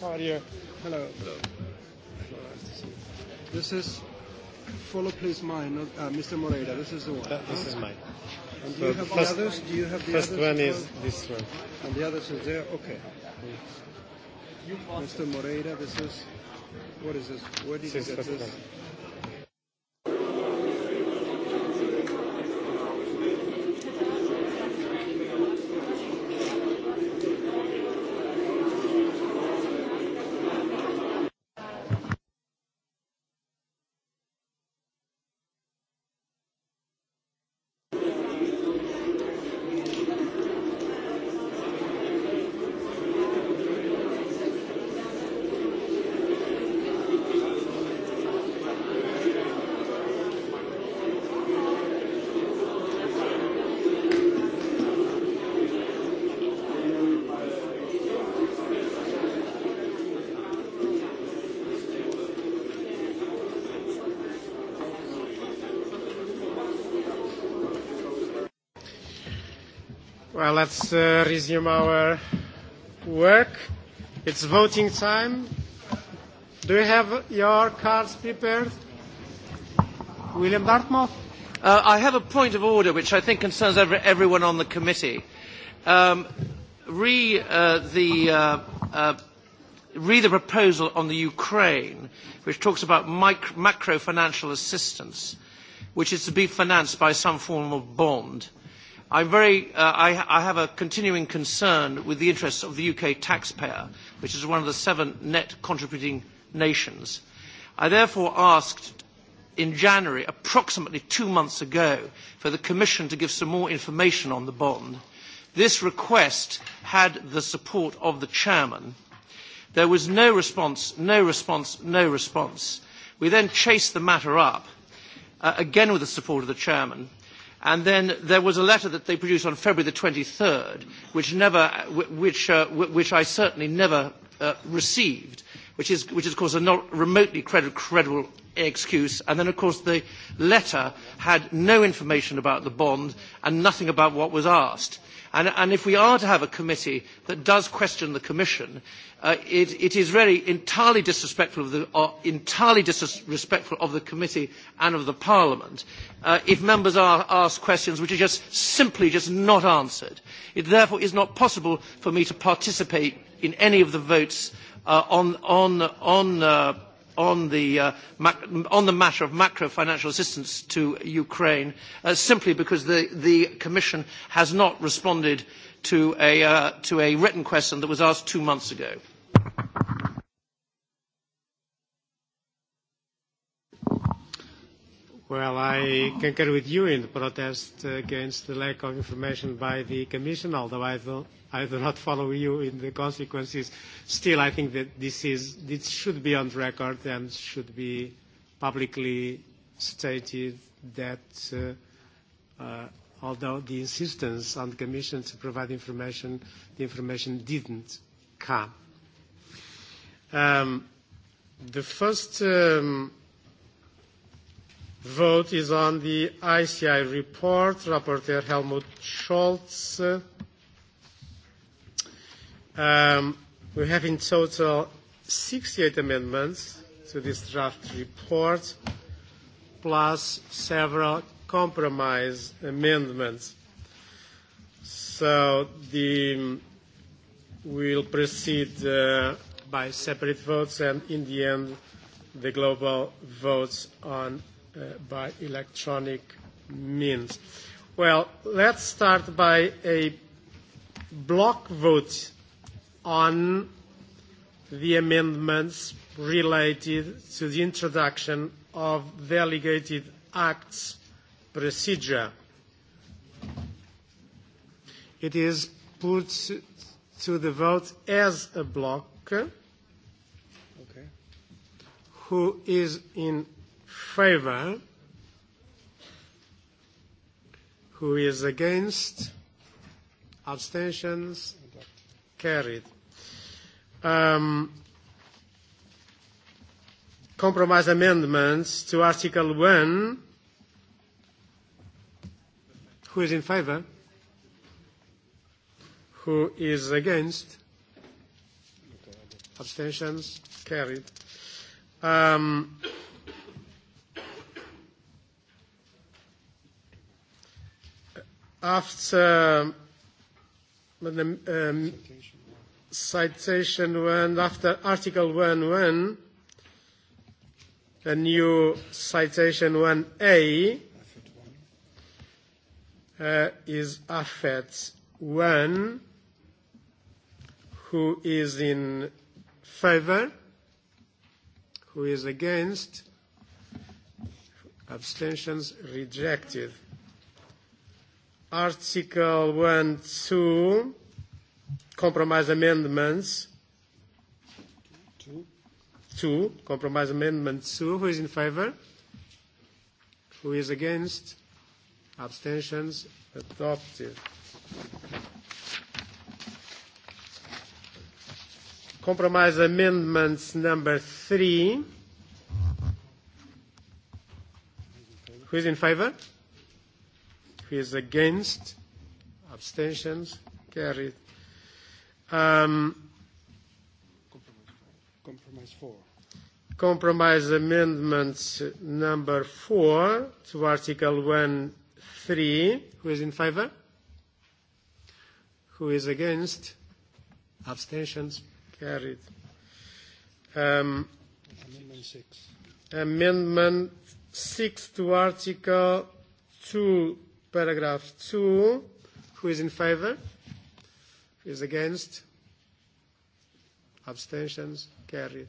How are you? Hello. Hello. This is, follow please mine, uh, Mr. Moreira, this is the one. That, this huh? is mine. And so do you have first, the others? Do you have the first others? one is this one. And the others is there? Okay. Mr. Moreira, this is, what is this? Where did this you get this? One. Well, let's uh, resume our work. It's voting time. Do you have your cards prepared? William Dartmouth? Uh, I have a point of order which I think concerns every, everyone on the committee. Um, re, uh, the, uh, uh, re the proposal on the Ukraine, which talks about micro, macro financial assistance, which is to be financed by some form of bond. Uh, I'm very, uh, I, I have a continuing concern with the interests of the UK taxpayer, which is one of the seven net contributing nations. I therefore asked in January, approximately two months ago, for the Commission to give some more information on the bond. This request had the support of the Chairman. There was no response, no response, no response. We then chased the matter up, uh, again with the support of the Chairman And then there was a letter that they produced on February the 23rd, which, never, which, uh, which I certainly never uh, received, which is, which is, of course, a not remotely credible, credible excuse. And then, of course, the letter had no information about the bond and nothing about what was asked. And, and if we are to have a committee that does question the Commission, Uh, it, it is really entirely disrespectful of the, uh, entirely disrespectful of the committee and of the parliament uh, if members are asked questions which are just simply just not answered. It therefore is not possible for me to participate in any of the votes uh, on, on, on, uh, on, the, uh, mac- on the matter of macro financial assistance to Ukraine uh, simply because the, the Commission has not responded uh, to a, uh, to a written question that was asked two months ago. Well, I concur with you in the protest against the lack of information by the Commission, although I do, I do not follow you in the consequences. Still, I think that this, is, this should be on record and should be publicly stated that uh, uh, although the insistence on the Commission to provide information, the information didn't come. Um, the first um, vote is on the ICI report, Rapporteur Helmut Scholz. Um, we have in total 68 amendments to this draft report, plus several compromise amendments. So the, um, we'll proceed uh, by separate votes and in the end the global votes on uh, by electronic means. Well, let's start by a block vote on the amendments related to the introduction of delegated acts procedure. It is put to the vote as a block. Okay. Who is in favor? Who is against? Abstentions? Carried. Um, compromise amendments to Article 1 Who is in favor? Who is against? Abstentions? Carried. Um, after um, um, citation one, after Article 1, 1, a new citation 1A, uh, is AFET 1. Who is in favor? Who is against? Abstentions rejected. Article 1, 2, compromise amendments. Two. Two. Compromise amendment 2. Who is in favor? Who is against? Abstentions? Adopted. Compromise amendments number three. Who is in favor? Who is against? Abstentions? Carried. Um, compromise four. Compromise amendments number four to Article 1 3. Who is in favor? Who is against? Abstentions carried. Um, amendment 6. Amendment 6 to Article 2, paragraph 2. Who is in favor? Who is against? Abstentions carried.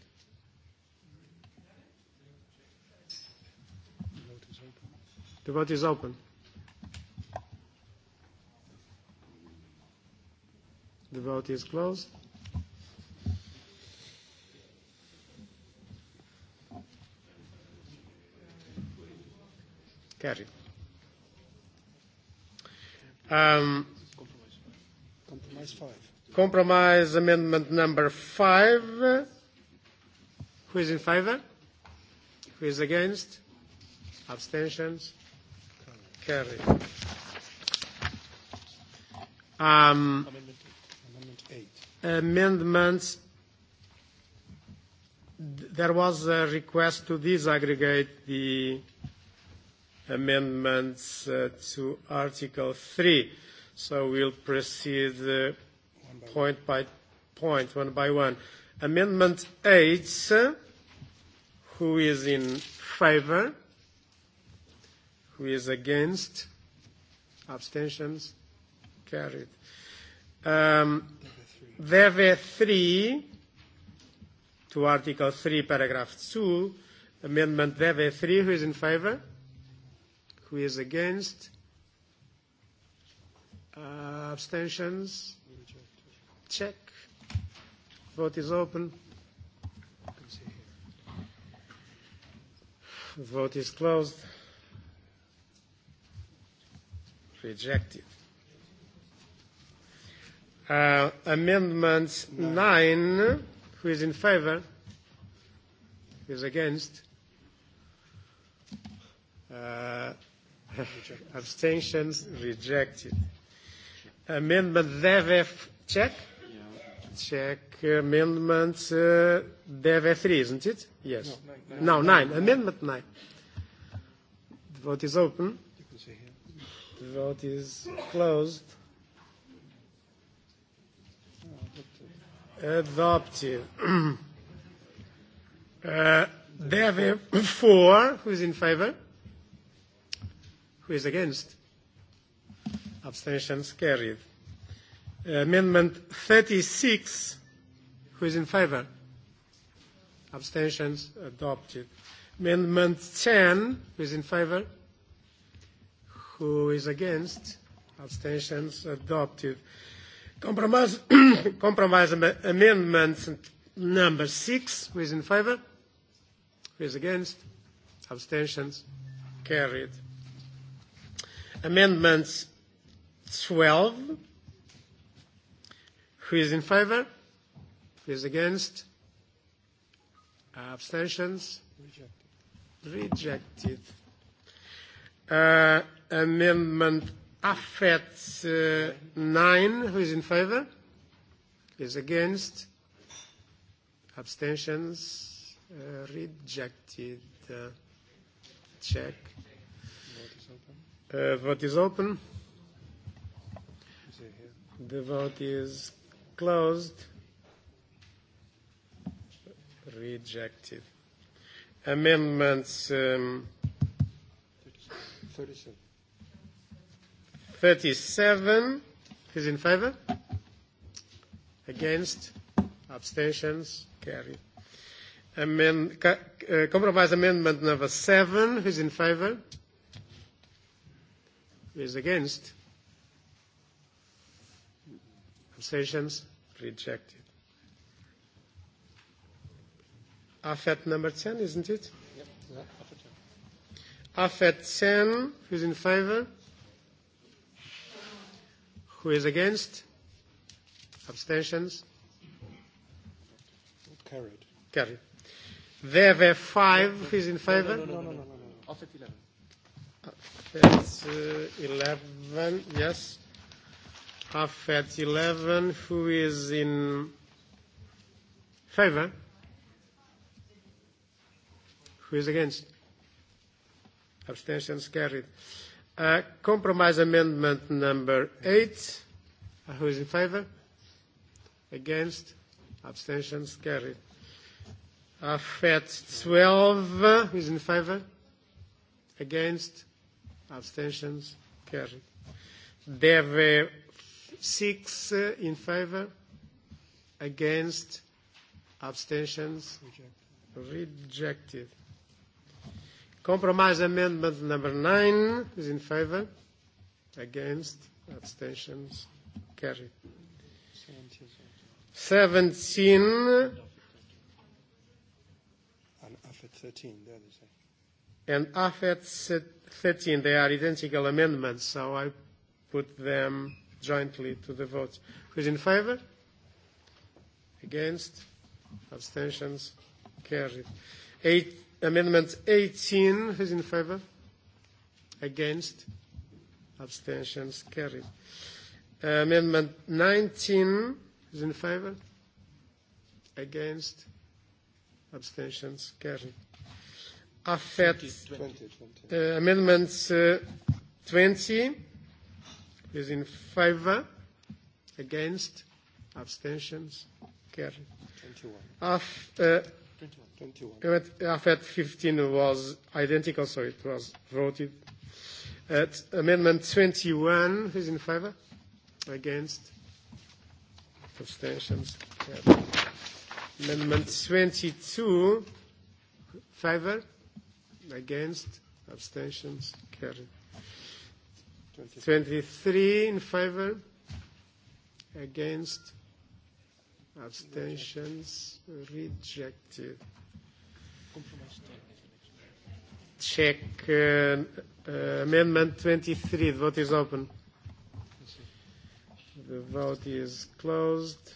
The vote is open. The vote is closed. Carried. Um, compromise five. Compromise amendment number five. Who is in favor? Who is against? Abstentions? Carried. Um, amendment amendments, there was a request to disaggregate the amendments uh, to Article 3. So we'll proceed uh, by point by point, one by one. Amendment 8, who is in favor? Who is against? Abstentions? Carried. Um, there were three, to Article 3, Paragraph 2, Amendment there were three. Who is in favor? Who is against? Uh, abstentions? Check. Vote is open. Vote is closed. Rejected. Uh, amendment nine. nine. Who is in favor? Who is against? Uh, rejected. abstentions rejected. Amendment DEVF check. Yeah. Check amendment uh, DEVF three, isn't it? Yes. No, nine. No, nine. nine. Amendment nine. The vote is open. You can see here. The vote is closed Adopted. uh, Dev 4, who is in favor? Who is against? Abstentions carried. Uh, amendment 36, who is in favor? Abstentions adopted. Amendment 10, who is in favor? Who is against? Abstentions adopted. Uh, Compromise, compromise amendment number six. Who is in favour? Who is against? Abstentions? Carried. Amendments 12. Who is in favour? Who is against? Abstentions? Rejected. Rejected. Uh, amendment AFET uh, 9, who is in favor? Is against? Abstentions? Uh, rejected. Uh, check. Uh, vote is open. The vote is closed. Rejected. Amendments. Um, 37. 37. Who's in favor? Against? Abstentions? Carried. Amend, uh, compromise amendment number 7. Who's in favor? Who is against? Abstentions? Rejected. AFET number 10, isn't it? Yep. Yeah. AFET 10. Who's in favor? Who is against? Abstentions? Carried. Carried. There were five. Who is in favor? No, no, no, no, no. no, no. Offset 11. That's uh, 11, yes. Half at 11. Who is in favor? Who is against? Abstentions carried. Uh, Uh, compromise amendment number eight. Uh, who is in favor? Against? Abstentions carried. Affect 12. Who is in favor? Against? Abstentions carried. There were six uh, in favor, against, abstentions rejected. rejected. Compromise amendment number nine is in favor. Against. Abstentions. Carried. 17. And AFET 13, they're the same. And AFET 13, they are identical amendments, so I put them jointly to the vote. Who's in favor? Against? Abstentions? Carried. Eight, Amendment 18, who's in favor? Against? Abstentions carried. Amendment 19, who's in favor? Against? Abstentions carried. AFET 20, 20. Uh, amendments uh, 20 is in favor, against, abstentions, carried. 21. Af, uh, 21. 21. AFET 15 was identical, so it was voted. At amendment 21, who's in favor? Against? Abstentions? Yeah. Amendment 22, favor? Against? Abstentions? Carried. 23 in favor? Against? Abstentions? Rejected. Check uh, uh, Amendment 23. The vote is open. The vote is closed.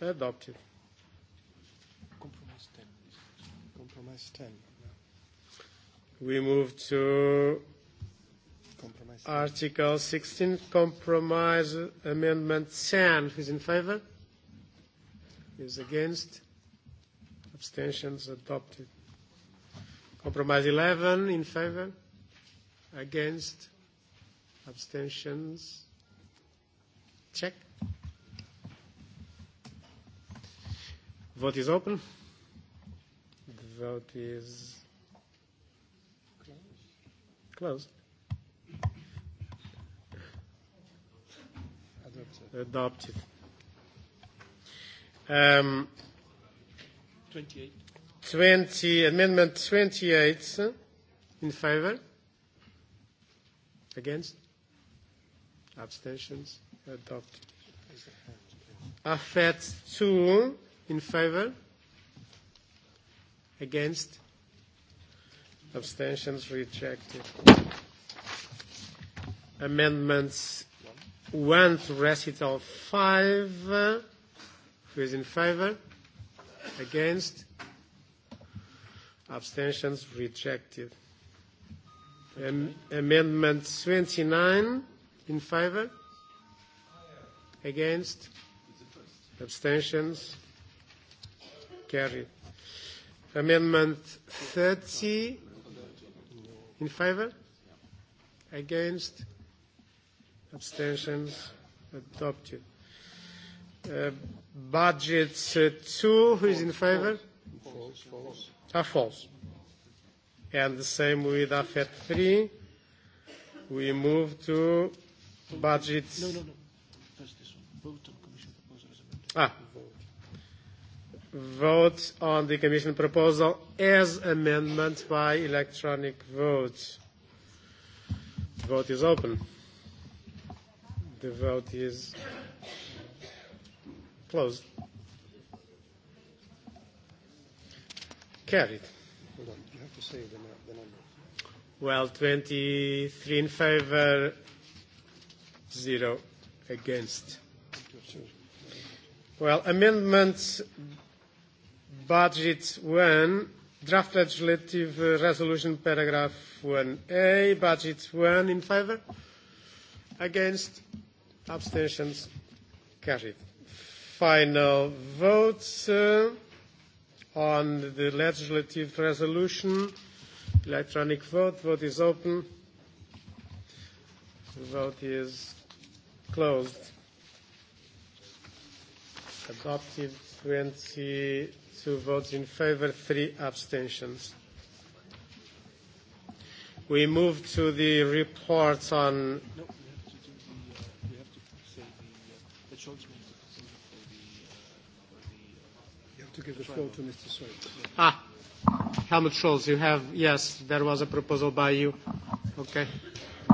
Adopted. Compromise 10. Compromise 10. We move to compromise. Article 16, compromise amendment 10. Who's in favor? is against. Abstentions adopted. Compromise 11 in favor, against, abstentions. Check. Vote is open. The vote is closed. Adopted. Adopted. Um, 28. 20, amendment 28 uh, in favor. Against? Abstentions? Adopted. AFET 2 in favor. Against? Abstentions rejected. Amendments 1 to recital 5 Who is in favor? Against? Abstentions rejected. Am- amendment 29 in favor? Against? Abstentions carried. Amendment 30 in favor? Against? Abstentions adopted. Uh, budget uh, 2, who is in favor? False. False. Ah, false. And the same with AFET 3. We move to budget... No, no, no. First this one. Vote on Commission proposal as amended. Ah. Vote on the Commission proposal as amendment by electronic vote. Vote is open. The vote is Closed. Carried. Hold on. You have to say the, nu-, the number. Well, 23 in favor, zero against. Well, amendment budget one, draft legislative uh, resolution paragraph 1A, budget one in favor, against, abstentions, carried final votes uh, on the legislative resolution. Electronic vote. Vote is open. The vote is closed. Adopted 22 votes in favor, 3 abstentions. We move to the reports on- Nope. to give the floor to Mr. Scholz. Ah, Helmut Scholz, you have, yes, there was a proposal by you. Okay.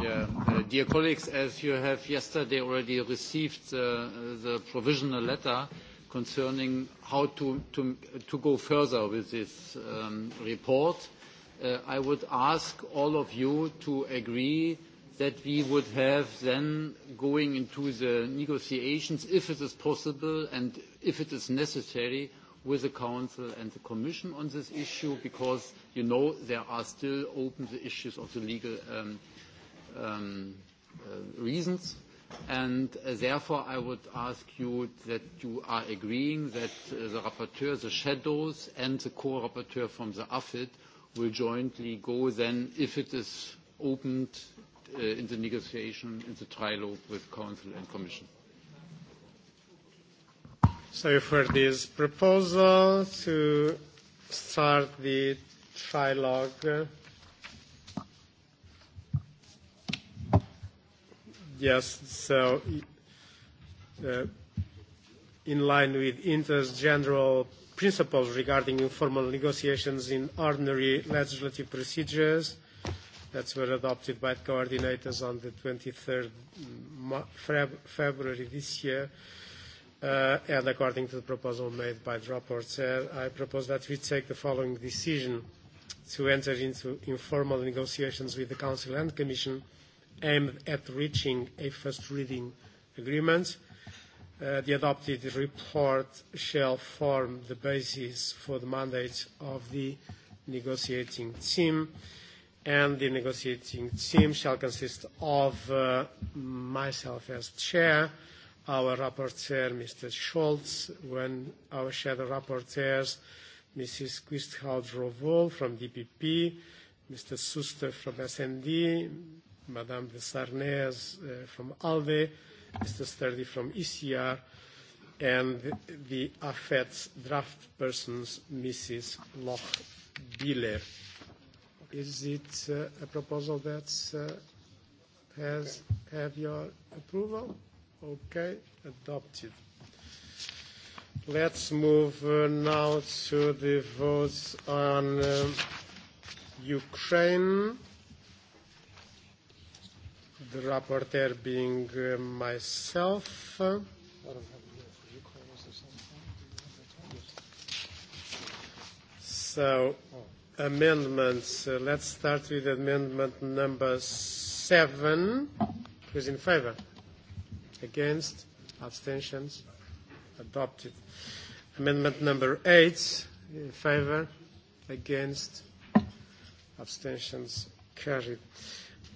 Yeah. Uh, dear colleagues, as you have yesterday already received uh, the provisional letter concerning how to, to, to go further with this um, report, uh, I would ask all of you to agree that we would have then going into the negotiations, if it is possible and if it is necessary, with the Council and the Commission on this issue? Because you know there are still open the issues of the legal um, um, uh, reasons. And uh, therefore, I would ask you that you are agreeing that uh, the rapporteur, the shadows, and the co-rapporteur from the AFID will jointly go then, if it is opened uh, in the negotiation, in the trilogue with Council and Commission. So for this proposal to start the trilogue, yes, so uh, in line with Inter's general principles regarding informal negotiations in ordinary legislative procedures that were adopted by the coordinators on the 23rd mm, February this year. Uh, Uh, and according to the proposal made by the rapporteur, I propose that we take the following decision to enter into informal negotiations with the Council and Commission aimed at reaching a first reading agreement. Uh, the adopted report shall form the basis for the mandate of the negotiating team, and the negotiating team shall consist of uh, myself as chair, our rapporteur, Mr. Scholz, when our shadow rapporteurs, Mrs. Quisthout Rovol from DPP, Mr. Suster from SND, Madame de Sarnez uh, from ALDE, Mr. Sturdy from ECR, and the AFET's draft persons, Mrs. Loch Biller. Is it uh, a proposal that uh, has have your approval? Okay, adopted. Let's move uh, now to the votes on uh, Ukraine. The rapporteur being uh, myself. I don't have So amendments. Uh, let's start with amendment number seven. Who's in favor? Against? Abstentions? Adopted. Amendment number eight. In favor? Against? Abstentions? Carried.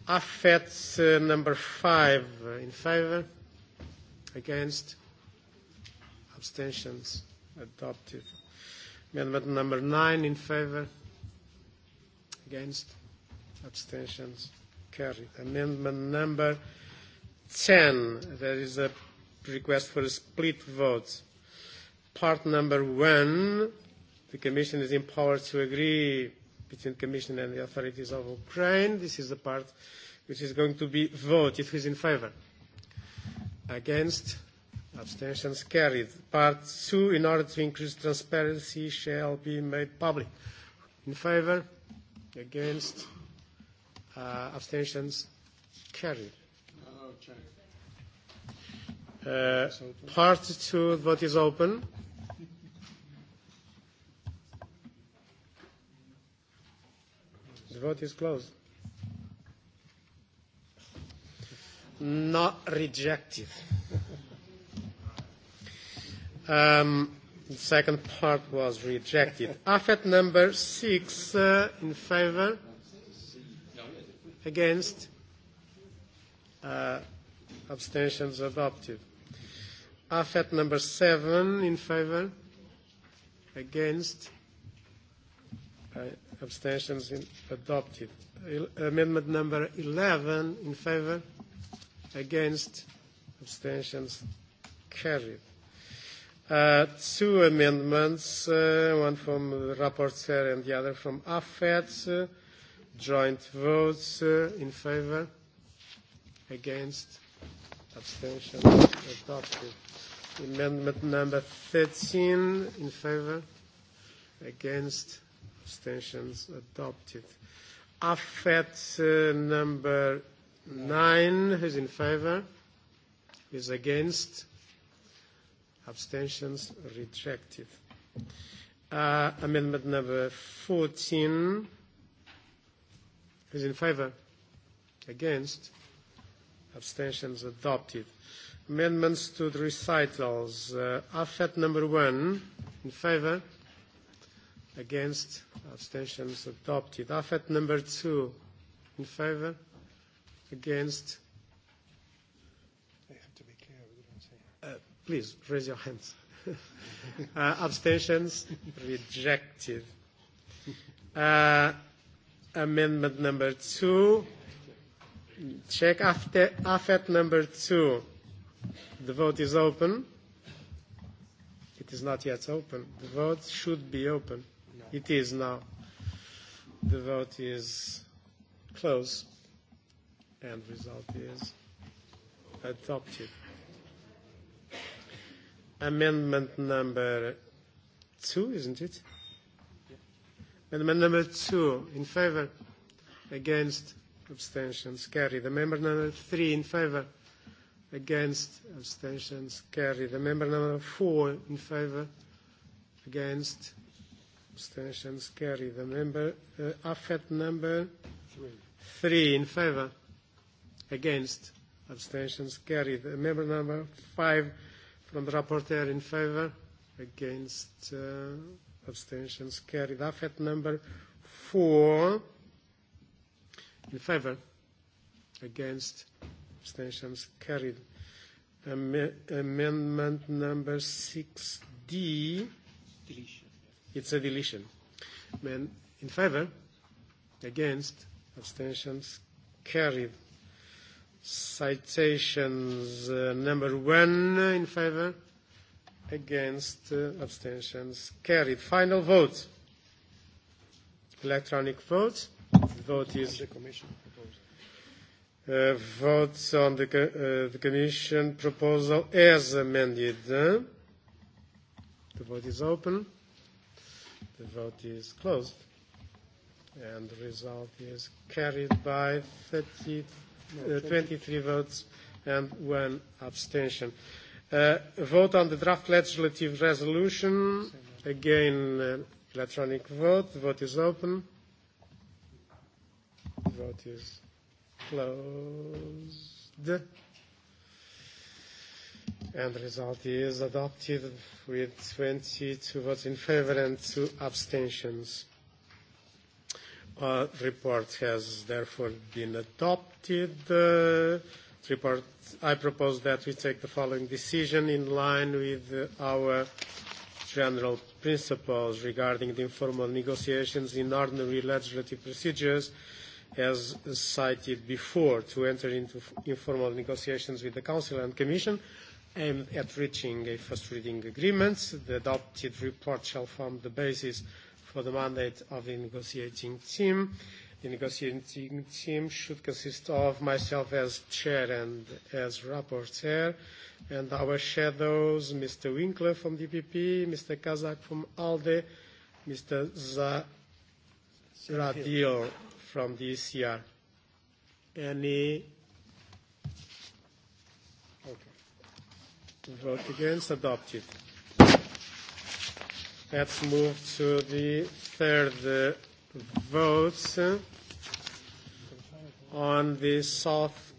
AFET uh, number five. Uh, in favor? Against? Abstentions? Adopted. Amendment number nine. In favor? Against? Abstentions? Carried. Amendment number 10, there is a request for a split vote. Part number one, the Commission is empowered to agree between Commission and the authorities of Ukraine. This is the part which is going to be voted. Who is in favour? Against? Abstentions carried. Part two, in order to increase transparency, shall be made public. In favour? Against? Uh, abstentions carried. Uh, part two, vote is open. The vote is closed. Not rejected. Um, the second part was rejected. Affect number six uh, in favor? Against? Uh, abstentions adopted. AFET number 7 in favor, against, uh, abstentions in, adopted. Il, amendment number 11 in favor, against, abstentions carried. Uh, two amendments, uh, one from the rapporteur and the other from AFET. Uh, joint votes uh, in favor, against, abstentions adopted. Amendment number 13 in favor, against, abstentions adopted. AFET uh, number 9, who's in favor? Who's against? Abstentions rejected. Uh, amendment number 14, who's in favor? Against? abstentions adopted. Amendments to the recitals. Uh, AFET number one, in favor, against, abstentions adopted. AFET number two, in favor, against. They have to be clear with what I'm saying. Uh, please, raise your hands. uh, abstentions rejected. Uh, amendment number two, check after AFET number two. The vote is open. It is not yet open. The vote should be open. No. It is now. The vote is closed. And result is adopted. Amendment number two, isn't it? Yeah. Amendment number two, in favor, against, abstentions carried. Amendment number three in favor, against, abstentions carried. Amendment number four in favor, against, abstentions carried. Amendment uh, AFET number three. three in favor, against, abstentions carried. Amendment number five from the rapporteur in favor, against, uh, abstentions carried. AFET number four In favor? Against? Abstentions carried. Am amendment number 6D. Deletion. It's a deletion. Man, in favor? Against? Abstentions carried. Citations uh, number one in favor? Against? Uh, abstentions carried. Final vote. Electronic vote. The vote is. The commission uh, votes on the, co- uh, the commission proposal as amended. The vote is open. The vote is closed. And the result is carried by 30, uh, 23 votes and one abstention. Uh, vote on the draft legislative resolution. Again, uh, electronic vote. The vote is open. Vote is closed. And the result is adopted with 22 votes in favor and two abstentions. Uh, report has therefore been adopted. Uh, report, I propose that we take the following decision in line with our general principles regarding the informal negotiations in ordinary legislative procedures as cited before, to enter into informal negotiations with the Council and Commission aimed at reaching a first reading agreement. The adopted report shall form the basis for the mandate of the negotiating team. The negotiating team should consist of myself as chair and as rapporteur, and our shadows, Mr. Winkler from DPP, Mr. Kazak from ALDE, Mr. Zahradil from the ECR. Any? Okay. Vote against, adopted. Let's move to the third uh, votes on the South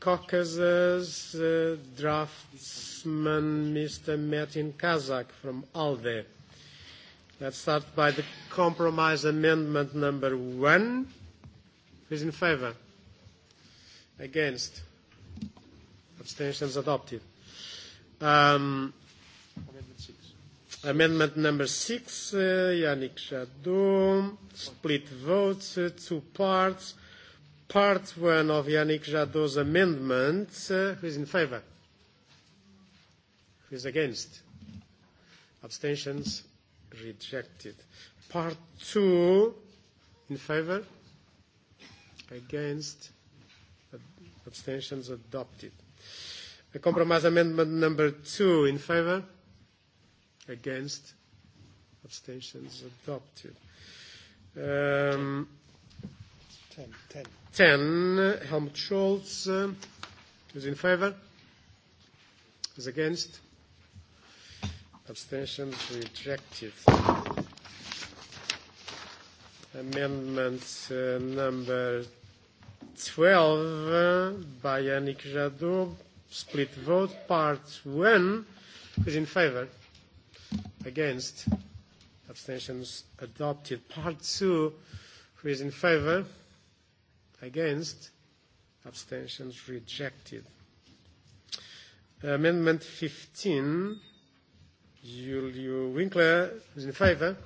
Caucasus uh, draftsman, Mr. Metin Kazak from ALDE. Let's start by the compromise amendment number one. Who's in favor? Against? Abstentions adopted. Um, amendment six. Amendment number six, uh, Yannick Jadot, split votes, uh, two parts. Part one of Yannick Jadot's amendment. Uh, who is in favor? Who is against? Abstentions rejected. Part two, in favor? Against? Abstentions adopted. A compromise amendment number two in favor? Against? Abstentions adopted. Um, 10. 10. 10. Helmut Scholz uh, is in favor. Is against. Abstentions rejected. Uh, Amendment uh, number 12 uh, by Yannick Jadot. Split vote. Part 1 is in favor. Against. Abstentions adopted. Part 2 who is in favor. Against. Abstentions rejected. Amendment 15. Julio Winkler is in favor.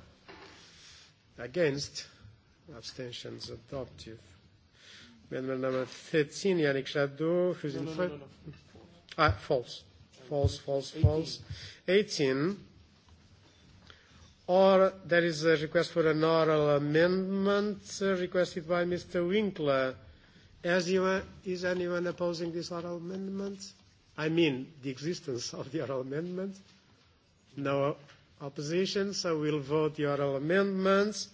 Against. Abstentions adopted. Amendment number 13, Yannick Jadot. Who's no, in no, favor? No, no, no. Ah, false. False, false, 18. false. 18. Or there is a request for an oral amendment uh, requested by Mr. Winkler. As you, uh, is anyone opposing this oral amendment? I mean, the existence of the oral amendment. No opposition, so we'll vote the oral amendments.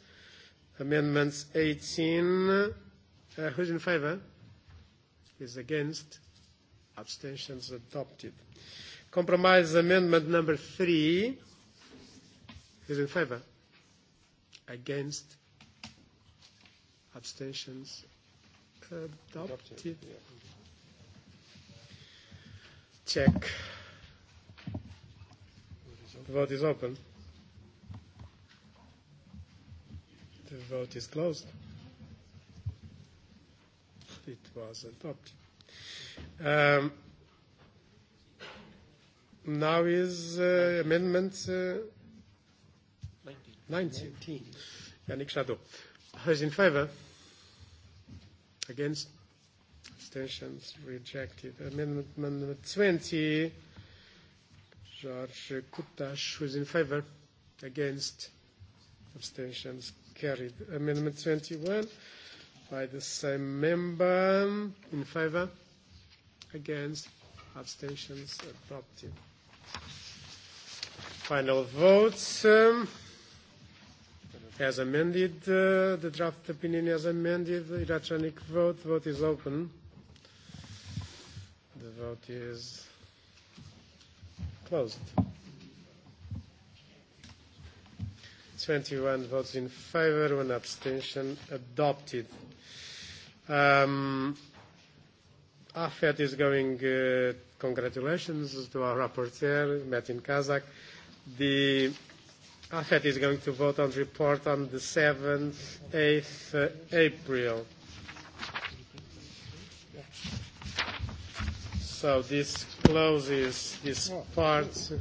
Amendments 18. Uh, who's in favor? Is against? Abstentions adopted. Compromise amendment number 3. Who's in favor? Against? Abstentions adopted. Check. The vote is open. The vote is closed. It was adopted. Um, now is uh, amendment uh, 19. 19. 19. Yannick Jadot. Who's in favor? Against? Abstentions? Rejected. Amendment, amendment 20. George Kutash. Who's in favor? Against? Abstentions? Carried. Amendment 21 by the same member. In favor? Against? Abstentions? Adopted. Final votes. Um, as amended, uh, the draft opinion as amended, electronic vote. Vote is open. The vote is closed. 21 votes in favor, one abstention. Adopted. Um, AFET is going, uh, congratulations to our rapporteur, Metin Kazak. The AFET is going to vote on the report on the 7th, 8th uh, April. So this closes this part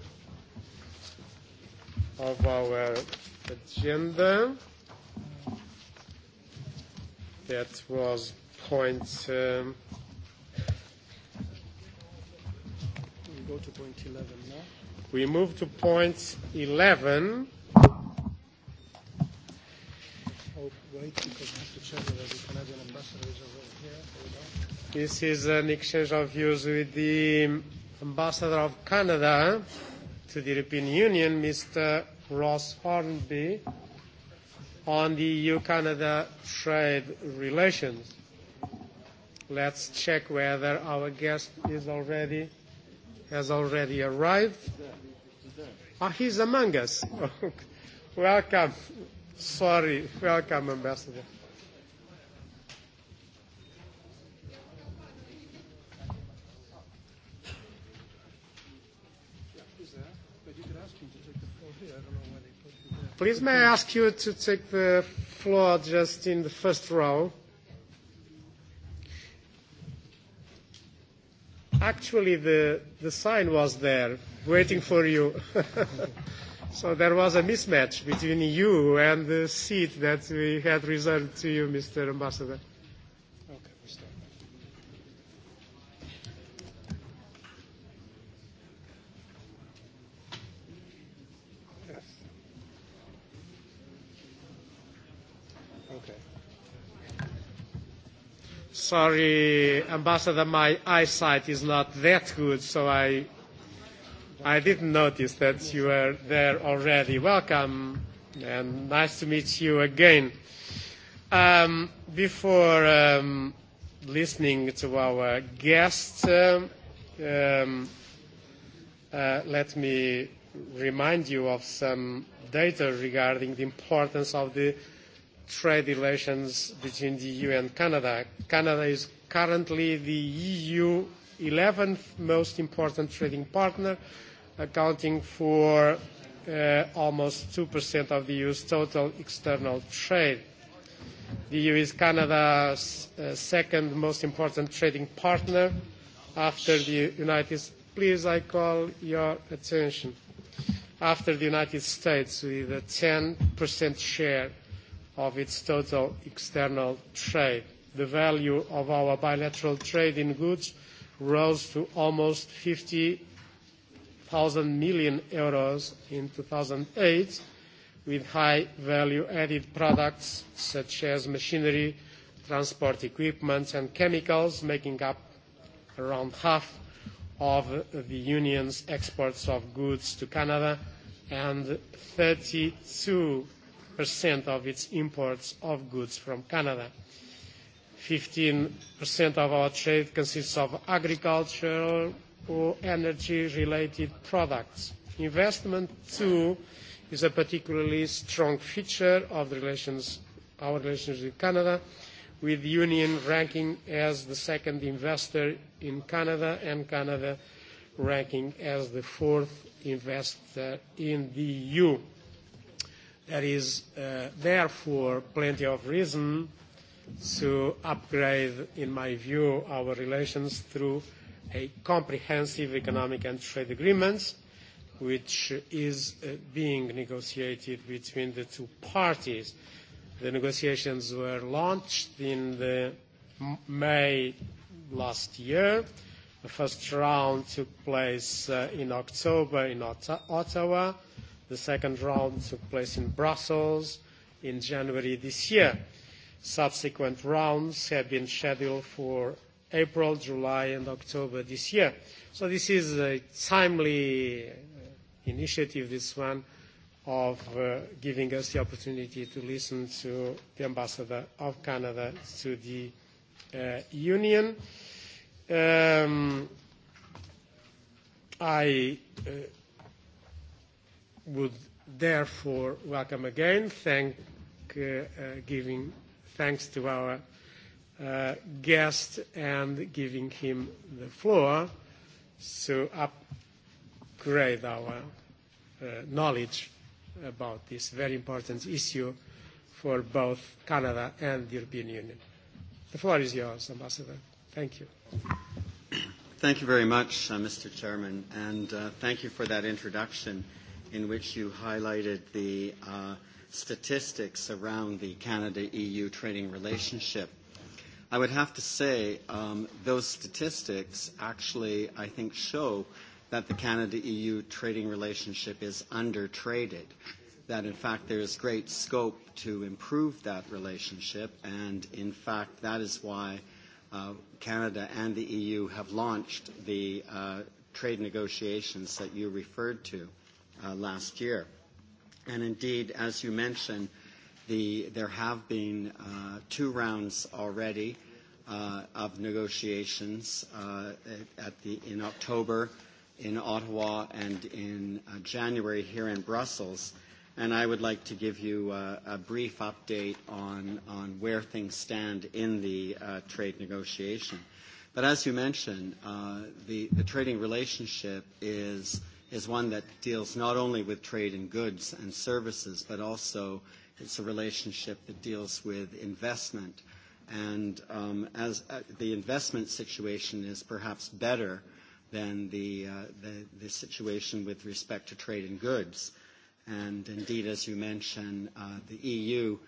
of our agenda. That was point. Um, we go to point 11 now. We move to point 11. Oh, wait, because I have to check whether the Canadian ambassador is over here. Hold on. This is an exchange of views with the ambassador of Canada to the European Union, Mr. Ross Hornby on the EU-Canada trade relations. Let's check whether our guest is already, has already arrived. Ah, he's among us. Welcome. Sorry. Welcome, Ambassador. Please may I ask you to take the floor just in the first row? Actually, the, the sign was there waiting for you. so there was a mismatch between you and the seat that we had reserved to you, Mr. Ambassador. Sorry, Ambassador, my eyesight is not that good, so I, I didn't notice that you were there already. Welcome, and nice to meet you again. Um, before um, listening to our guests, um, um, uh, let me remind you of some data regarding the importance of the trade relations between the EU and Canada. Canada is currently the EU 11th most important trading partner, accounting for uh, almost 2% of the EU's total external trade. The EU is Canada's uh, second most important trading partner after the United States. Please, I call your attention. After the United States, with a 10% share of its total external trade. The value of our bilateral trade in goods rose to almost 50,000 million euros in 2008, with high value-added products such as machinery, transport equipment, and chemicals making up around half of the union's exports of goods to Canada and 32 15% of its imports of goods from Canada. 15% of our trade consists of agricultural or energy-related products. Investment, too, is a particularly strong feature of the relations, our relations with Canada, with the Union ranking as the second investor in Canada and Canada ranking as the fourth investor in the EU. There is uh, therefore plenty of reason to upgrade, in my view, our relations through a comprehensive economic and trade agreements, which is uh, being negotiated between the two parties. The negotiations were launched in the May last year. The first round took place uh, in October in Ota Ottawa The second round took place in Brussels in January this year. Subsequent rounds have been scheduled for April, July, and October this year. So this is a timely uh, initiative, this one, of uh, giving us the opportunity to listen to the ambassador of Canada to the uh, Union. Um, I uh, would therefore welcome again, thank, uh, uh, giving thanks to our uh, guest and giving him the floor to upgrade our uh, knowledge about this very important issue for both Canada and the European Union. The floor is yours, Ambassador. Thank you. Thank you very much, uh, Mr. Chairman, and uh, thank you for that introduction. Uh, in which you highlighted the uh, statistics around the Canada-EU trading relationship. I would have to say um, those statistics actually, I think, show that the Canada-EU trading relationship is undertraded, that in fact there is great scope to improve that relationship, and in fact that is why uh, Canada and the EU have launched the uh, trade negotiations that you referred to. Uh, uh, last year. And indeed, as you mentioned, the, there have been uh, two rounds already uh, of negotiations uh, at the, in October in Ottawa and in uh, January here in Brussels. And I would like to give you uh, a brief update on, on where things stand in the uh, trade negotiation. But as you mentioned, uh, the, the trading relationship is – is one that deals not only with trade in goods and services, but also it's a relationship that deals with investment. And um, as uh, the investment situation is perhaps better than the, uh, the, the situation with respect to trade in goods. And indeed, as you mentioned, uh, the EU,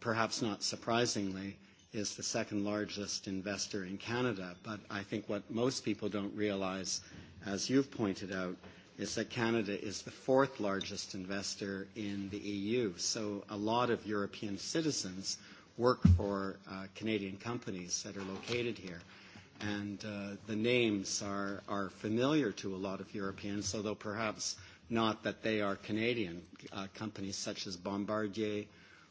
perhaps not surprisingly, is the second largest investor in Canada. But I think what most people don't realize, as you've pointed out, is that Canada is the fourth largest investor in the EU. So a lot of European citizens work for uh, Canadian companies that are located here. And uh, the names are, are familiar to a lot of Europeans, although perhaps not that they are Canadian. Uh, companies such as Bombardier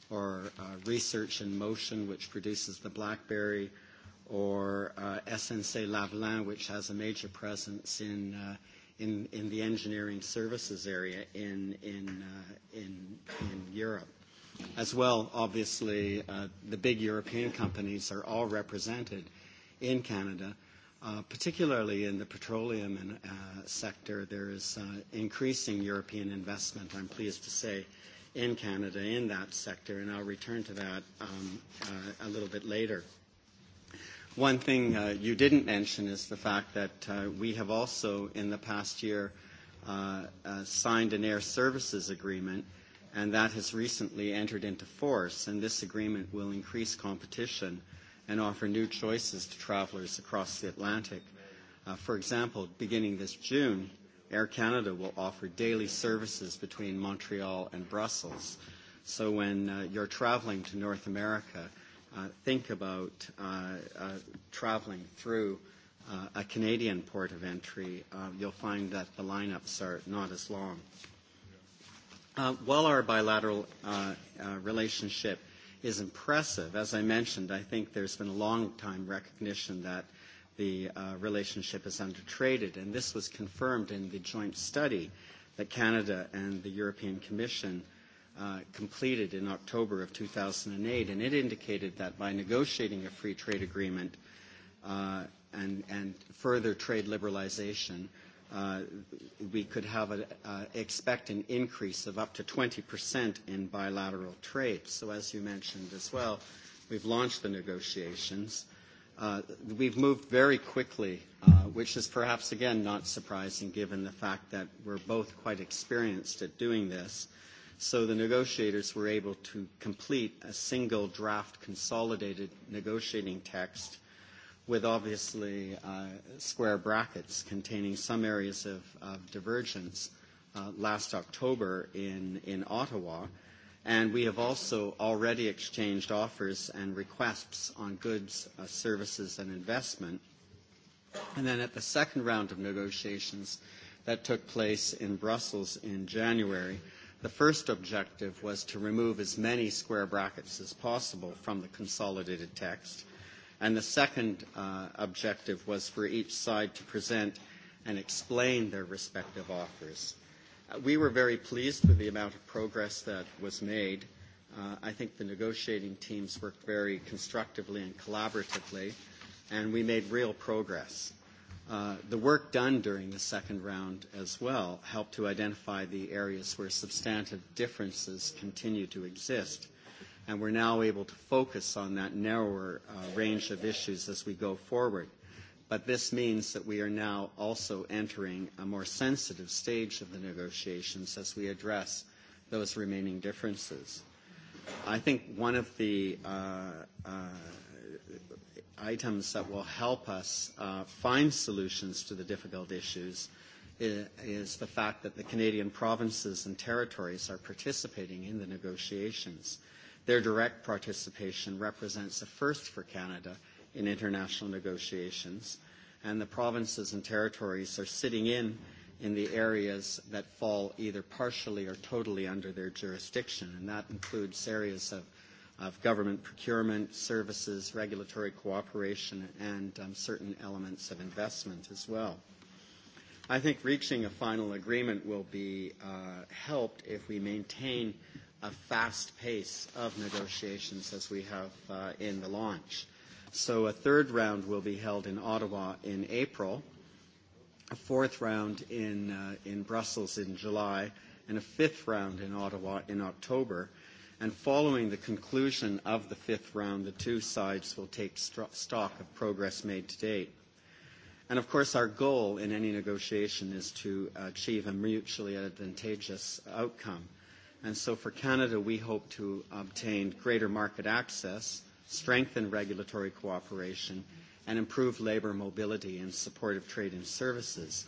or uh, Research in Motion, which produces the BlackBerry, or uh, SNC-Lavalin, which has a major presence in uh, – in, in the engineering services area in, in, uh, in, in Europe. As well, obviously, uh, the big European companies are all represented in Canada, uh, particularly in the petroleum and, uh, sector. There is uh, increasing European investment, I'm pleased to say, in Canada in that sector, and I'll return to that um, uh, a little bit later. Uh, One thing uh, you didn't mention is the fact that uh, we have also, in the past year, uh, uh, signed an air services agreement, and that has recently entered into force. And this agreement will increase competition and offer new choices to travelers across the Atlantic. Uh, for example, beginning this June, Air Canada will offer daily services between Montreal and Brussels. So when uh, you're traveling to North America, uh, think about uh, uh, traveling through uh, a Canadian port of entry, uh, you'll find that the lineups are not as long. Uh, while our bilateral uh, uh, relationship is impressive, as I mentioned, I think there's been a long time recognition that the uh, relationship is undertraded, and this was confirmed in the joint study that Canada and the European Commission uh, uh, completed in October of 2008, and it indicated that by negotiating a free trade agreement uh, and, and further trade liberalization, uh, we could have a, uh, expect an increase of up to 20% in bilateral trade. So as you mentioned as well, we've launched the negotiations. Uh, we've moved very quickly, uh, which is perhaps, again, not surprising given the fact that we're both quite experienced at doing this. So the negotiators were able to complete a single draft consolidated negotiating text with obviously uh, square brackets containing some areas of, of divergence uh, last October in, in Ottawa. And we have also already exchanged offers and requests on goods, uh, services, and investment. And then at the second round of negotiations that took place in Brussels in January, uh, The first objective was to remove as many square brackets as possible from the consolidated text, and the second uh, objective was for each side to present and explain their respective offers. Uh, we were very pleased with the amount of progress that was made. Uh, I think the negotiating teams worked very constructively and collaboratively, and we made real progress. Uh, the work done during the second round as well helped to identify the areas where substantive differences continue to exist. And we're now able to focus on that narrower uh, range of issues as we go forward. But this means that we are now also entering a more sensitive stage of the negotiations as we address those remaining differences. I think one of the uh, uh, items that will help us uh, find solutions to the difficult issues is, is the fact that the Canadian provinces and territories are participating in the negotiations. Their direct participation represents a first for Canada in international negotiations, and the provinces and territories are sitting in in the areas that fall either partially or totally under their jurisdiction, and that includes areas of of government procurement, services, regulatory cooperation, and um, certain elements of investment as well. I think reaching a final agreement will be uh, helped if we maintain a fast pace of negotiations as we have uh, in the launch. So a third round will be held in Ottawa in April, a fourth round in, uh, in Brussels in July, and a fifth round in Ottawa in October – And following the conclusion of the fifth round, the two sides will take st- stock of progress made to date. And of course, our goal in any negotiation is to achieve a mutually advantageous outcome. And so for Canada, we hope to obtain greater market access, strengthen regulatory cooperation, and improve labor mobility in support of trade and services.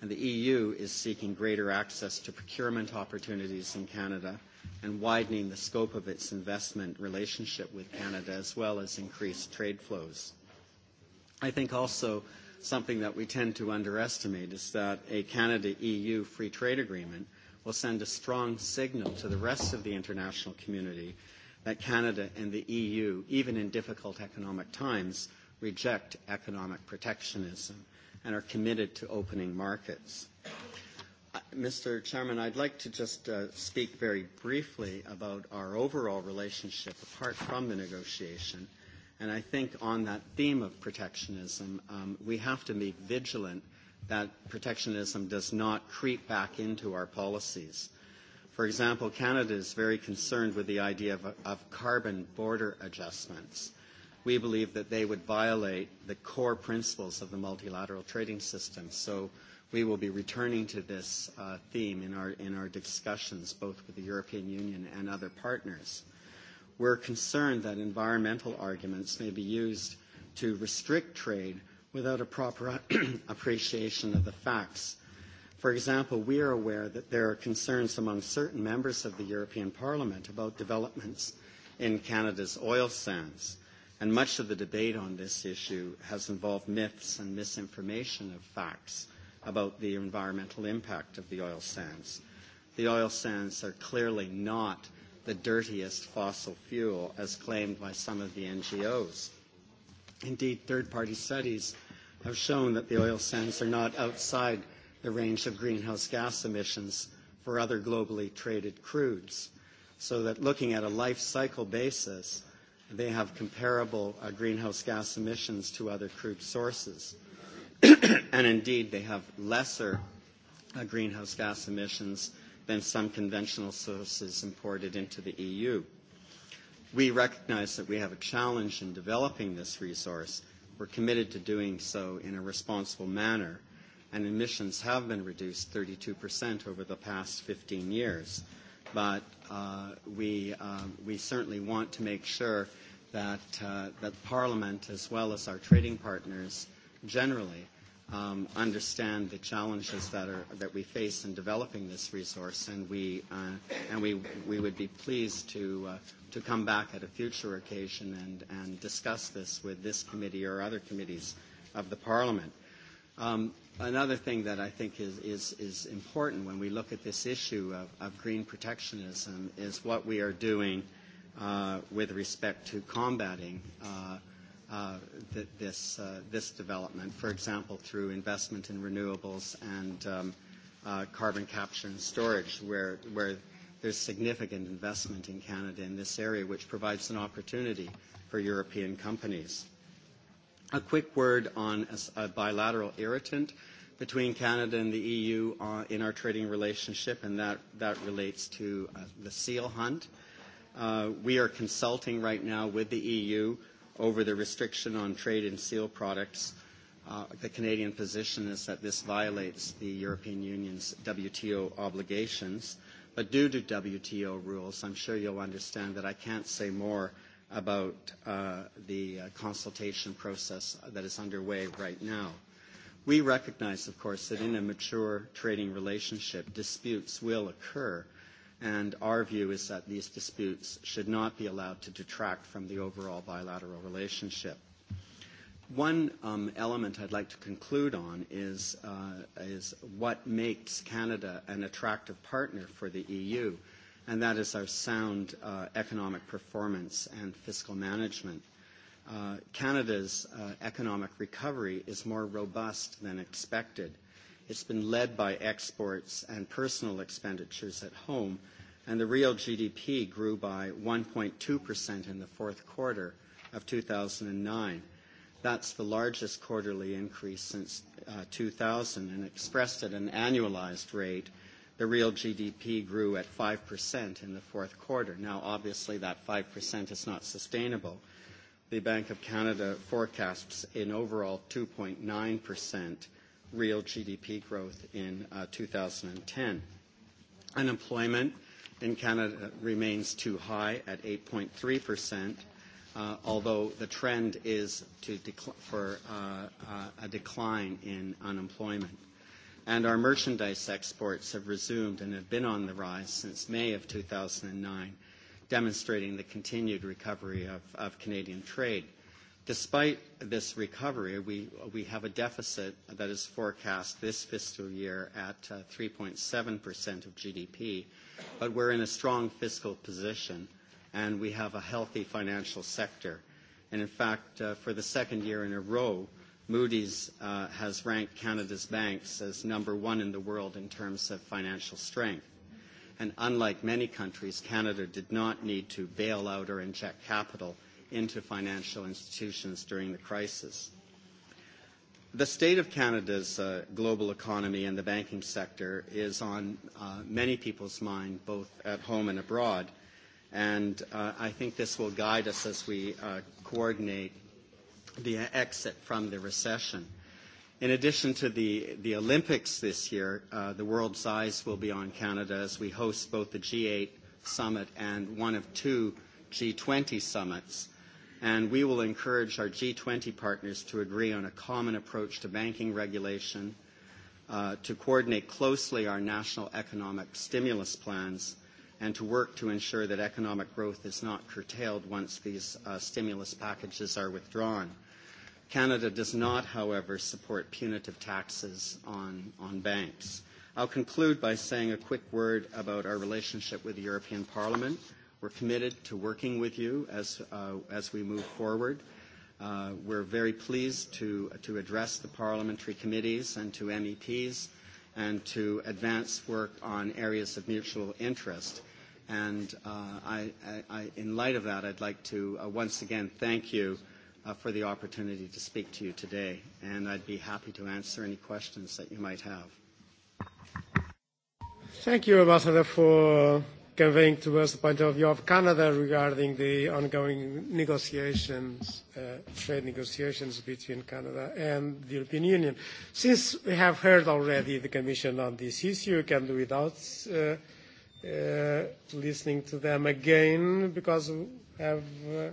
And the EU is seeking greater access to procurement opportunities in Canada – and widening the scope of its investment relationship with Canada, as well as increased trade flows. I think also something that we tend to underestimate is that a Canada-EU free trade agreement will send a strong signal to the rest of the international community that Canada and the EU, even in difficult economic times, reject economic protectionism and are committed to opening markets. Mr. Chairman, I'd like to just uh, speak very briefly about our overall relationship apart from the negotiation. And I think on that theme of protectionism, um, we have to be vigilant that protectionism does not creep back into our policies. For example, Canada is very concerned with the idea of, of carbon border adjustments. We believe that they would violate the core principles of the multilateral trading system. So we will be returning to this uh, theme in our, in our discussions both with the European Union and other partners. We're concerned that environmental arguments may be used to restrict trade without a proper appreciation of the facts. For example, we are aware that there are concerns among certain members of the European Parliament about developments in Canada's oil sands. And much of the debate on this issue has involved myths and misinformation of facts about the environmental impact of the oil sands. The oil sands are clearly not the dirtiest fossil fuel as claimed by some of the NGOs. Indeed, third party studies have shown that the oil sands are not outside the range of greenhouse gas emissions for other globally traded crudes, so that looking at a life cycle basis, they have comparable uh, greenhouse gas emissions to other crude sources and indeed, they have lesser uh, greenhouse gas emissions than some conventional sources imported into the EU. We recognize that we have a challenge in developing this resource. We're committed to doing so in a responsible manner, and emissions have been reduced 32% over the past 15 years. But uh, we, uh, we certainly want to make sure that, uh, that Parliament, as well as our trading partners, generally um, understand the challenges that are that we face in developing this resource, and we uh, and we we would be pleased to uh, to come back at a future occasion and and discuss this with this committee or other committees of the Parliament. Um, another thing that I think is, is, is important when we look at this issue of, of green protectionism is what we are doing uh, with respect to combating uh, uh, th- this, uh, this development, for example, through investment in renewables and um, uh, carbon capture and storage, where, where there's significant investment in Canada in this area, which provides an opportunity for European companies. A quick word on a, a bilateral irritant between Canada and the EU uh, in our trading relationship, and that, that relates to uh, the seal hunt. Uh, we are consulting right now with the EU over the restriction on trade in seal products. Uh, the Canadian position is that this violates the European Union's WTO obligations. But due to WTO rules, I'm sure you'll understand that I can't say more about uh, the uh, consultation process that is underway right now. We recognize, of course, that in a mature trading relationship, disputes will occur, and our view is that these disputes should not be allowed to detract from the overall bilateral relationship. One um, element I'd like to conclude on is, uh, is what makes Canada an attractive partner for the EU, and that is our sound uh, economic performance and fiscal management. Uh, Canada's uh, economic recovery is more robust than expected It's been led by exports and personal expenditures at home, and the real GDP grew by 1.2% in the fourth quarter of 2009. That's the largest quarterly increase since uh, 2000, and expressed at an annualized rate, the real GDP grew at 5% in the fourth quarter. Now, obviously, that 5% is not sustainable. The Bank of Canada forecasts an overall 2.9% real GDP growth in uh, 2010. Unemployment in Canada remains too high at 8.3%, uh, although the trend is to decl- for uh, uh, a decline in unemployment. And our merchandise exports have resumed and have been on the rise since May of 2009, demonstrating the continued recovery of, of Canadian trade. Despite this recovery, we, we have a deficit that is forecast this fiscal year at uh, 3.7% of GDP, but we're in a strong fiscal position, and we have a healthy financial sector. And in fact, uh, for the second year in a row, Moody's uh, has ranked Canada's banks as number one in the world in terms of financial strength. And unlike many countries, Canada did not need to bail out or inject capital into financial institutions during the crisis. The state of Canada's uh, global economy and the banking sector is on uh, many people's mind, both at home and abroad. And uh, I think this will guide us as we uh, coordinate the exit from the recession. In addition to the, the Olympics this year, uh, the world's eyes will be on Canada as we host both the G8 summit and one of two G20 summits and we will encourage our G20 partners to agree on a common approach to banking regulation, uh, to coordinate closely our national economic stimulus plans, and to work to ensure that economic growth is not curtailed once these uh, stimulus packages are withdrawn. Canada does not, however, support punitive taxes on, on banks. I'll conclude by saying a quick word about our relationship with the European Parliament. Uh, We're committed to working with you as, uh, as we move forward. Uh, we're very pleased to, to address the parliamentary committees and to MEPs and to advance work on areas of mutual interest. And uh, I, I, in light of that, I'd like to uh, once again thank you uh, for the opportunity to speak to you today. And I'd be happy to answer any questions that you might have. Thank you, Ambassador, for conveying to us the point of view of Canada regarding the ongoing negotiations, uh, trade negotiations between Canada and the European Union. Since we have heard already the Commission on this issue, we can do without uh, uh, listening to them again because we have uh,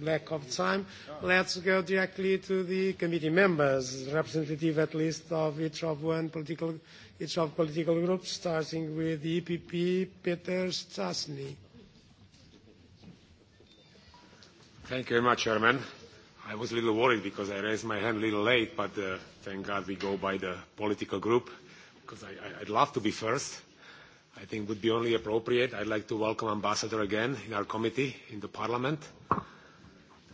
lack of time. Let's go directly to the committee members, representative at least of each of one political each of political groups, starting with the EPP, Peter Stasny. Thank you very much, Chairman. I was a little worried because I raised my hand a little late, but uh, thank God we go by the political group, because I, I, I'd love to be first. I think would be only appropriate. I'd like to welcome Ambassador again in our committee in the Parliament. Uh,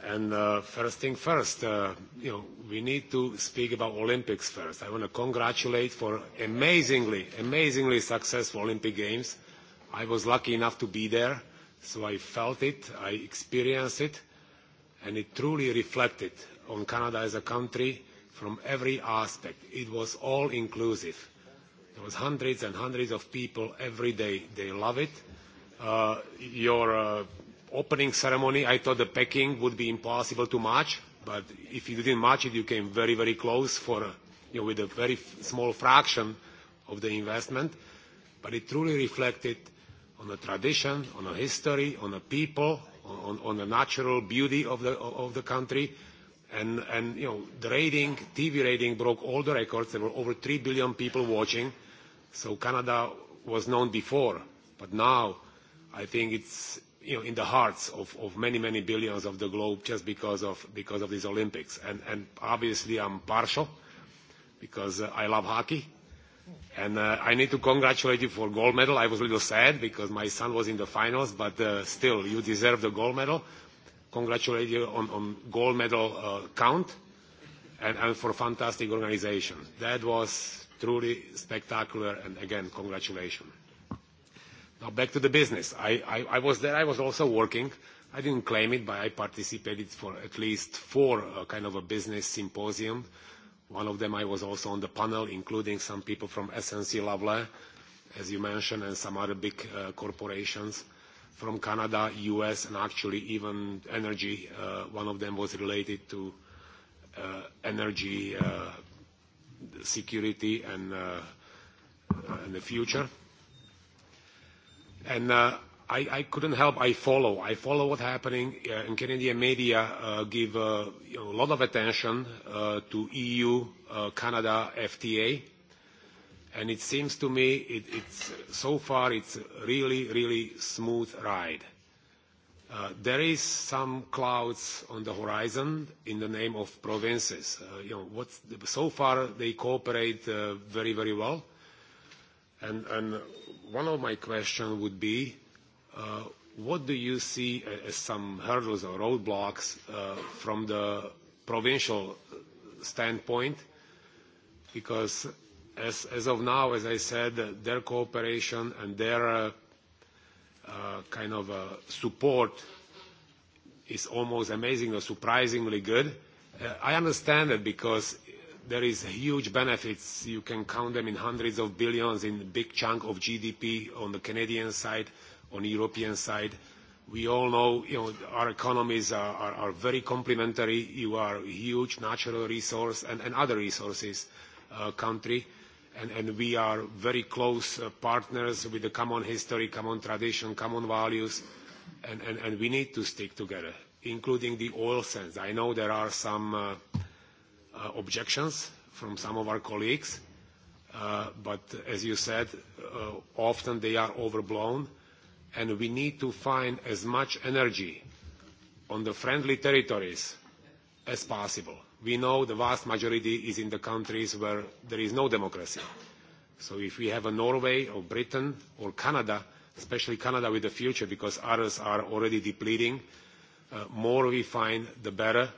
And uh, first thing first, uh, you know, we need to speak about Olympics first. I want to congratulate for amazingly, amazingly successful Olympic Games. I was lucky enough to be there, so I felt it, I experienced it, and it truly reflected on Canada as a country from every aspect. It was all inclusive. There was hundreds and hundreds of people every day. They love it. Uh, your uh, opening ceremony, I thought the packing would be impossible to match, but if you didn't match it, you came very, very close for, you know, with a very small fraction of the investment. But it truly reflected on a tradition, on a history, on a people, on, on the natural beauty of the, of the country. And, and, you know, the rating, TV rating broke all the records. There were over 3 billion people watching. So Canada was known before, but now I think it's you know, in the hearts of, of many, many billions of the globe just because of, because of these Olympics. And, and obviously I'm partial because uh, I love hockey. And uh, I need to congratulate you for gold medal. I was a little sad because my son was in the finals, but uh, still, you deserve the gold medal. Congratulate you on, on gold medal uh, count and, and for fantastic organization. That was truly spectacular, and again, congratulations. Now back to the business. I, I, I was there. I was also working. I didn't claim it, but I participated for at least four uh, kind of a business symposium. One of them I was also on the panel, including some people from SNC-Lavalin, as you mentioned, and some other big uh, corporations from Canada, U.S., and actually even energy. Uh, one of them was related to uh, energy uh, security and, uh, uh, and the future. Mm-hmm And uh, I, I couldn't help. I follow. I follow what's happening, uh, and Canadian media uh, give uh, you know, a lot of attention uh, to EU uh, Canada FTA, and it seems to me it, it's so far it's really really smooth ride. Uh, there is some clouds on the horizon in the name of provinces. Uh, you know, what's the, so far they cooperate uh, very very well, and and one of my question would be, uh, what do you see as some hurdles or roadblocks uh, from the provincial standpoint? Because as, as of now, as I said, their cooperation and their uh, uh, kind of uh, support is almost amazingly, surprisingly good. Uh, I understand it because there is huge benefits. You can count them in hundreds of billions, in big chunk of GDP on the Canadian side, on European side. We all know, you know, our economies are, are, are very complementary. You are a huge natural resource and, and other resources uh, country. And, and we are very close uh, partners with a common history, common tradition, common values, and, and we need to stick together, including the oil sands. I know there are some uh, uh, objections from some of our colleagues, uh, but as you said, uh, often they are overblown, and we need to find as much energy on the friendly territories as possible. We know the vast majority is in the countries where there is no democracy. So if we have a Norway or Britain or Canada, especially Canada with the future, because others are already depleting, uh, more we find, the better,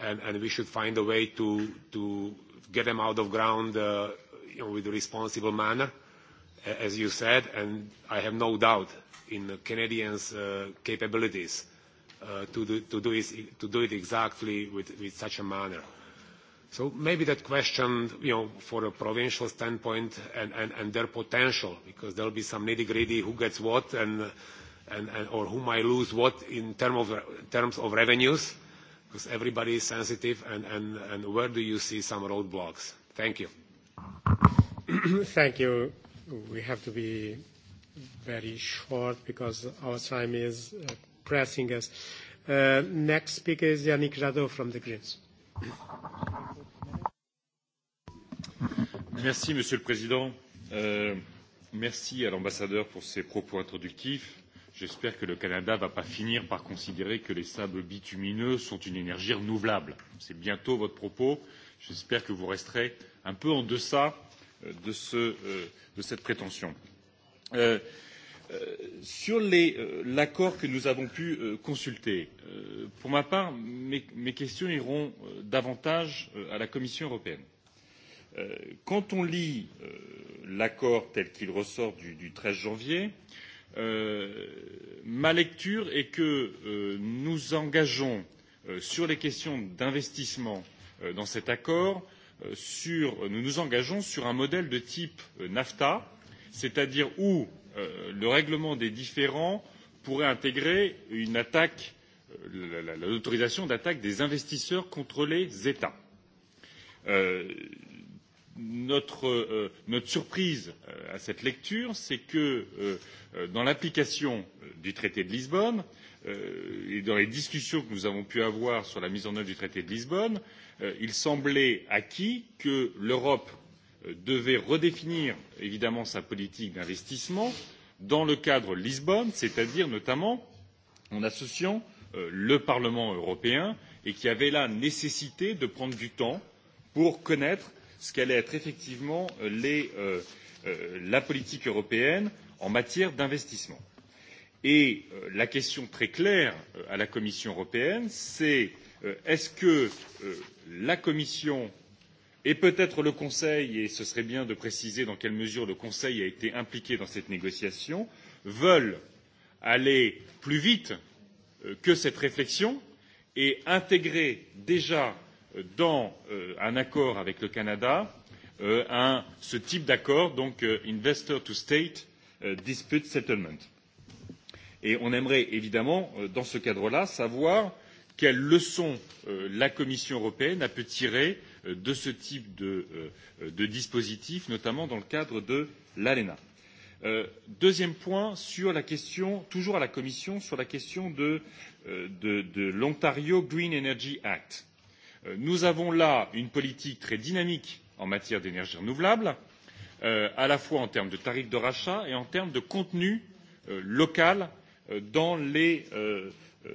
and, and we should find a way to, to get them out of ground uh, you know, with a responsible manner, as you said, and I have no doubt in the Canadians' uh, capabilities uh, to, do, to, do is, to do it exactly with, with such a manner. So maybe that question, you know, for a provincial standpoint and, and, and their potential, because there'll be some nitty-gritty, who gets what and, and or who might lose what in term of, terms of revenues because everybody is sensitive and, and, and where do you see some roadblocks? Thank you. Thank you. We have to be very short because our time is uh, pressing us. Uh, next speaker is Yannick Jadot from the Greens. Merci, Monsieur le Président. Euh, merci à l'ambassadeur pour ses propos introductifs J'espère que le Canada ne va pas finir par considérer que les sables bitumineux sont une énergie renouvelable. C'est bientôt votre propos. J'espère que vous resterez un peu en deçà euh, de, ce, euh, de cette prétention. Euh, euh, sur euh, l'accord que nous avons pu euh, consulter, euh, pour ma part, mes, mes questions iront euh, davantage euh, à la Commission européenne. Euh, quand on lit euh, l'accord tel qu'il ressort du, du 13 janvier, euh, Euh, ma lecture est que euh, nous engageons euh, sur les questions d'investissement euh, dans cet accord, euh, sur, nous nous engageons sur un modèle de type euh, NAFTA, c'est-à-dire où euh, le règlement des différends pourrait intégrer une attaque, euh, l'autorisation d'attaque des investisseurs contre les États. Euh, notre, euh, notre surprise euh, à cette lecture, c'est que euh, euh dans l'application euh, du traité de Lisbonne euh, et dans les discussions que nous avons pu avoir sur la mise en œuvre du traité de Lisbonne, euh, il semblait acquis que l'Europe euh, devait redéfinir évidemment sa politique d'investissement dans le cadre Lisbonne, c'est-à-dire notamment en associant euh, le Parlement européen et qui avait la nécessité de prendre du temps pour connaître ce qu'allait être effectivement euh, les, euh, euh, la politique européenne en matière d'investissement. Et euh, la question très claire euh, à la Commission européenne, c'est euh, est-ce que euh, la Commission et peut-être le Conseil, et ce serait bien de préciser dans quelle mesure le Conseil a été impliqué dans cette négociation, veulent aller plus vite euh, que cette réflexion et intégrer déjà dans euh, un accord avec le Canada euh, un, ce type d'accord, donc euh, Investor to State euh, Dispute Settlement. Et on aimerait évidemment, euh, dans ce cadre-là, savoir quelles leçons euh, la Commission européenne a pu tirer euh, de ce type de, euh, de dispositif, notamment dans le cadre de l'ALENA. Euh, deuxième point, sur la question, toujours à la Commission, sur la question de, euh, de, de l'Ontario Green Energy Act. Euh, Euh, nous avons là une politique très dynamique en matière d'énergies renouvelables euh, à la fois en termes de tarifs de rachat et en termes de contenu euh, local dans, les,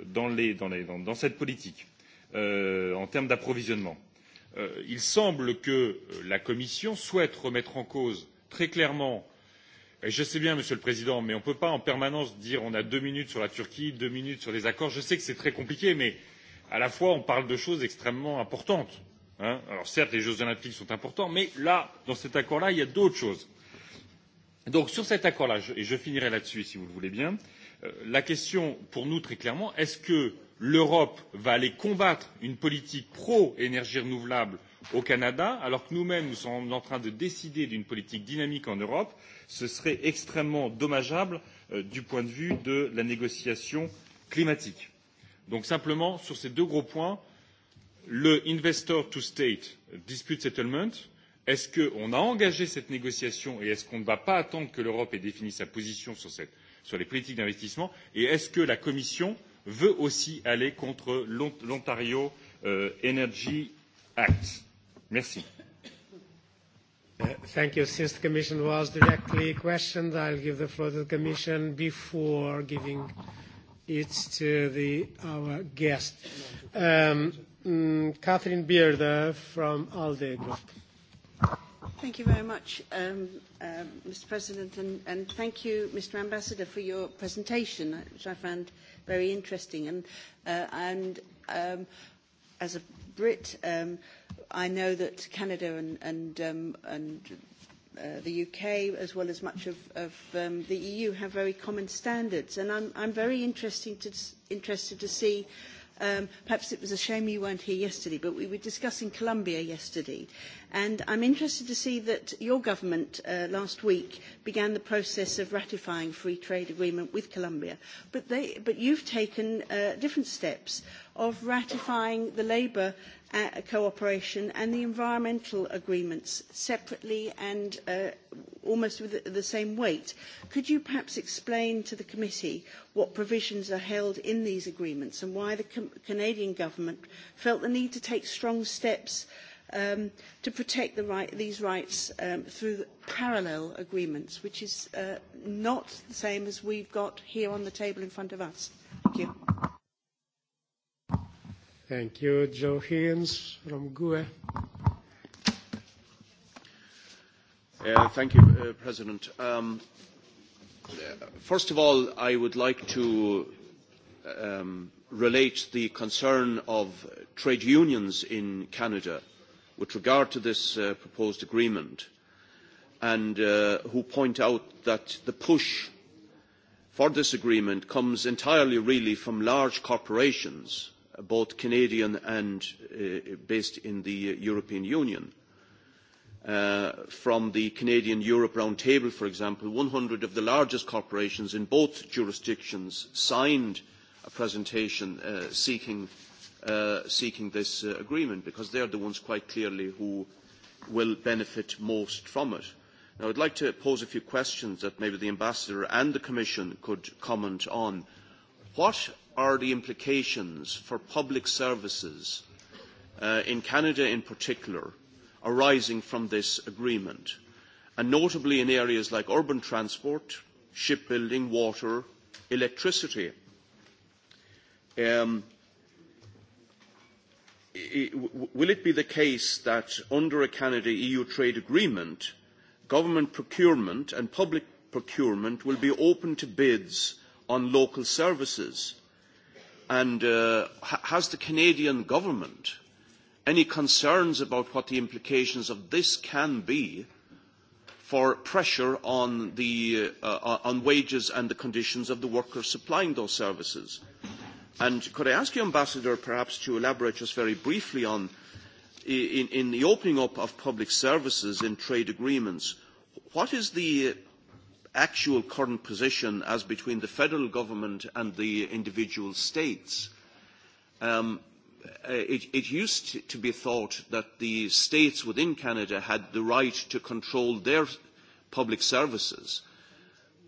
dans, les, dans, les, dans cette politique en termes d'approvisionnement. il semble que la commission souhaite remettre en cause très clairement et je sais bien monsieur le président mais on ne peut pas en permanence dire on a deux minutes sur la turquie deux minutes sur les accords je sais que c'est très compliqué mais à la fois on parle de choses extrêmement importantes hein. alors certes les jeux olympiques sont importants mais là dans cet accord là il y a d'autres choses. donc sur cet accord là et je finirai là dessus si vous le voulez bien euh, la question pour nous très clairement est ce que l'europe va aller combattre une politique pro énergies renouvelables au canada alors que nous mêmes nous sommes en train de décider d'une politique dynamique en europe ce serait extrêmement dommageable euh, du point de vue de la négociation climatique donc simplement sur ces deux gros points le investor to state dispute settlement est ce qu'on a engagé cette négociation et est ce qu'on ne va pas attendre que l'europe ait défini sa position sur, cette, sur les politiques d'investissement et est ce que la commission veut aussi aller contre l'ontario euh, energy act? merci. Uh, thank you. Since the Commission was directly questioned, I'll give the floor to the Commission before giving It's to the, our guest, um, mm, Catherine Bearder from ALDE Group. Thank you very much, um, uh, um, Mr. President, and, and thank you, Mr. Ambassador, for your presentation, which I found very interesting. And, uh, and um, as a Brit, um, I know that Canada and, and, um, and uh, the UK, as well as much of, of um, the EU, have very common standards. And I'm, I'm very interesting to, interested to see, um, perhaps it was a shame you weren't here yesterday, but we were discussing Colombia yesterday And I'm interested to see that your government uh, last week began the process of ratifying free trade agreement with Colombia. But, they, but you've taken uh, different steps of ratifying the labour uh, cooperation and the environmental agreements separately and uh, almost with the same weight. Could you perhaps explain to the committee what provisions are held in these agreements and why the com- Canadian government felt the need to take strong steps uh, um, to protect the right, these rights um, through parallel agreements, which is uh, not the same as we've got here on the table in front of us. Thank you. Thank you. Joe Higgins from GUE. Uh, thank you, uh, President. Um, first of all, I would like to um, relate the concern of trade unions in Canada with regard to this uh, proposed agreement and uh, who point out that the push for this agreement comes entirely really from large corporations, both Canadian and uh, based in the European Union. Uh, from the Canadian Europe Roundtable, for example, 100 of the largest corporations in both jurisdictions signed a presentation uh, seeking uh, uh, seeking this uh, agreement because they are the ones quite clearly who will benefit most from it. Now, I'd like to pose a few questions that maybe the Ambassador and the Commission could comment on. What are the implications for public services uh, in Canada in particular arising from this agreement? And notably in areas like urban transport, shipbuilding, water, electricity. Um, will it be the case that under a Canada EU trade agreement, government procurement and public procurement will be open to bids on local services? And uh, has the Canadian government any concerns about what the implications of this can be for pressure on, the, uh, uh on wages and the conditions of the workers supplying those services? And could I ask you, Ambassador, perhaps to elaborate just very briefly on, in, in the opening up of public services in trade agreements, what is the actual current position as between the federal government and the individual states? Um, it, it used to be thought that the states within Canada had the right to control their public services. Uh,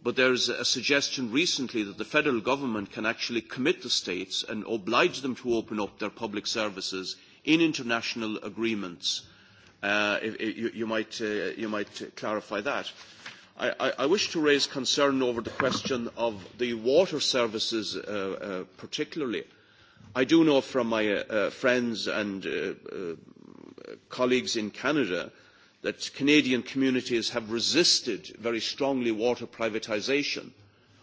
But there is a suggestion recently that the federal government can actually commit the states and oblige them to open up their public services in international agreements. Uh, if, if you, you, might, uh, you might clarify that. I, I, I wish to raise concern over the question of the water services uh, uh, particularly. I do know from my uh, uh, friends and uh, uh, colleagues in Canada uh, that Canadian communities have resisted very strongly water privatisation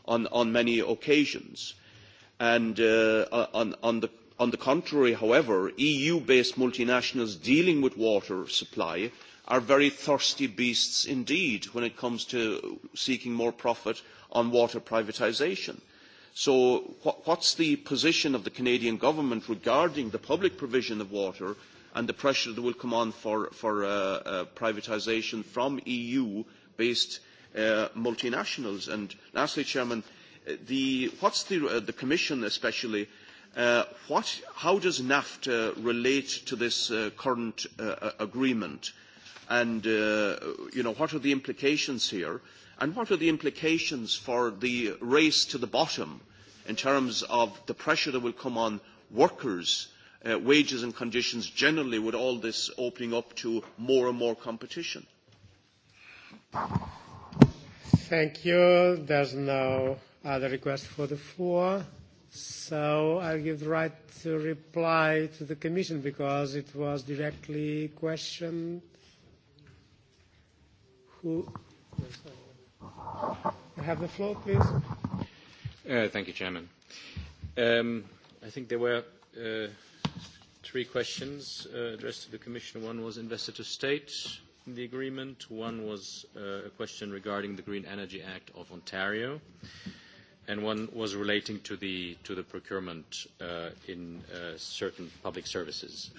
on, on many occasions. And uh, on, on, the, on the contrary, however, EU-based multinationals dealing with water supply are very thirsty beasts indeed when it comes to seeking more profit on water privatisation. So wh what's the position of the Canadian government regarding the public provision of water and the pressure that will come on for, for uh, uh, privatisation from EU-based uh, multinationals. And lastly, Chairman, uh, the, what's the, uh, the Commission especially, uh, what, how does NAFTA relate to this uh, current uh, uh, agreement? And, uh, you know, what are the implications here? And what are the implications for the race to the bottom in terms of the pressure that will come on workers uh, wages and conditions generally with all this opening up to more and more competition. Thank you. There's no other request for the floor. So I'll give the right to reply to the Commission because it was directly questioned. Who? You have the floor, please. Uh, thank you, Chairman. Um, I think there were uh, three questions uh, addressed to the Commission. One was investor to state in the agreement. One was uh, a question regarding the Green Energy Act of Ontario. And one was relating to the, to the procurement uh, in uh, certain public services.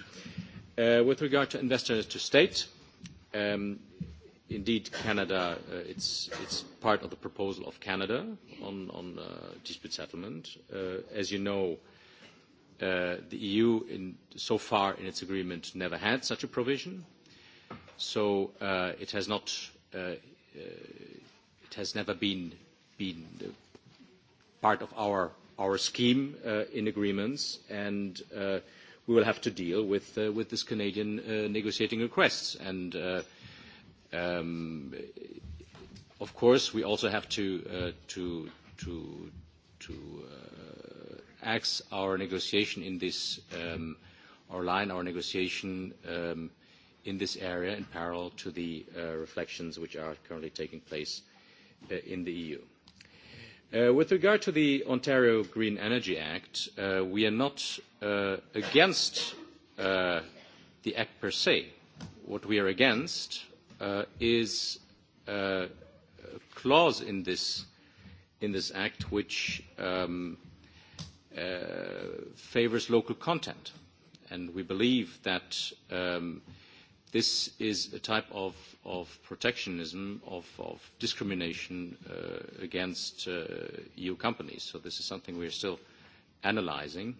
Uh, with regard to investors to state, um, indeed, Canada, uh, it's, it's part of the proposal of Canada on, on uh, dispute settlement. Uh, as you know, uh, Uh, the EU, in, so far in its agreement, never had such a provision. So uh, it has not, uh, uh, it has never been been part of our our scheme uh, in agreements, and uh, we will have to deal with uh, with this Canadian uh, negotiating requests. And uh, um, of course, we also have to uh, to to to. Uh, axe our negotiation in this, um, or line our negotiation um, in this area in parallel to the uh, reflections which are currently taking place uh, in the EU. Uh, with regard to the Ontario Green Energy Act, uh, we are not uh, against uh, the act per se. What we are against uh, is uh, a clause in this, in this act which um, uh, favors local content. And we believe that um, this is a type of, of protectionism, of, of discrimination uh, against uh, EU companies. So this is something we are still analyzing.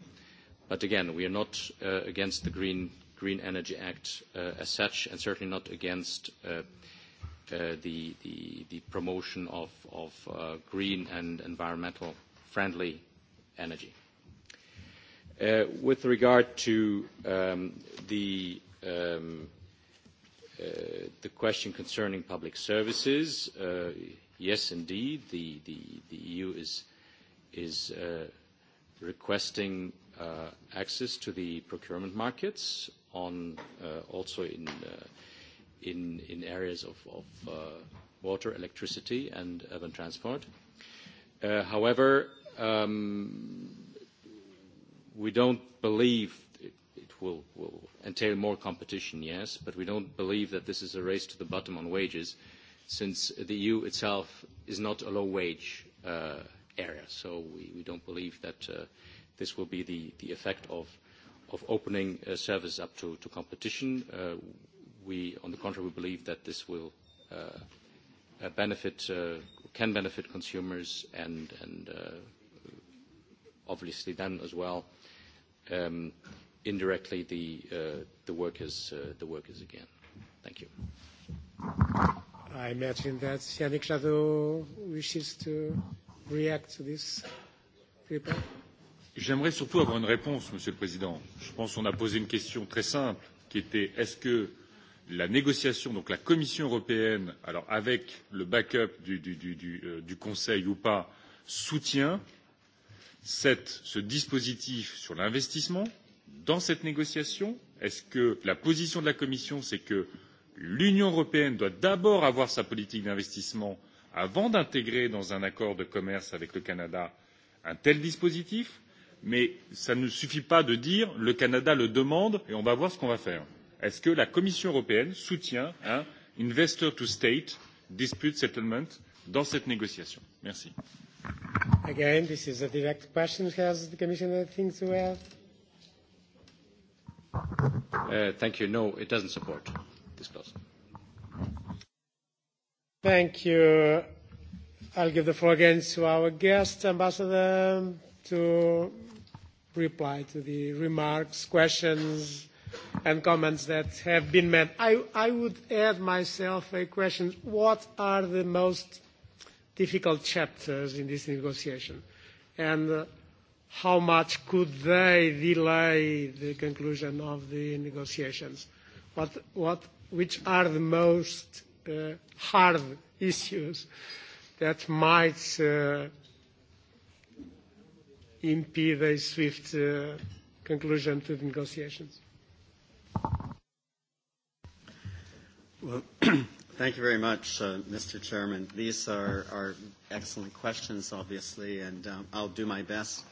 But again, we are not uh, against the Green, Green Energy Act uh, as such, and certainly not against uh, uh, the, the, the promotion of, of uh, green and environmental friendly energy. Uh, with regard to um, the, um, uh, the question concerning public services, uh, yes, indeed, the, the, the EU is, is uh, requesting uh, access to the procurement markets on uh, also in, in, in areas of, of water, electricity, and urban transport. However, um, we don't believe it will, will entail more competition, yes, but we don't believe that this is a race to the bottom on wages, since the EU itself is not a low-wage uh, area. So we, we don't believe that uh, this will be the, the effect of, of opening uh, services up to, to competition. Uh, we, on the contrary, we believe that this will uh, uh, benefit, uh, can benefit consumers and, and uh, obviously then as well um, indirectly the, uh, the, workers, uh, the workers again. Thank you. I imagine that Yannick Jadot wishes to react to this report. J'aimerais surtout avoir une réponse, Monsieur le Président. Je pense qu'on a posé une question très simple, qui était est-ce que la négociation, donc la Commission européenne, alors avec le backup du, du, du, du, euh, du Conseil ou pas, soutient euh, cette, ce dispositif sur l'investissement dans cette négociation Est-ce que la position de la Commission, c'est que l'Union européenne doit d'abord avoir sa politique d'investissement avant d'intégrer dans un accord de commerce avec le Canada un tel dispositif mais ça ne suffit pas de dire le Canada le demande et on va voir ce qu'on va faire. Est-ce que la Commission européenne soutient un investor to state dispute settlement dans cette négociation Merci. Again, this is a direct question. Has the Commission anything to add? Uh, thank you. No, it doesn't support this clause. Thank you. I'll give the floor again to our guest, Ambassador, to reply to the remarks, questions, and comments that have been made. I, I would add myself a question. What are the most difficult chapters in this negotiation, and uh, how much could they delay the conclusion of the negotiations? What, what, which are the most uh, hard issues that might uh, impede a swift uh, conclusion to the negotiations? Well, Thank you very much, uh, Mr. Chairman. These are, are excellent questions, obviously, and um, I'll do my best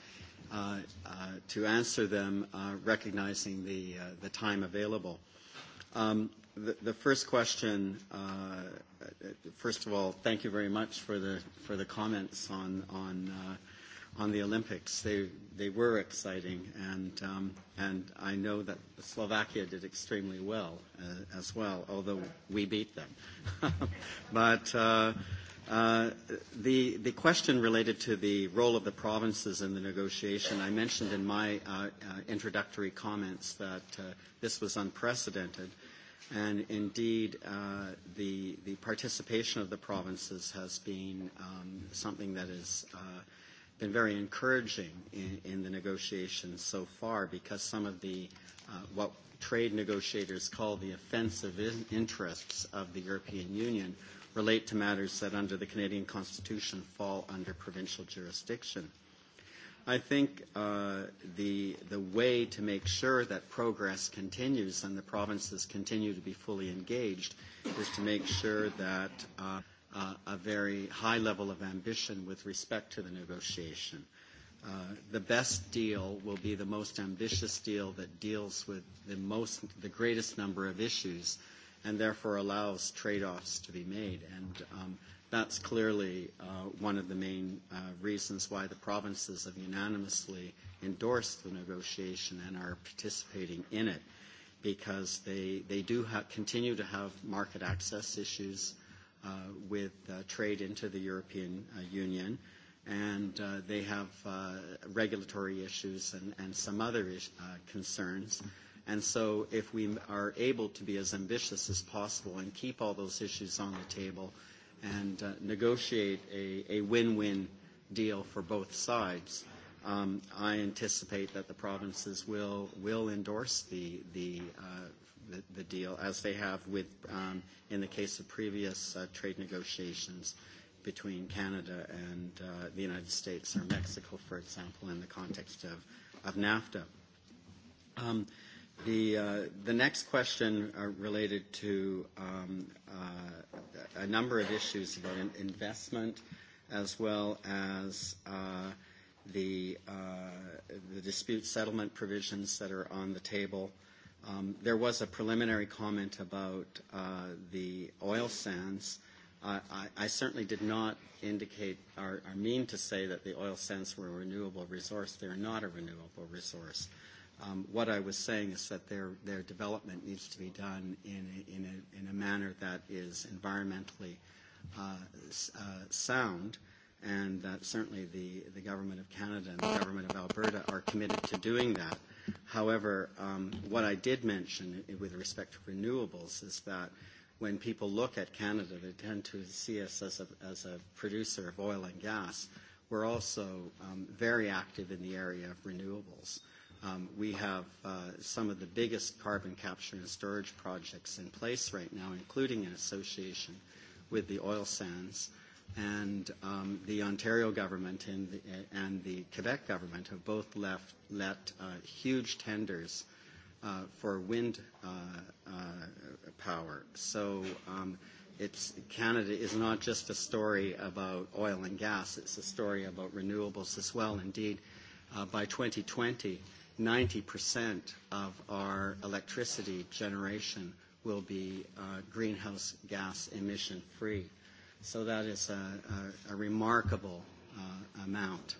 uh, uh, to answer them, uh, recognizing the, uh, the time available. Um, the, the first question, uh, first of all, thank you very much for the, for the comments on, on uh, on the Olympics. They they were exciting, and um, and I know that Slovakia did extremely well uh, as well, although we beat them. but. Uh, Uh, the, the question related to the role of the provinces in the negotiation, I mentioned in my uh, uh, introductory comments that uh, this was unprecedented. And indeed, uh, the, the participation of the provinces has been um, something that is uh, been very encouraging in, in the negotiations so far because some of the uh, what trade negotiators call the offensive in- interests of the European Union relate to matters that under the Canadian Constitution fall under provincial jurisdiction. I think uh, the, the way to make sure that progress continues and the provinces continue to be fully engaged is to make sure that uh, uh, a very high level of ambition with respect to the negotiation. Uh, the best deal will be the most ambitious deal that deals with the most, the greatest number of issues, and therefore allows trade-offs to be made. And um, that's clearly uh, one of the main uh, reasons why the provinces have unanimously endorsed the negotiation and are participating in it, because they they do ha- continue to have market access issues uh, with uh, trade into the European uh, Union. And uh, they have uh, regulatory issues and, and some other is, uh, concerns. And so if we are able to be as ambitious as possible and keep all those issues on the table and uh, negotiate a, a win-win deal for both sides, um, I anticipate that the provinces will, will endorse the, the uh, the, the deal, as they have with, um, in the case of previous uh, trade negotiations between Canada and uh, the United States or Mexico, for example, in the context of, of NAFTA. Um, the, uh, the next question uh, related to um, uh, a number of issues about in- investment as well as uh, the, uh, the dispute settlement provisions that are on the table. Uh, Um, there was a preliminary comment about uh, the oil sands. Uh, I, I certainly did not indicate or, or mean to say that the oil sands were a renewable resource. They're not a renewable resource. Um, what I was saying is that their, their development needs to be done in a, in a, in a manner that is environmentally uh, uh, sound, and that certainly the, the Government of Canada and the Government of Alberta are committed to doing that. Uh, However, um, what I did mention with respect to renewables is that when people look at Canada, they tend to see us as a, as a producer of oil and gas. We're also um, very active in the area of renewables. Um, we have uh, some of the biggest carbon capture and storage projects in place right now, including an association with the oil sands. Uh, and um, the Ontario government and the, and the Quebec government have both left, let uh, huge tenders uh, for wind uh, uh, power. So um, it's, Canada is not just a story about oil and gas, it's a story about renewables as well. Indeed, uh, by 2020, 90% of our electricity generation will be uh, greenhouse gas emission free. Uh, So that is a, a, a remarkable uh, amount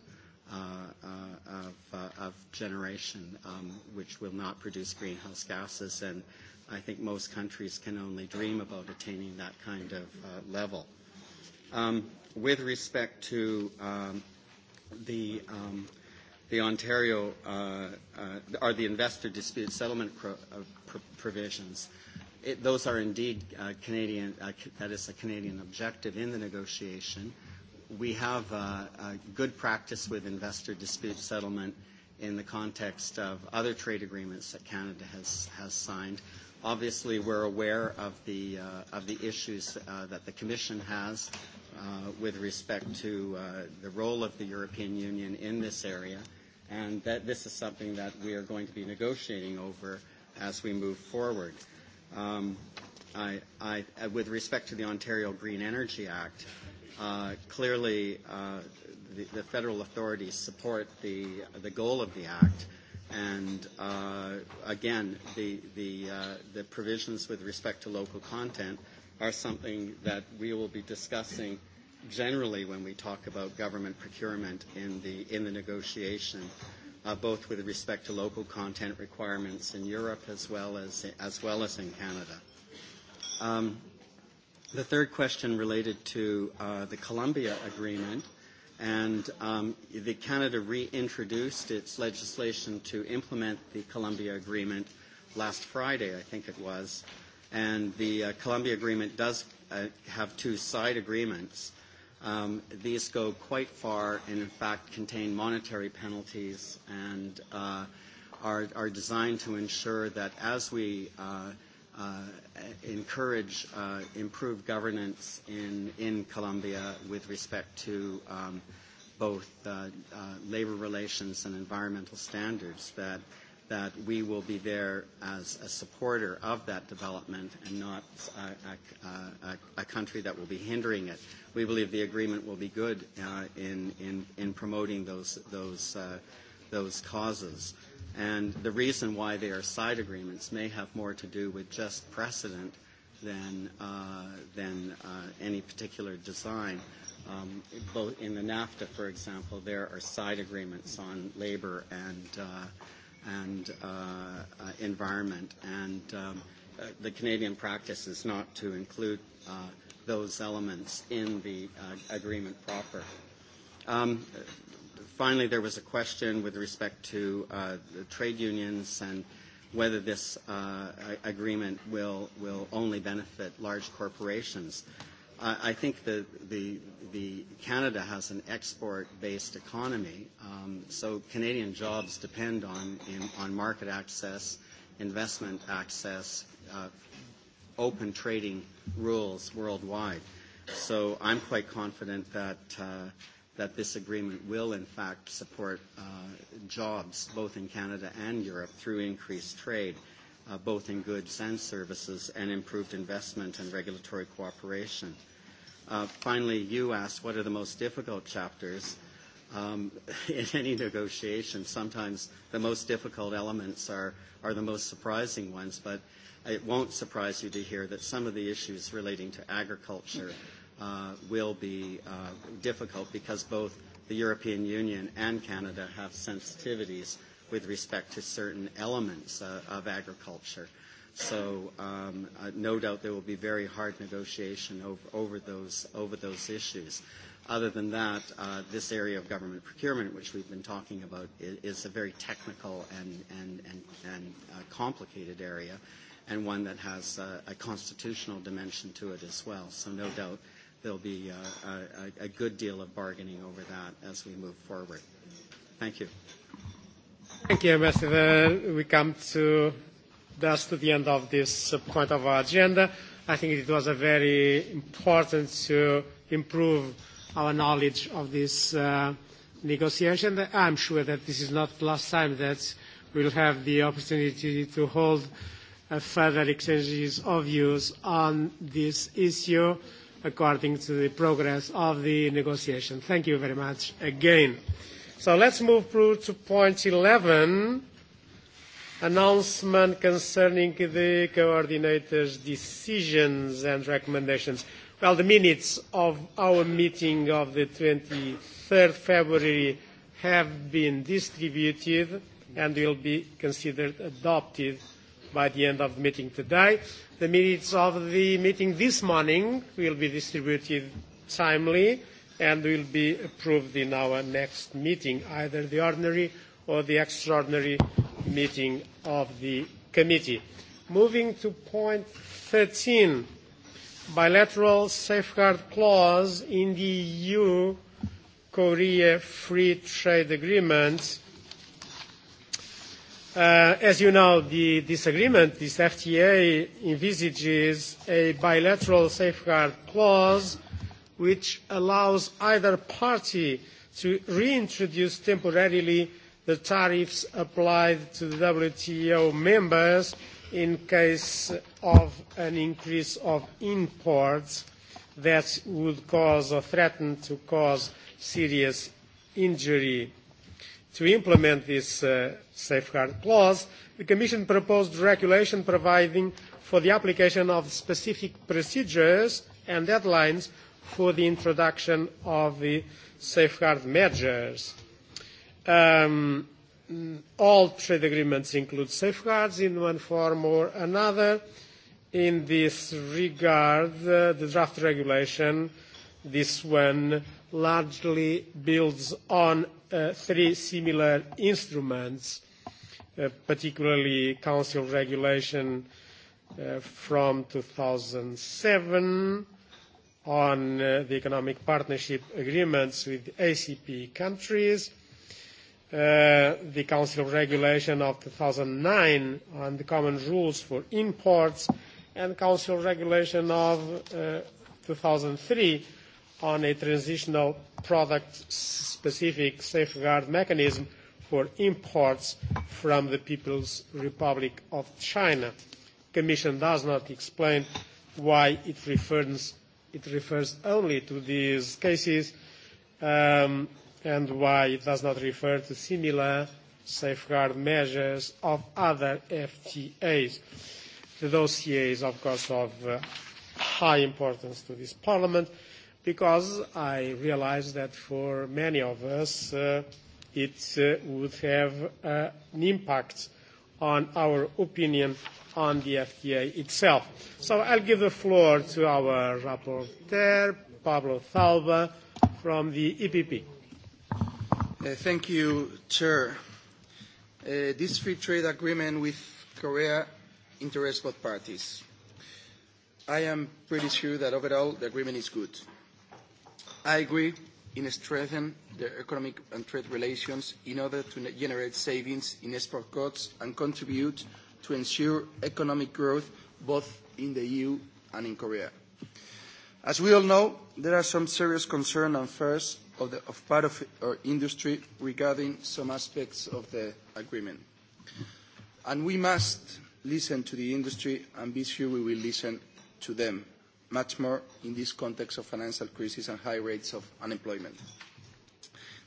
uh, uh, of, uh, of generation, um, which will not produce greenhouse gases. And I think most countries can only dream about attaining that kind of uh, level. Um, with respect to um, the um, the Ontario uh, uh, or the investor dispute settlement pro- uh, pr- provisions, uh, it, those are indeed uh, Canadian, uh, that is a Canadian objective in the negotiation. We have uh, a good practice with investor dispute settlement in the context of other trade agreements that Canada has, has signed. Obviously, we're aware of the, uh, of the issues uh, that the Commission has uh, with respect to uh, the role of the European Union in this area, and that this is something that we are going to be negotiating over as we move forward. Uh, Um, I, I, uh, with respect to the Ontario Green Energy Act, uh, clearly uh, the, the federal authorities support the, the goal of the act. And uh, again, the, the, uh, the provisions with respect to local content are something that we will be discussing generally when we talk about government procurement in the, in the negotiation. Uh, uh, both with respect to local content requirements in Europe as well as, as, well as in Canada. Um, the third question related to uh, the Colombia agreement, and um, the Canada reintroduced its legislation to implement the Colombia agreement last Friday, I think it was. And the uh, Colombia agreement does uh, have two side agreements. Um, these go quite far and, in fact, contain monetary penalties and uh, are, are designed to ensure that as we uh, uh, encourage uh, improved governance in, in Colombia with respect to um, both uh, uh, labor relations and environmental standards, that uh, that we will be there as a supporter of that development and not a, a, a, a country that will be hindering it. We believe the agreement will be good uh, in, in, in promoting those, those, uh, those causes. And the reason why they are side agreements may have more to do with just precedent than, uh, than uh, any particular design. Um, both in the NAFTA, for example, there are side agreements on labor and uh, and uh, uh, environment. And um, uh, the Canadian practice is not to include uh, those elements in the uh, agreement proper. Um, finally, there was a question with respect to uh, the trade unions and whether this uh, agreement will, will only benefit large corporations. Uh, I, I think the, the, the Canada has an export-based economy, um, so Canadian jobs depend on, in, on market access, investment access, uh, open trading rules worldwide. So I'm quite confident that uh, that this agreement will, in fact, support uh, jobs both in Canada and Europe through increased trade, uh, both in goods and services, and improved investment and regulatory cooperation. Uh, Uh, finally, you asked what are the most difficult chapters um, in any negotiation. Sometimes the most difficult elements are, are the most surprising ones, but it won't surprise you to hear that some of the issues relating to agriculture uh, will be uh, difficult because both the European Union and Canada have sensitivities with respect to certain elements uh, of agriculture. Uh, So um, uh, no doubt there will be very hard negotiation over, over, those, over those issues. Other than that, uh, this area of government procurement, which we've been talking about, is, is a very technical and, and, and, and uh, complicated area, and one that has uh, a constitutional dimension to it as well. So no doubt there'll be uh, a, a good deal of bargaining over that as we move forward. Thank you. Thank you, Ambassador. We come to that's to the end of this uh, point of our agenda. I think it was a very important to improve our knowledge of this uh, negotiation. I'm sure that this is not the last time that we'll have the opportunity to hold uh, further exchanges of views on this issue according to the progress of the negotiation. Thank you very much again. So let's move through to point 11 announcement concerning the coordinators' decisions and recommendations. Well, the minutes of our meeting of the 23rd February have been distributed and will be considered adopted by the end of the meeting today. The minutes of the meeting this morning will be distributed timely and will be approved in our next meeting, either the ordinary or the extraordinary meeting of the committee. Moving to point 13, bilateral safeguard clause in the EU-Korea free trade agreement. Uh, as you know, the, this agreement, this FTA, envisages a bilateral safeguard clause which allows either party to reintroduce temporarily the tariffs applied to the WTO members in case of an increase of imports that would cause or threaten to cause serious injury. To implement this uh, safeguard clause, the Commission proposed regulation providing for the application of specific procedures and deadlines for the introduction of the safeguard measures Um, all trade agreements include safeguards in one form or another. In this regard, uh, the draft regulation, this one, largely builds on uh, three similar instruments, uh, particularly Council regulation uh, from 2007 on uh, the economic partnership agreements with ACP countries, uh, Uh, the Council Regulation of 2009 on the common rules for imports and Council Regulation of uh, 2003 on a transitional product-specific safeguard mechanism for imports from the People's Republic of China. Commission does not explain why it refers, it refers only to these cases. Um, and why it does not refer to similar safeguard measures of other FTAs. The dossier is, of course, of uh, high importance to this Parliament because I realize that for many of us uh, it uh, would have uh, an impact on our opinion on the FTA itself. So I'll give the floor to our rapporteur, Pablo Zalba, from the EPP. Uh, thank you, Chair. Uh, this free trade agreement with Korea interests both parties. I am pretty sure that overall the agreement is good. I agree in strengthening the economic and trade relations in order to generate savings in export costs and contribute to ensure economic growth both in the EU and in Korea. As we all know, there are some serious concerns and fears of, the, of part of our industry regarding some aspects of the agreement. And we must listen to the industry and be sure we will listen to them much more in this context of financial crisis and high rates of unemployment.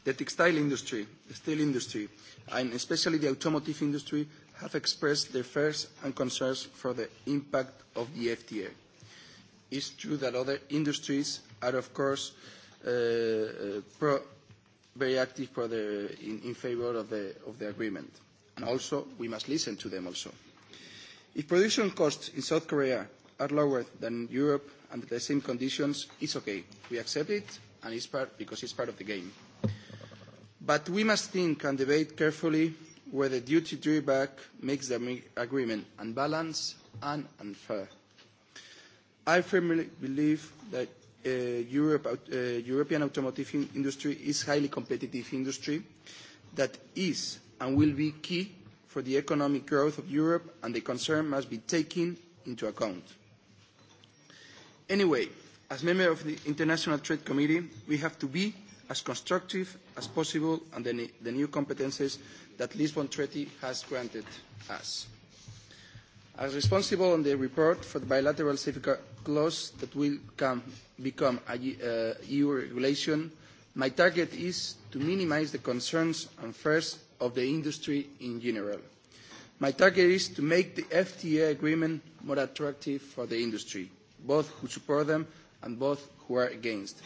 The textile industry, the steel industry, and especially the automotive industry have expressed their fears and concerns for the impact of the FTA. It's true that other industries are, of course, uh, Uh, uh, pro, very active pro the, in, in favor of the, of the agreement. And also, we must listen to them also. If production costs in South Korea are lower than Europe under the same conditions, it's okay. We accept it, and it's part, because it's part of the game. But we must think and debate carefully whether duty drawback makes the agreement unbalanced and unfair. I firmly believe that uh, Europe, uh, European automotive in industry is highly competitive industry that is and will be key for the economic growth of Europe, and the concern must be taken into account. Anyway, as member of the International Trade Committee, we have to be as constructive as possible on the, the new competences that Lisbon Treaty has granted us. As responsible on the report for the bilateral safeguard clause that will come, become a uh, EU regulation, my target is to minimize the concerns and fears of the industry in general. My target is to make the FTA agreement more attractive for the industry, both who support them and both who are against.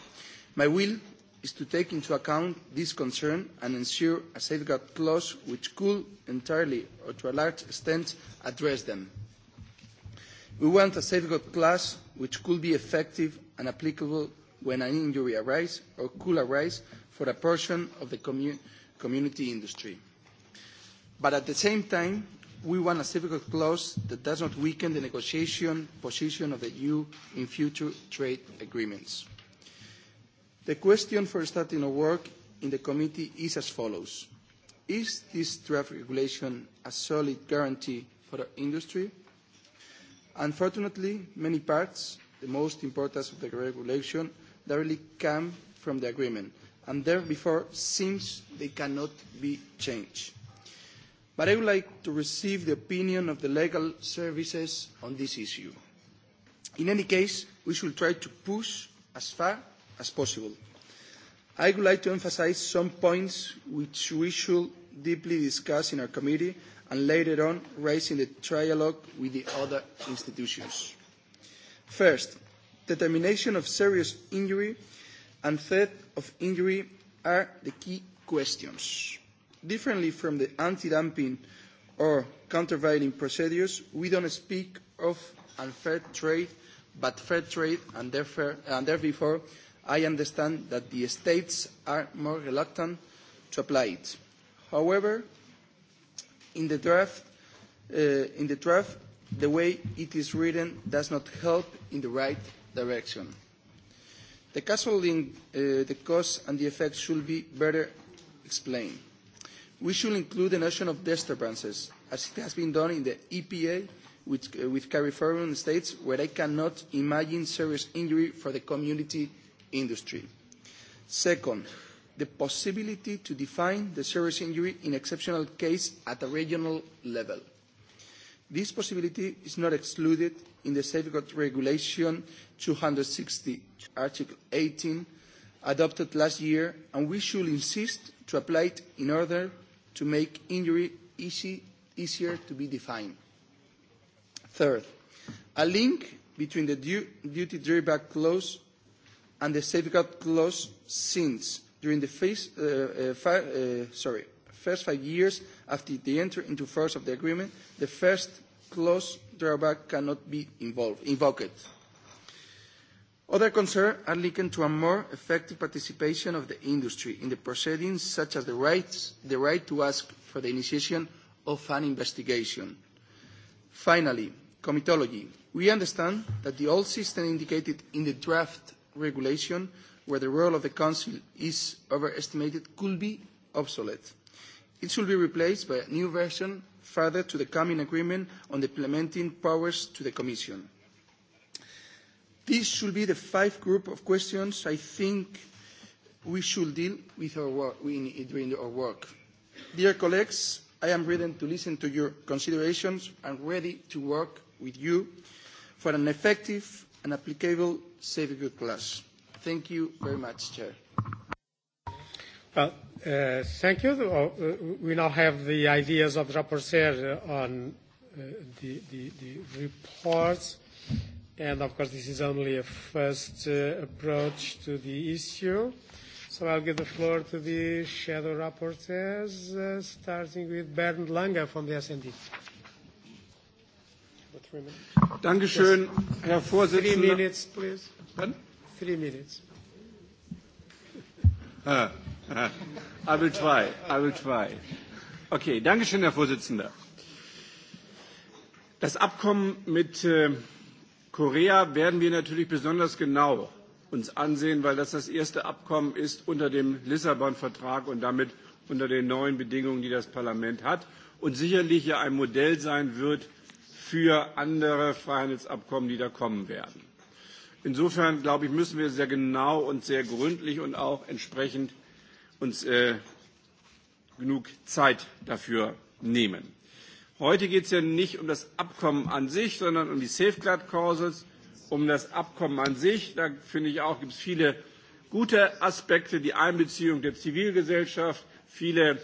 My will is to take into account this concern and ensure a safeguard clause which could entirely or to a large extent address them. We want a safeguard clause which could be effective and applicable when an injury arises or could arise for a portion of the commu community industry. But at the same time, we want a safeguard clause that does not weaken the negotiation position of the EU in future trade agreements. The question for starting a work in the committee is as follows. Is this draft regulation a solid guarantee for the industry? Unfortunately, many parts, the most important of the regulation, directly come from the agreement, and therefore seems they cannot be changed. But I would like to receive the opinion of the legal services on this issue. In any case, we should try to push as far as possible. I would like to emphasize some points which we should deeply discuss in our committee and later on raise in the trialogue with the other institutions. First, determination of serious injury and threat of injury are the key questions. Differently from the anti-dumping or countervailing procedures, we don't speak of unfair trade, but fair trade, and, therefore, and therefore I understand that the states are more reluctant to apply it. However, in the draft, uh, in the, draft the way it is written does not help in the right direction. The causal link, uh, the cause and the effect should be better explained. We should include the notion of disturbances, as it has been done in the EPA with, uh, with Californian states, where I cannot imagine serious injury for the community industry. Second, the possibility to define the serious injury in exceptional case at a regional level. This possibility is not excluded in the Safeguard Regulation 260, Article 18, adopted last year, and we should insist to apply it in order to make injury easy, easier to be defined. Third, a link between the du duty drawback clause and the safeguard clause since during the phase, uh, uh, five, uh, sorry, first five years after the entry into force of the agreement, the first clause drawback cannot be involved, invoked. Other concerns are linked to a more effective participation of the industry in the proceedings, such as the, rights, the right to ask for the initiation of an investigation. Finally, comitology. We understand that the old system indicated in the draft regulation where the role of the Council is overestimated could be obsolete. It should be replaced by a new version further to the coming agreement on the implementing powers to the Commission. These should be the five group of questions I think we should deal with our work, in, during our work. Dear colleagues, I am ready to listen to your considerations and ready to work with you for an effective and applicable Saviour Plus. Thank you very much, Chair. Well, uh, thank you. Uh, we now have the ideas of the rapporteur uh, on uh, the, the, the reports. And of course, this is only a first uh, approach to the issue. So I'll give the floor to the shadow rapporteurs, uh, starting with Bernd Lange from the SND. Uh, Three minutes. Dankeschön, yes. Herr Vorsitzender. Three minutes, please. Pardon? Three minutes. Ah, ah. I will try. I will try. Okay, Dankeschön, Herr Vorsitzender. Das Abkommen mit äh, Korea werden wir natürlich besonders genau uns ansehen, weil das das erste Abkommen ist unter dem Lissabon-Vertrag und damit unter den neuen Bedingungen, die das Parlament hat und sicherlich ja ein Modell sein wird für andere Freihandelsabkommen, die da kommen werden. Insofern, glaube ich, müssen wir sehr genau und sehr gründlich und auch entsprechend uns äh, genug Zeit dafür nehmen. Heute geht es ja nicht um das Abkommen an sich, sondern um die Safeguard Clauses, um das Abkommen an sich. Da finde ich auch, gibt es viele gute Aspekte, die Einbeziehung der Zivilgesellschaft, viele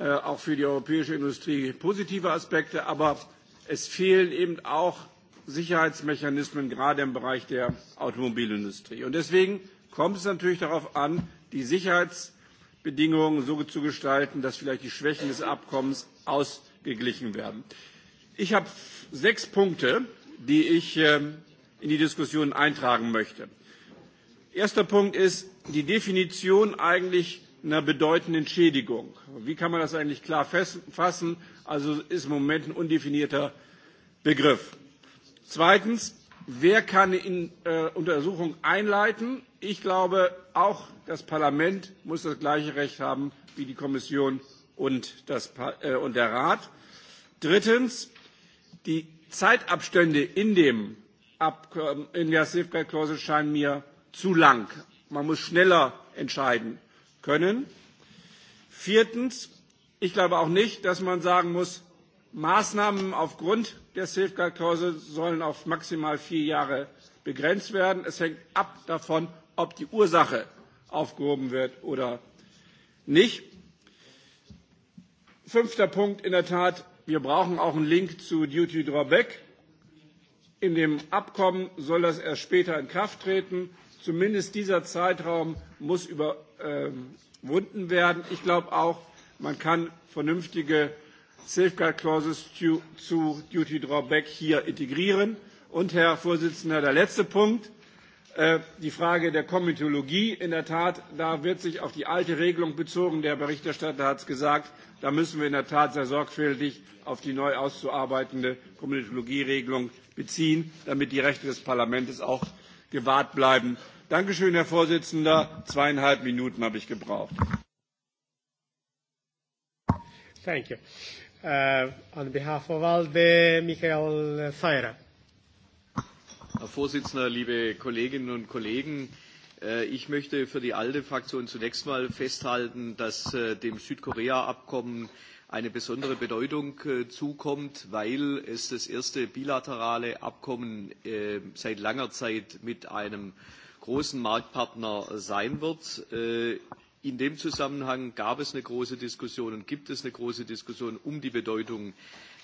äh, auch für die europäische Industrie positive Aspekte, aber Es fehlen eben auch Sicherheitsmechanismen, gerade im Bereich der Automobilindustrie. Und deswegen kommt es natürlich darauf an, die Sicherheitsbedingungen so zu gestalten, dass vielleicht die Schwächen des Abkommens ausgeglichen werden. Ich habe sechs Punkte, die ich ähm, in die Diskussion eintragen möchte. Erster Punkt ist die Definition eigentlich einer bedeutenden Schädigung. Wie kann man das eigentlich klar fassen? Also ist im Moment ein undefinierter Begriff. Zweitens, wer kann in äh, Untersuchung einleiten? Ich glaube, auch das Parlament muss das gleiche Recht haben wie die Kommission und, das, äh, und der Rat. Drittens, die Zeitabstände in dem Abkommen, in der Safeguard Clause scheinen mir zu lang. Man muss schneller entscheiden können. Viertens, Ich glaube auch nicht, dass man sagen muss, Maßnahmen aufgrund der Safeguard Clause sollen auf maximal vier Jahre begrenzt werden. Es hängt ab davon, ob die Ursache aufgehoben wird oder nicht. Fünfter Punkt in der Tat, wir brauchen auch einen Link zu Duty Drawback. In dem Abkommen soll das erst später in Kraft treten. Zumindest dieser Zeitraum muss überwunden ähm, werden. Ich glaube auch, Man kann vernünftige Safeguard Clauses zu, zu Duty Drawback hier integrieren. Und Herr Vorsitzender, der letzte Punkt, äh, die Frage der Komitologie. In der Tat, da wird sich auf die alte Regelung bezogen. Der Berichterstatter hat es gesagt. Da müssen wir in der Tat sehr sorgfältig auf die neu auszuarbeitende Komitologieregelung beziehen, damit die Rechte des Parlaments auch gewahrt bleiben. Dankeschön, Herr Vorsitzender. Zweieinhalb Minuten habe ich gebraucht. Thank you. Uh, on behalf of ALDE, Michael Feierer. Herr Vorsitzender, liebe Kolleginnen und Kollegen, äh, ich möchte für die ALDE-Fraktion zunächst mal festhalten, dass äh, dem Südkorea-Abkommen eine besondere Bedeutung äh, zukommt, weil es das erste bilaterale Abkommen seit langer Zeit mit einem großen Marktpartner sein wird. In dem Zusammenhang gab es eine große Diskussion und gibt es eine große Diskussion um die Bedeutung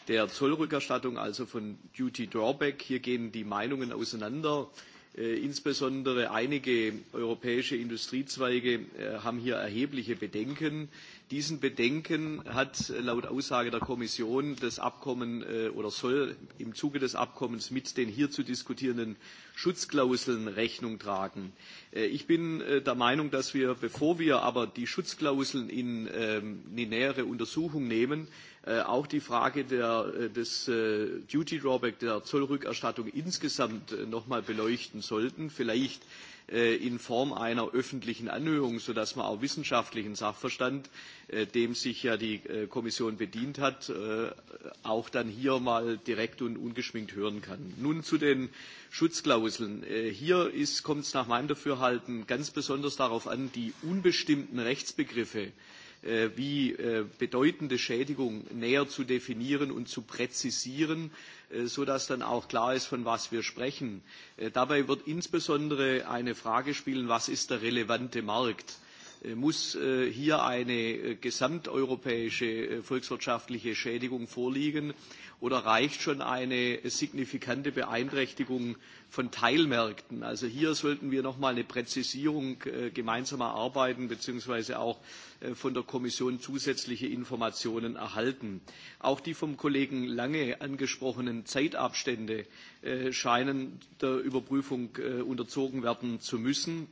der Zollrückerstattung, also von Duty Drawback. Hier gehen die Meinungen auseinander. Äh, insbesondere einige europäische Industriezweige äh, haben hier erhebliche Bedenken. Diesen Bedenken hat äh, laut Aussage der Kommission das Abkommen äh, oder soll im Zuge des Abkommens mit den hier zu diskutierenden Schutzklauseln Rechnung tragen. Äh, ich bin äh, der Meinung, dass wir, bevor wir aber die Schutzklauseln in ähm, eine nähere Untersuchung nehmen, äh, auch die Frage der, äh, des äh, Duty Drawback, der Zollrückerstattung insgesamt äh, nochmal beleuchten sollten. Vielleicht äh, äh, in Form einer öffentlichen Anhörung, sodass man auch wissenschaftlichen Sachverstand, äh, dem sich ja die äh, Kommission bedient hat, äh, auch dann hier mal direkt und ungeschminkt hören kann. Nun zu den Schutzklauseln. Äh, hier kommt es nach meinem Dafürhalten ganz besonders darauf an, die unbestimmten Rechtsbegriffe, äh, wie äh, bedeutende Schädigung näher zu definieren und zu präzisieren, Äh, sodass dann auch klar ist, von was wir sprechen. Äh, dabei wird insbesondere eine Frage spielen, was ist der relevante Markt? Äh, muss äh, hier eine äh, gesamteuropäische volkswirtschaftliche Schädigung vorliegen oder reicht schon eine signifikante Beeinträchtigung von Teilmärkten? Also hier sollten wir noch mal eine Präzisierung gemeinsam erarbeiten bzw. auch von der Kommission zusätzliche Informationen erhalten. Auch die vom Kollegen Lange angesprochenen Zeitabstände scheinen der Überprüfung unterzogen werden zu müssen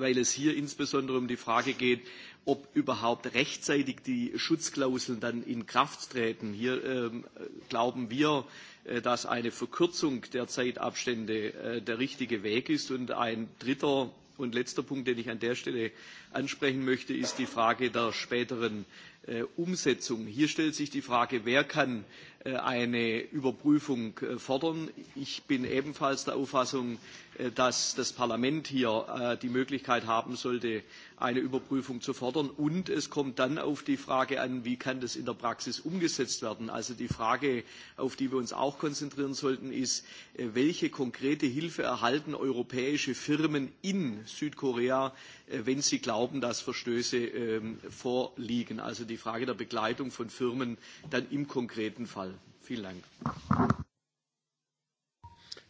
weil es hier insbesondere um die Frage geht, ob überhaupt rechtzeitig die Schutzklauseln dann in Kraft treten. Hier ähm, glauben wir, äh, dass eine Verkürzung der Zeitabstände äh, der richtige Weg ist. Und ein dritter und letzter Punkt, den ich an der Stelle ansprechen möchte, ist die Frage der späteren äh, Umsetzung. Hier stellt sich die Frage, wer kann Äh, eine Überprüfung äh, fordern. Ich bin ebenfalls der Auffassung, äh, dass das Parlament hier die Möglichkeit haben sollte, eine Überprüfung zu fordern. Und es kommt dann auf die Frage an, wie kann das in der Praxis umgesetzt werden. Also die Frage, auf die wir uns auch konzentrieren sollten, ist, äh, welche konkrete Hilfe erhalten europäische Firmen in Südkorea, äh, wenn sie glauben, dass Verstöße ähm, vorliegen. Also die Frage der Begleitung von Firmen dann im konkreten Fall. Vielen Dank.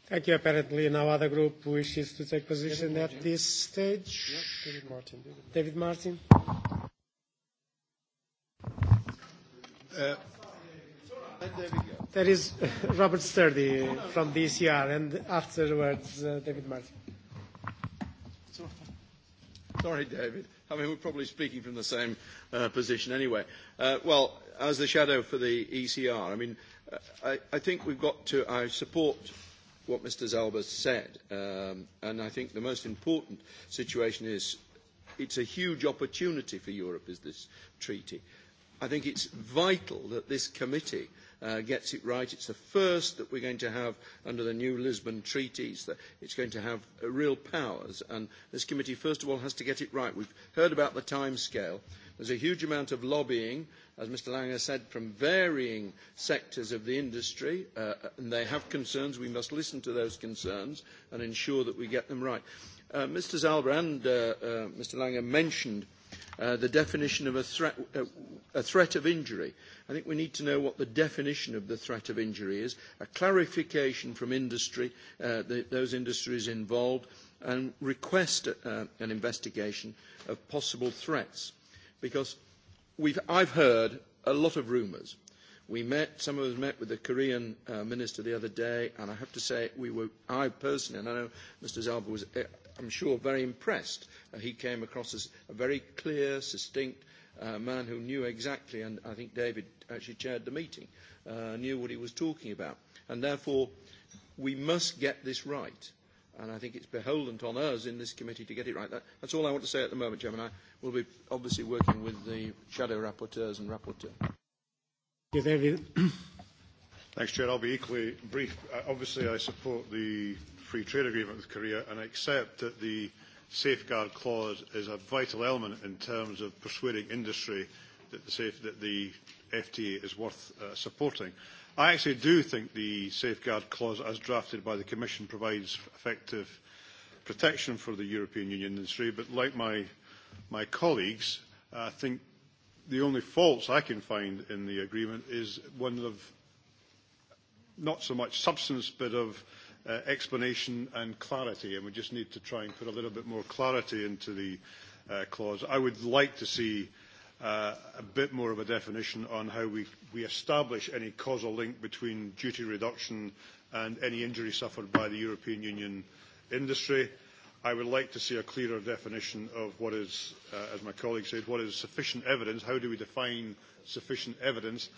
Thank you. Apparently, no other group wishes to take position David at Martin. this stage. Yeah, David Martin. David Martin. Uh, there is Robert Sturdy from the ECR, and afterwards, uh, David Martin. Sorry, David. I mean, we're probably speaking from the same uh, position anyway. Uh, well, as the shadow for the ECR, I mean, uh, I, I think we've got to. I support what Mr. Zalba said. Um, and I think the most important situation is it's a huge opportunity for Europe, is this treaty. I think it's vital that this committee uh, gets it right. It's the first that we're going to have under the new Lisbon treaties. That it's going to have uh, real powers. And this committee, first of all, has to get it right. We've heard about the time scale. Uh, There's a huge amount of lobbying, as Mr Langer said, from varying sectors of the industry, uh, and they have concerns. We must listen to those concerns and ensure that we get them right. Uh, Mr Zalber and uh, uh, Mr Langer mentioned uh, the definition of a threat, uh, a threat of injury. I think we need to know what the definition of the threat of injury is, a clarification from industry, uh, the, those industries involved, and request uh, an investigation of possible threats because we've, I've heard a lot of rumours. We met, some of us met with the Korean uh, minister the other day, and I have to say, we were, I personally, and I know Mr. Zalba was, eh, I'm sure, very impressed. Uh, he came across as a very clear, succinct uh, man who knew exactly, and I think David actually chaired the meeting, uh, knew what he was talking about. And therefore, we must get this right and I think it's beholden on us in this committee to get it right. That, that's all I want to say at the moment, Chairman. I will be obviously working with the shadow rapporteurs and rapporteur. Yeah, David. Thanks, Chair. I'll be equally brief. Uh, obviously, I support the free trade agreement with Korea, and I accept that the safeguard clause is a vital element in terms of persuading industry that the, safe, that the FTA is worth uh, supporting. Uh, I actually do think the safeguard clause as drafted by the Commission provides effective protection for the European Union industry, but like my, my colleagues, I think the only faults I can find in the agreement is one of not so much substance, but of uh, explanation and clarity, and we just need to try and put a little bit more clarity into the uh, clause. I would like to see uh, a bit more of a definition on how we, we establish any causal link between duty reduction and any injury suffered by the European Union industry. I would like to see a clearer definition of what is, uh, as my colleague said, what is sufficient evidence, how do we define sufficient evidence,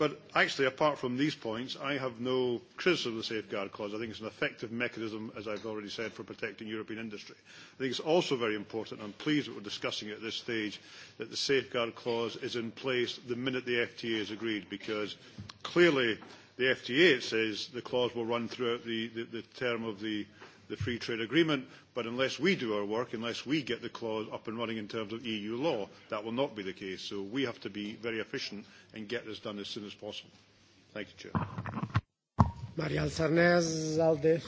But actually, apart from these points, I have no criticism of the Safeguard Clause. I think it's an effective mechanism, as I've already said, for protecting European industry. I think it's also very important, and I'm pleased that we're discussing it at this stage, that the Safeguard Clause is in place the minute the FTA is agreed, because clearly the FTA, it says, the clause will run throughout the, the, the term of the, uh, the free trade agreement, but unless we do our work, unless we get the clause up and running in terms of EU law, that will not be the case. So we have to be very efficient and get this done as soon as possible. Thank you, Chair. Marianne Sarnez, ALDE.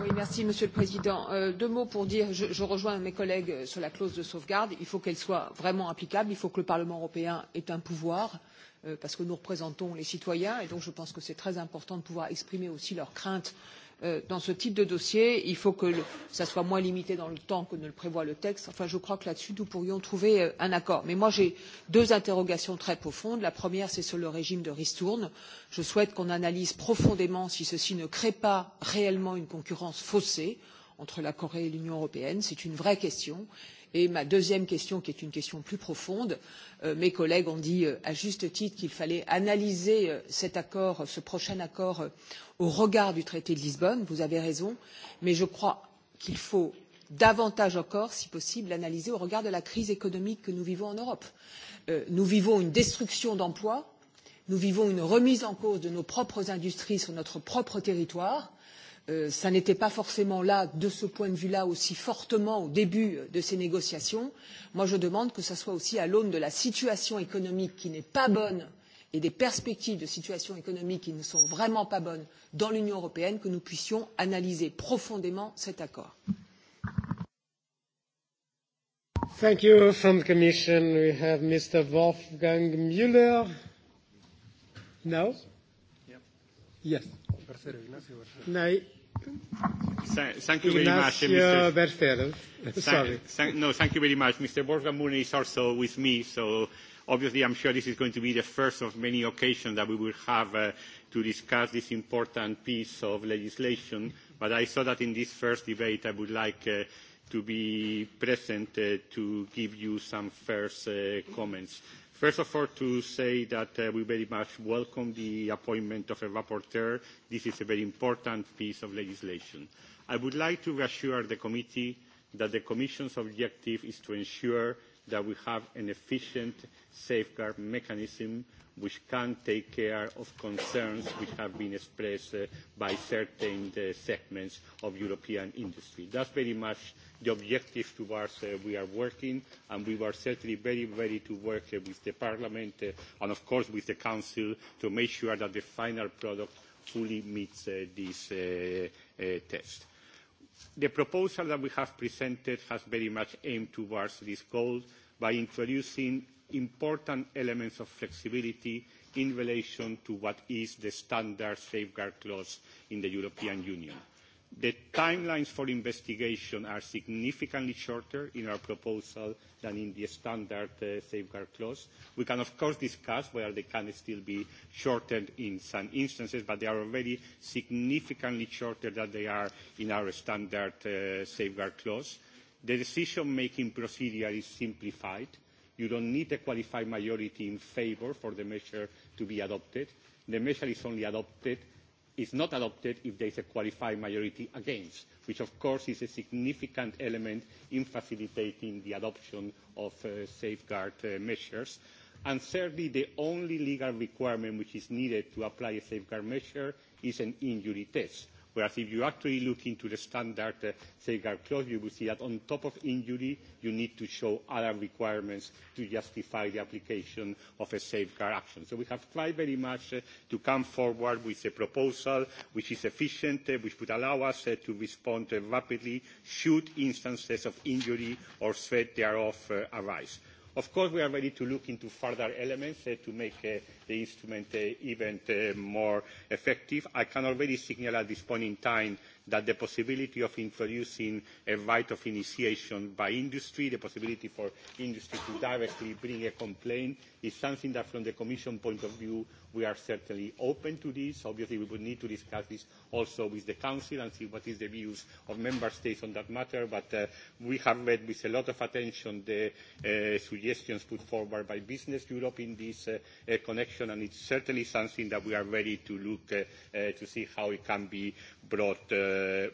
Oui, merci Monsieur le Président. Euh, deux mots pour dire, je, je rejoins mes collègues sur la clause de sauvegarde. Il faut qu'elle soit vraiment applicable. Il faut que le Parlement européen ait un pouvoir, euh, parce que nous représentons les citoyens, et donc je pense que c'est très important de pouvoir exprimer aussi leurs craintes euh, Euh, dans ce type de dossier. Il faut que ça soit moins limité dans le temps que ne le prévoit le texte. Enfin, je crois que là-dessus, nous pourrions trouver euh, un accord. Mais moi, j'ai deux interrogations très profondes. La première, c'est sur le régime de ristourne. Je souhaite qu'on analyse profondément si ceci ne crée pas réellement une concurrence faussée entre la Corée et l'Union européenne. C'est une vraie question Et ma deuxième question, qui est une question plus profonde, euh, mes collègues ont dit euh, à juste titre qu'il fallait analyser euh, cet accord, euh, ce prochain accord, euh, au regard du traité de Lisbonne. Vous avez raison, mais je crois qu'il faut davantage encore, si possible, l'analyser au regard de la crise économique que nous vivons en Europe. Euh, nous vivons une destruction d'emplois, nous vivons une remise en cause de nos propres industries sur notre propre territoire, Euh, ça n'était pas forcément là, de ce point de vue-là, aussi fortement au début euh, de ces négociations. Moi, je demande que ça soit aussi à l'aune de la situation économique qui n'est pas bonne et des perspectives de situation économique qui ne sont vraiment pas bonnes dans l'Union européenne que nous puissions analyser profondément cet accord. Thank you. From the Commission, we have Mr. Wolfgang Müller. No? Yeah. Yes. Bercero, Ignacio Bercero. No. Thank you very much, Mr. Berfero. Sorry. Thank, no, thank you very much. Mr. Borja Mune is also with me, so obviously I'm sure this is going to be the first of many occasions that we will have uh, to discuss this important piece of legislation. But I thought that in this first debate I would like uh, to be present uh, to give you some first uh, comments. First of all, to say that uh, we very much welcome the appointment of a rapporteur. This is a very important piece of legislation. I would like to reassure the committee that the Commission's objective is to ensure that we have an efficient safeguard mechanism which can take care of concerns which have been expressed uh, by certain uh, segments of European industry. That's very much the objective towards uh, we are working, and we were certainly very ready to work uh, with the Parliament uh, and, of course, with the Council to make sure that the final product fully meets uh, this uh, uh, test The proposal that we have presented has very much aimed towards this goal by introducing important elements of flexibility in relation to what is the standard safeguard clause in the European Union. The timelines for investigation are significantly shorter in our proposal than in the standard uh, safeguard clause. We can, of course, discuss whether they can still be shortened in some instances, but they are already significantly shorter than they are in our standard uh, safeguard clause. The decision-making procedure is simplified. You don't need a qualified majority in favor for the measure to be adopted. The measure is only adopted is not adopted if there is a qualified majority against, which of course is a significant element in facilitating the adoption of uh, safeguard uh, measures. And thirdly, the only legal requirement which is needed to apply a safeguard measure is an injury test Whereas if you actually look into the standard uh, safeguard clause, you will see that on top of injury, you need to show other requirements to justify the application of a safeguard action. So we have tried very much uh, to come forward with a proposal which is efficient, uh, which would allow us uh, to respond uh, rapidly should instances of injury or threat thereof uh, arise Of course, we are ready to look into further elements uh, to make uh, the instrument uh, even uh, more effective. I can already signal at this point in time that the possibility of introducing a right of initiation by industry, the possibility for industry to directly bring a complaint is something that from the Commission point of view, we are certainly open to this. Obviously, we would need to discuss this also with the Council and see what is the views of Member States on that matter. But uh, we have read with a lot of attention the uh, suggestions put forward by Business Europe in this uh, uh, connection, and it's certainly something that we are ready to look uh, uh, to see how it can be brought, uh,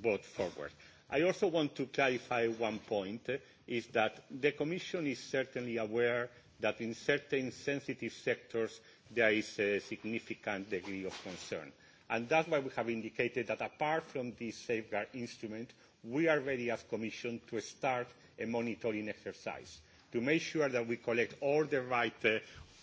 brought forward. I also want to clarify one point, uh, is that the Commission is certainly aware that in certain sensitive sectors there is a significant degree of concern. And that's why we have indicated that apart from this safeguard instrument, we are ready as Commission to start a monitoring exercise to make sure that we collect all the right, uh,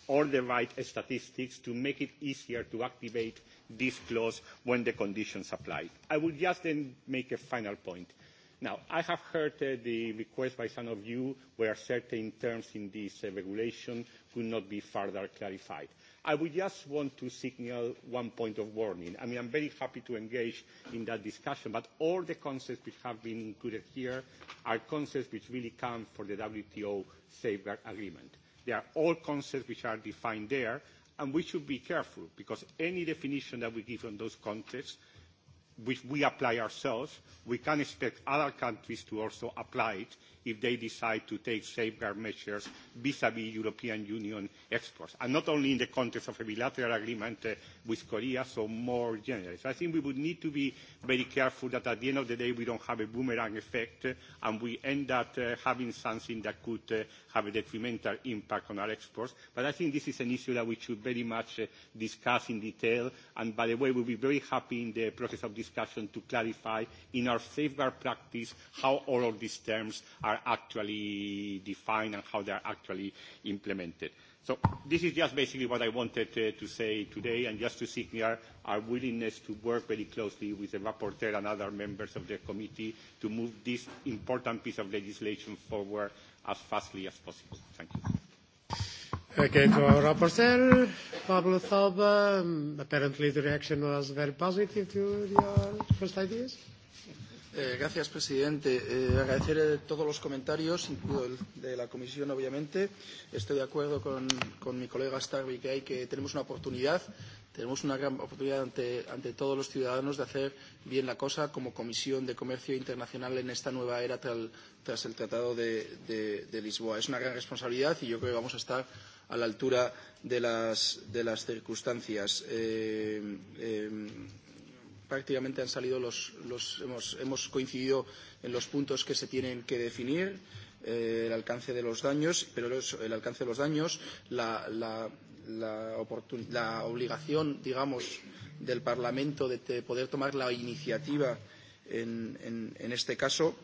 all the right statistics to make it easier to activate this clause when the conditions apply. I will just then make a final point. Uh, Now, I have heard uh, the request by some of you where certain terms in this uh, regulation could not be further clarified. I would just want to signal one point of warning. I mean, I'm very happy to engage in that discussion, but all the concepts which have been included here are concepts which really come from the WTO safeguard agreement. They are all concepts which are defined there, and we should be careful because any definition that we give on those contexts which we apply ourselves, we can expect other countries to also apply it if they decide to take safeguard measures vis-à-vis -vis European Union exports, and not only in the context of a bilateral agreement uh, with Korea, so more generally. So I think we would need to be very careful that at the end of the day we don't have a boomerang effect uh, and we end up uh, having something that could uh, have a detrimental impact on our exports. But I think this is an issue that we should very much uh, discuss in detail, and by the way, we'll be very happy in the process of discussion to clarify in our safeguard practice how all of these terms are are actually defined and how they are actually implemented. So this is just basically what I wanted uh, to say today, and just to signal our willingness to work very closely with the rapporteur and other members of the committee to move this important piece of legislation forward as fastly as possible. Thank you. Okay, to our rapporteur, Pablo Zalba. Um, apparently, the reaction was very positive to your first ideas. Eh, gracias, presidente. Eh, agradecer eh, todos los comentarios, incluido el de la comisión, obviamente. Estoy de acuerdo con, con mi colega Starby que hay que tenemos una oportunidad, tenemos una gran oportunidad ante, ante todos los ciudadanos de hacer bien la cosa como Comisión de Comercio Internacional en esta nueva era tras, tras el Tratado de, de, de Lisboa. Es una gran responsabilidad y yo creo que vamos a estar a la altura de las, de las circunstancias. Eh, eh, prácticamente han salido los, los hemos, hemos coincidido en los puntos que se tienen que definir eh, el alcance de los daños pero los, el alcance de los daños la, la, la, la obligación digamos del Parlamento de, de poder tomar la iniciativa en, en, en este caso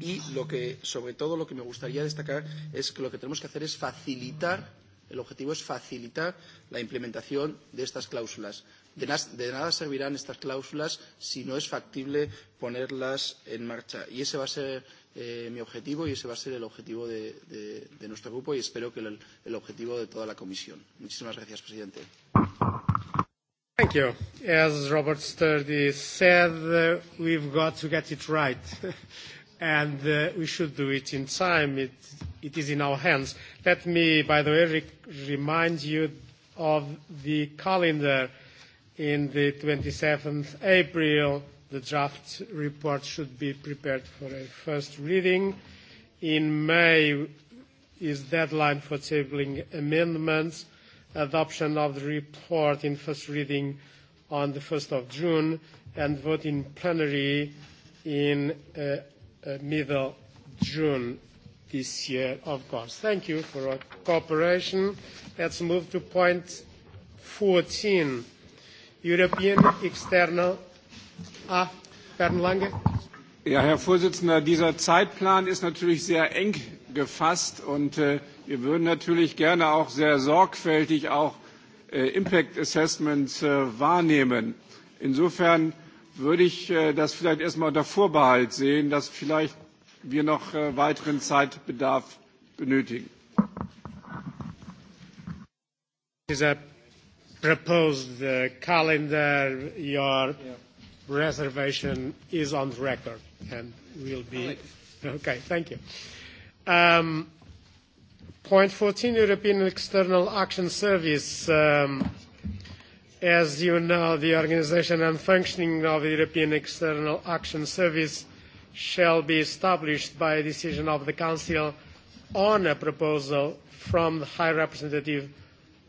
y lo que sobre todo lo que me gustaría destacar es que lo que tenemos que hacer es facilitar el objetivo es facilitar la implementación de estas cláusulas De, nas, de nada servirán estas cláusulas si no es factible ponerlas en marcha. Y ese va a ser eh, mi objetivo y ese va a ser el objetivo de, de, de nuestro grupo y espero que el, el objetivo de toda la comisión. Muchísimas gracias, presidente. Thank you. As Robert Sturdy said, uh, we've got to get it right. and uh, we should do it in time. It, it is in our hands. Let me, by the way, re- remind you of the calendar in the 27th April, the draft report should be prepared for a first reading. In May is deadline for tabling amendments. Adoption of the report in first reading on the 1st of June and vote in plenary in uh, uh, middle June this year, of course. Thank you for your cooperation. Let's move to point 14 European External. Ah, Bernd Lange. Ja, Herr Vorsitzender, dieser Zeitplan ist natürlich sehr eng gefasst und äh, wir würden natürlich gerne auch sehr sorgfältig auch äh, Impact Assessments äh, wahrnehmen. Insofern würde ich äh, das vielleicht erstmal unter Vorbehalt sehen, dass vielleicht wir noch äh, weiteren Zeitbedarf benötigen. Dieser proposed the calendar, your yeah. reservation is on the record and will be. Right. Okay, thank you. Um, point 14, European External Action Service. Um, as you know, the organization and functioning of the European External Action Service shall be established by a decision of the Council on a proposal from the High Representative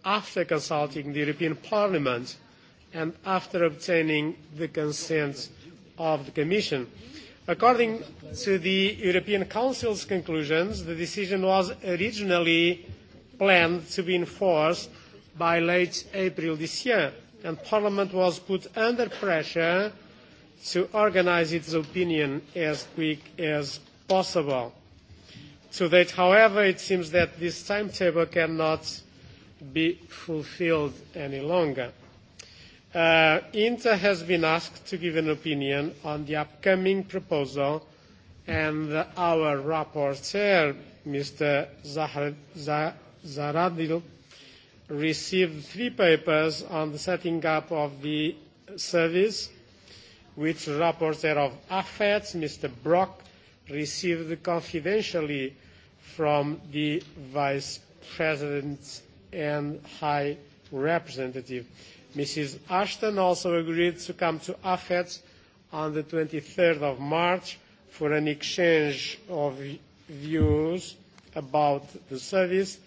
after consulting the European Parliament and after obtaining the consent of the Commission. According to the European Council's conclusions, the decision was originally planned to be enforced by late April this year, and Parliament was put under pressure to organize its opinion as quick as possible. To date, however, it seems that this timetable cannot be fulfilled any longer. Uh, INTA has been asked to give an opinion on the upcoming proposal, and our rapporteur, Mr. Zahra, Zah, Zaradil, received three papers on the setting up of the service, which rapporteur of AFETS, Mr. Brock, received confidentially from the Vice President and High Representative. Mrs. Ashton also agreed to come to AFET on the 23rd of March for an exchange of views about the service,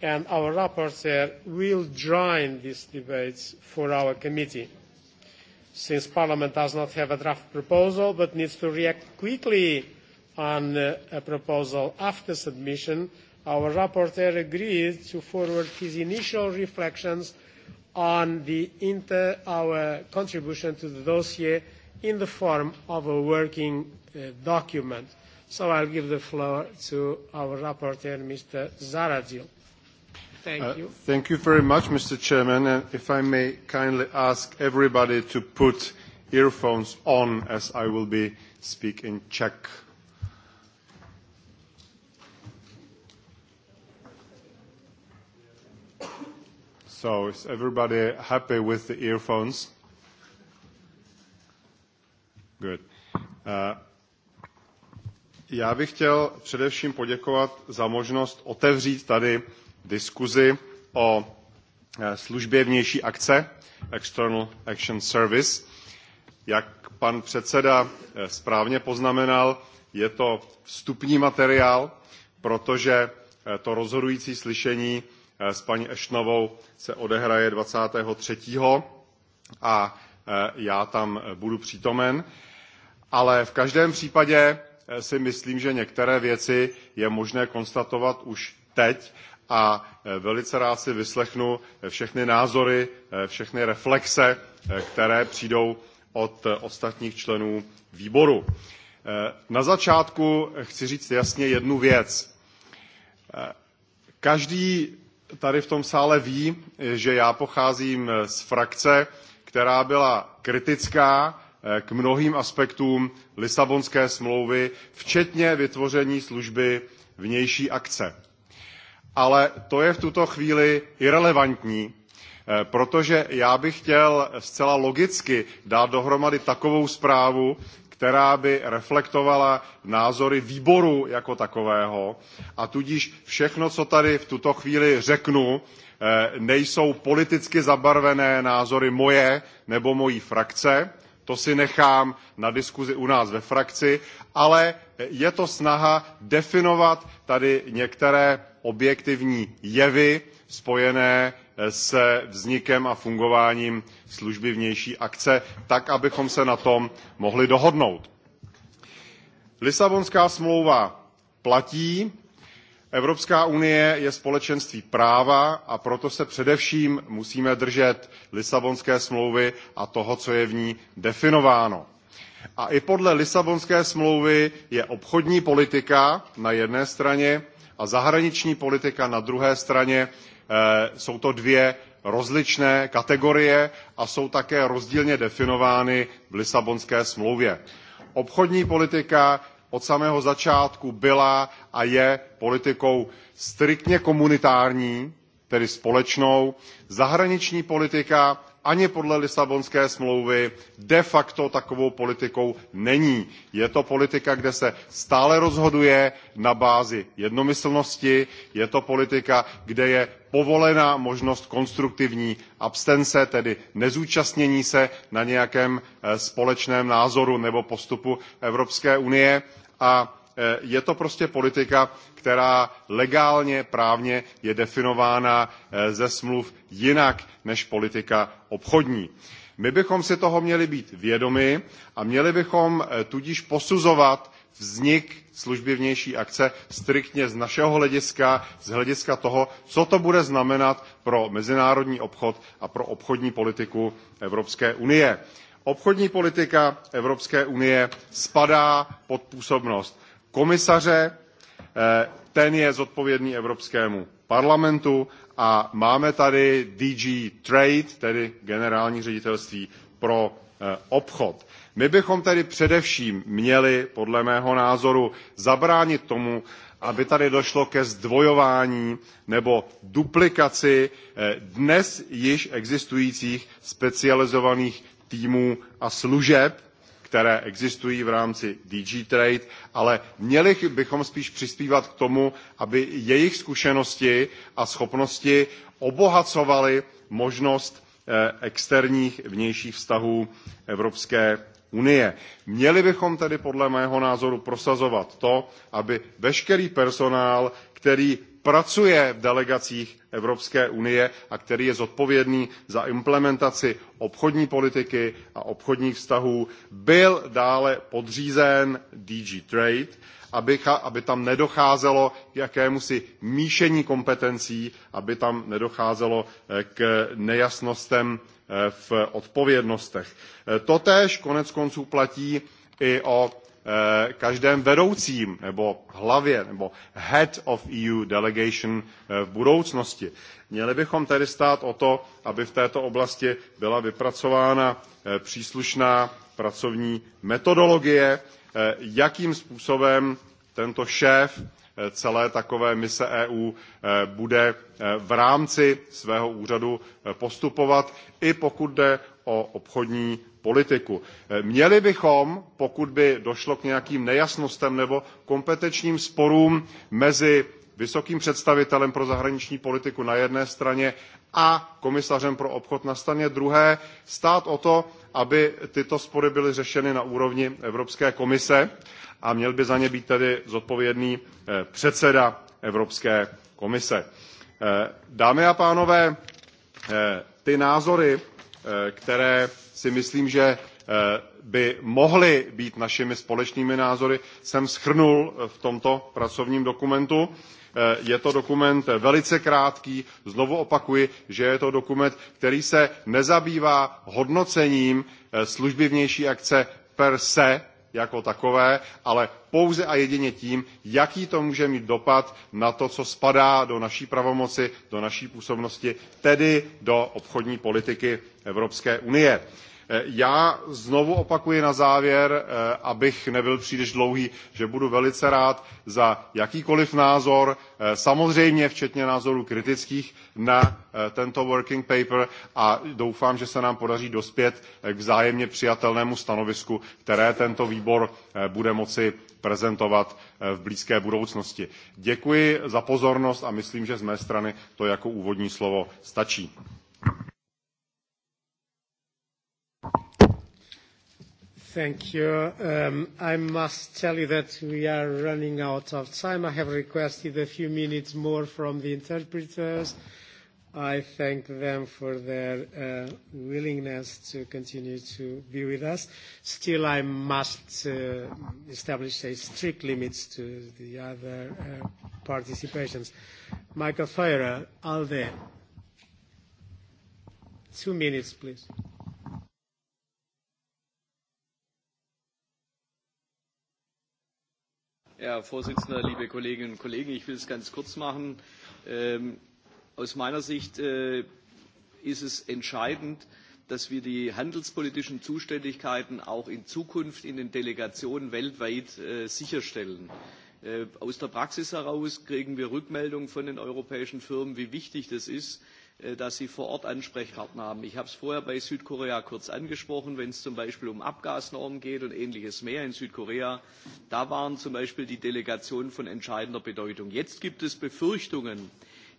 and our rapporteur will join these debates for our committee. Since Parliament does not have a draft proposal but needs to react quickly on uh, a proposal after submission, our rapporteur agreed to forward his initial reflections on the inter, our contribution to the dossier in the form of a working uh, document. So I'll give the floor to our rapporteur, Mr. Zaradil. Thank uh, you. Uh, thank you very much, Mr. Chairman. And if I may kindly ask everybody to put earphones on, as I will be speaking Czech So is everybody happy with the earphones? Good. Uh, já bych chtěl především poděkovat za možnost otevřít tady diskuzi o eh, službě vnější akce, External Action Service. Jak pan předseda eh, správně poznamenal, je to vstupní materiál, protože to rozhodující slyšení Eh, s paní Ešnovou se odehraje 23. a eh, já tam eh, budu přítomen. Ale v každém případě si myslím, že některé věci je možné konstatovat už teď a velice rád si vyslechnu všechny názory, všechny reflexe, které přijdou od ostatních členů výboru. Na začátku chci říct jasně jednu věc. Každý tady v tom sále ví, že já pocházím eh, z frakce, která byla kritická eh, k mnohým aspektům Lisabonské smlouvy, včetně vytvoření služby vnější akce. Ale to je v tuto chvíli irrelevantní, eh, protože já bych chtěl zcela logicky dát dohromady takovou zprávu, která by reflektovala názory výboru jako takového a tudíž všechno, co tady v tuto chvíli řeknu, eh, nejsou politicky zabarvené názory moje nebo mojí frakce, to si nechám na diskuzi u nás ve frakci, ale je to snaha definovat tady některé objektivní jevy, spojené eh, se vznikem a fungováním služby vnější akce, tak abychom se na tom mohli dohodnout. Lisabonská smlouva platí, Evropská unie je společenství práva a proto se především musíme držet Lisabonské smlouvy a toho, co je v ní definováno. A i podle Lisabonské smlouvy je obchodní politika na jedné straně a zahraniční politika na druhé straně Eh, jsou to dvě rozličné kategorie a jsou také rozdílně definovány v lisabonské smlouvě. obchodní politika od samého začátku byla a je politikou striktně komunitární tedy společnou zahraniční politika ani podle lisabonské smlouvy de facto takovou politikou není. je to politika kde se stále rozhoduje na bázi jednomyslnosti je to politika kde je povolena možnost konstruktivní abstence tedy nezúčastnění se na nějakém eh, společném názoru nebo postupu evropské unie a Eh, je to prostě politika, která legálně, právně je definována eh, ze smluv jinak než politika obchodní. My bychom si toho měli být vědomi a měli bychom eh, tudíž posuzovat vznik služby vnější akce striktně z našeho hlediska, z hlediska toho, co to bude znamenat pro mezinárodní obchod a pro obchodní politiku Evropské unie. Obchodní politika Evropské unie spadá pod působnost komisaře, eh, ten je zodpovědný Evropskému parlamentu a máme tady DG Trade, tedy generální ředitelství pro eh, obchod. My bychom tedy především měli, podle mého názoru, zabránit tomu, aby tady došlo ke zdvojování nebo duplikaci eh, dnes již existujících specializovaných týmů a služeb, které existují v rámci DG Trade, ale měli bychom spíš přispívat k tomu, aby jejich zkušenosti a schopnosti obohacovaly možnost eh, externích vnějších vztahů Evropské unie. Měli bychom tedy podle mého názoru prosazovat to, aby veškerý personál, který pracuje v delegacích Evropské unie a který je zodpovědný za implementaci obchodní politiky a obchodních vztahů, byl dále podřízen DG Trade, aby, aby tam nedocházelo k jakémusi míšení kompetencí, aby tam nedocházelo eh, k nejasnostem eh, v odpovědnostech. Eh, totéž konec konců platí i o Eh, každém vedoucím nebo hlavě nebo head of EU delegation eh, v budoucnosti. Měli bychom tedy stát o to, aby v této oblasti byla vypracována eh, příslušná pracovní metodologie, jakým způsobem tento šéf celé takové mise EU bude v rámci svého úřadu postupovat, i pokud jde o obchodní politiku. E, měli bychom, pokud by došlo k nějakým nejasnostem nebo kompetenčním sporům mezi vysokým představitelem pro zahraniční politiku na jedné straně a komisařem pro obchod na straně druhé, stát o to, aby tyto spory byly řešeny na úrovni Evropské komise a měl by za ně být tedy zodpovědný e, předseda Evropské komise. E, dámy a pánové, ty názory, které si myslím, že eh, by mohly být našimi společnými názory, jsem schrnul eh, v tomto pracovním dokumentu. Eh, je to dokument velice krátký, znovu opakuji, že je to dokument, který se nezabývá hodnocením služby vnější akce per se jako takové, ale pouze a jedině tím, jaký to může mít dopad na to, co spadá do naší pravomoci, do naší působnosti, tedy do obchodní politiky Evropské unie. Eh, já znovu opakuji na závěr, eh, abych nebyl příliš dlouhý, že budu velice rád za jakýkoliv názor, eh, samozřejmě včetně názorů kritických na tento working paper a doufám, že se nám podaří dospět k vzájemně přijatelnému stanovisku, které tento výbor bude moci prezentovat v blízké budoucnosti. Děkuji za pozornost a myslím, že z mé strany to jako úvodní slovo stačí. Thank you. Um, I must tell you that we are running out of time. I have requested a few minutes more from the interpreters. I thank them for their uh, willingness to continue to be with us. Still, I must uh, establish a strict limits to the other uh, participations. Michael Feurer, ALDE. Two minutes, please. Herr Vorsitzender, liebe Kolleginnen und Kollegen, ich will es ganz kurz machen. Ähm, aus meiner Sicht äh, ist es entscheidend, dass wir die handelspolitischen Zuständigkeiten auch in Zukunft in den Delegationen weltweit äh, sicherstellen. Äh, aus der Praxis heraus kriegen wir Rückmeldungen von den europäischen Firmen, wie wichtig das ist, Äh, dass sie vor Ort Ansprechpartner haben. Ich habe es vorher bei Südkorea kurz angesprochen, wenn es zum Beispiel um Abgasnormen geht und ähnliches mehr in Südkorea. Da waren zum Beispiel die Delegationen von entscheidender Bedeutung. Jetzt gibt es Befürchtungen,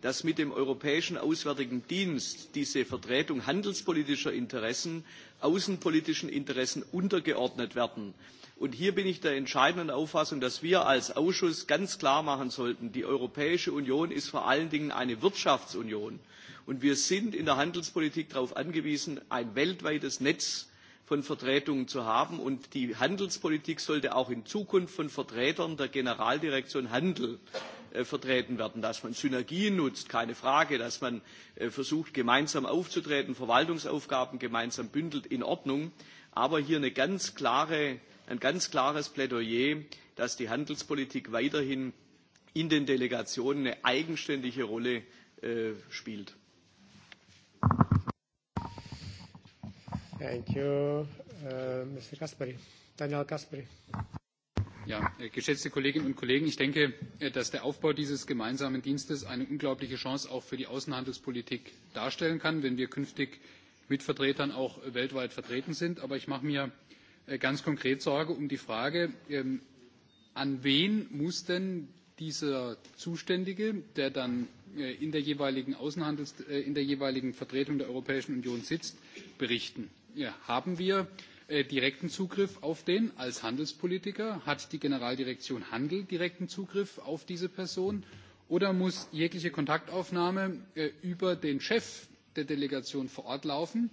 dass mit dem Europäischen Auswärtigen Dienst diese Vertretung handelspolitischer Interessen außenpolitischen Interessen untergeordnet werden Und hier bin ich der entscheidenden Auffassung, dass wir als Ausschuss ganz klar machen sollten, die Europäische Union ist vor allen Dingen eine Wirtschaftsunion. Und wir sind in der Handelspolitik darauf angewiesen, ein weltweites Netz von Vertretungen zu haben. Und die Handelspolitik sollte auch in Zukunft von Vertretern der Generaldirektion Handel äh, vertreten werden, dass man Synergien nutzt, keine Frage, dass man äh, versucht, gemeinsam aufzutreten, Verwaltungsaufgaben gemeinsam bündelt, in Ordnung. Aber hier eine ganz klare ein ganz klares Plädoyer, dass die Handelspolitik weiterhin in den Delegationen eine eigenständige Rolle äh, spielt. Thank you, uh, äh, Mr. Kasperi. Daniel Kasperi. Ja, äh, geschätzte Kolleginnen und Kollegen, ich denke, äh, dass der Aufbau dieses gemeinsamen Dienstes eine unglaubliche Chance auch für die Außenhandelspolitik darstellen kann, wenn wir künftig mit Vertretern auch weltweit vertreten sind. Aber ich mache mir Äh, ganz konkret Sorge um die Frage, ähm, an wen muss denn dieser Zuständige, der dann äh, in der jeweiligen Außenhandels, äh, in der jeweiligen Vertretung der Europäischen Union sitzt, berichten? Haben wir direkten Zugriff auf den als Handelspolitiker? Hat die Generaldirektion Handel direkten Zugriff auf diese Person? Oder muss jegliche Kontaktaufnahme über den Chef der Delegation vor Ort laufen?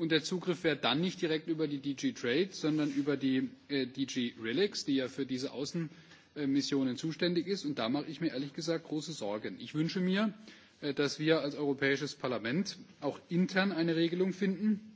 Und der Zugriff wäre dann nicht direkt über die DG Trade, sondern über die äh, DG Relix, die ja für diese Außenmissionen zuständig ist. Und da mache ich mir ehrlich gesagt große Sorgen. Ich wünsche mir, äh, dass wir als Europäisches Parlament auch intern eine Regelung finden,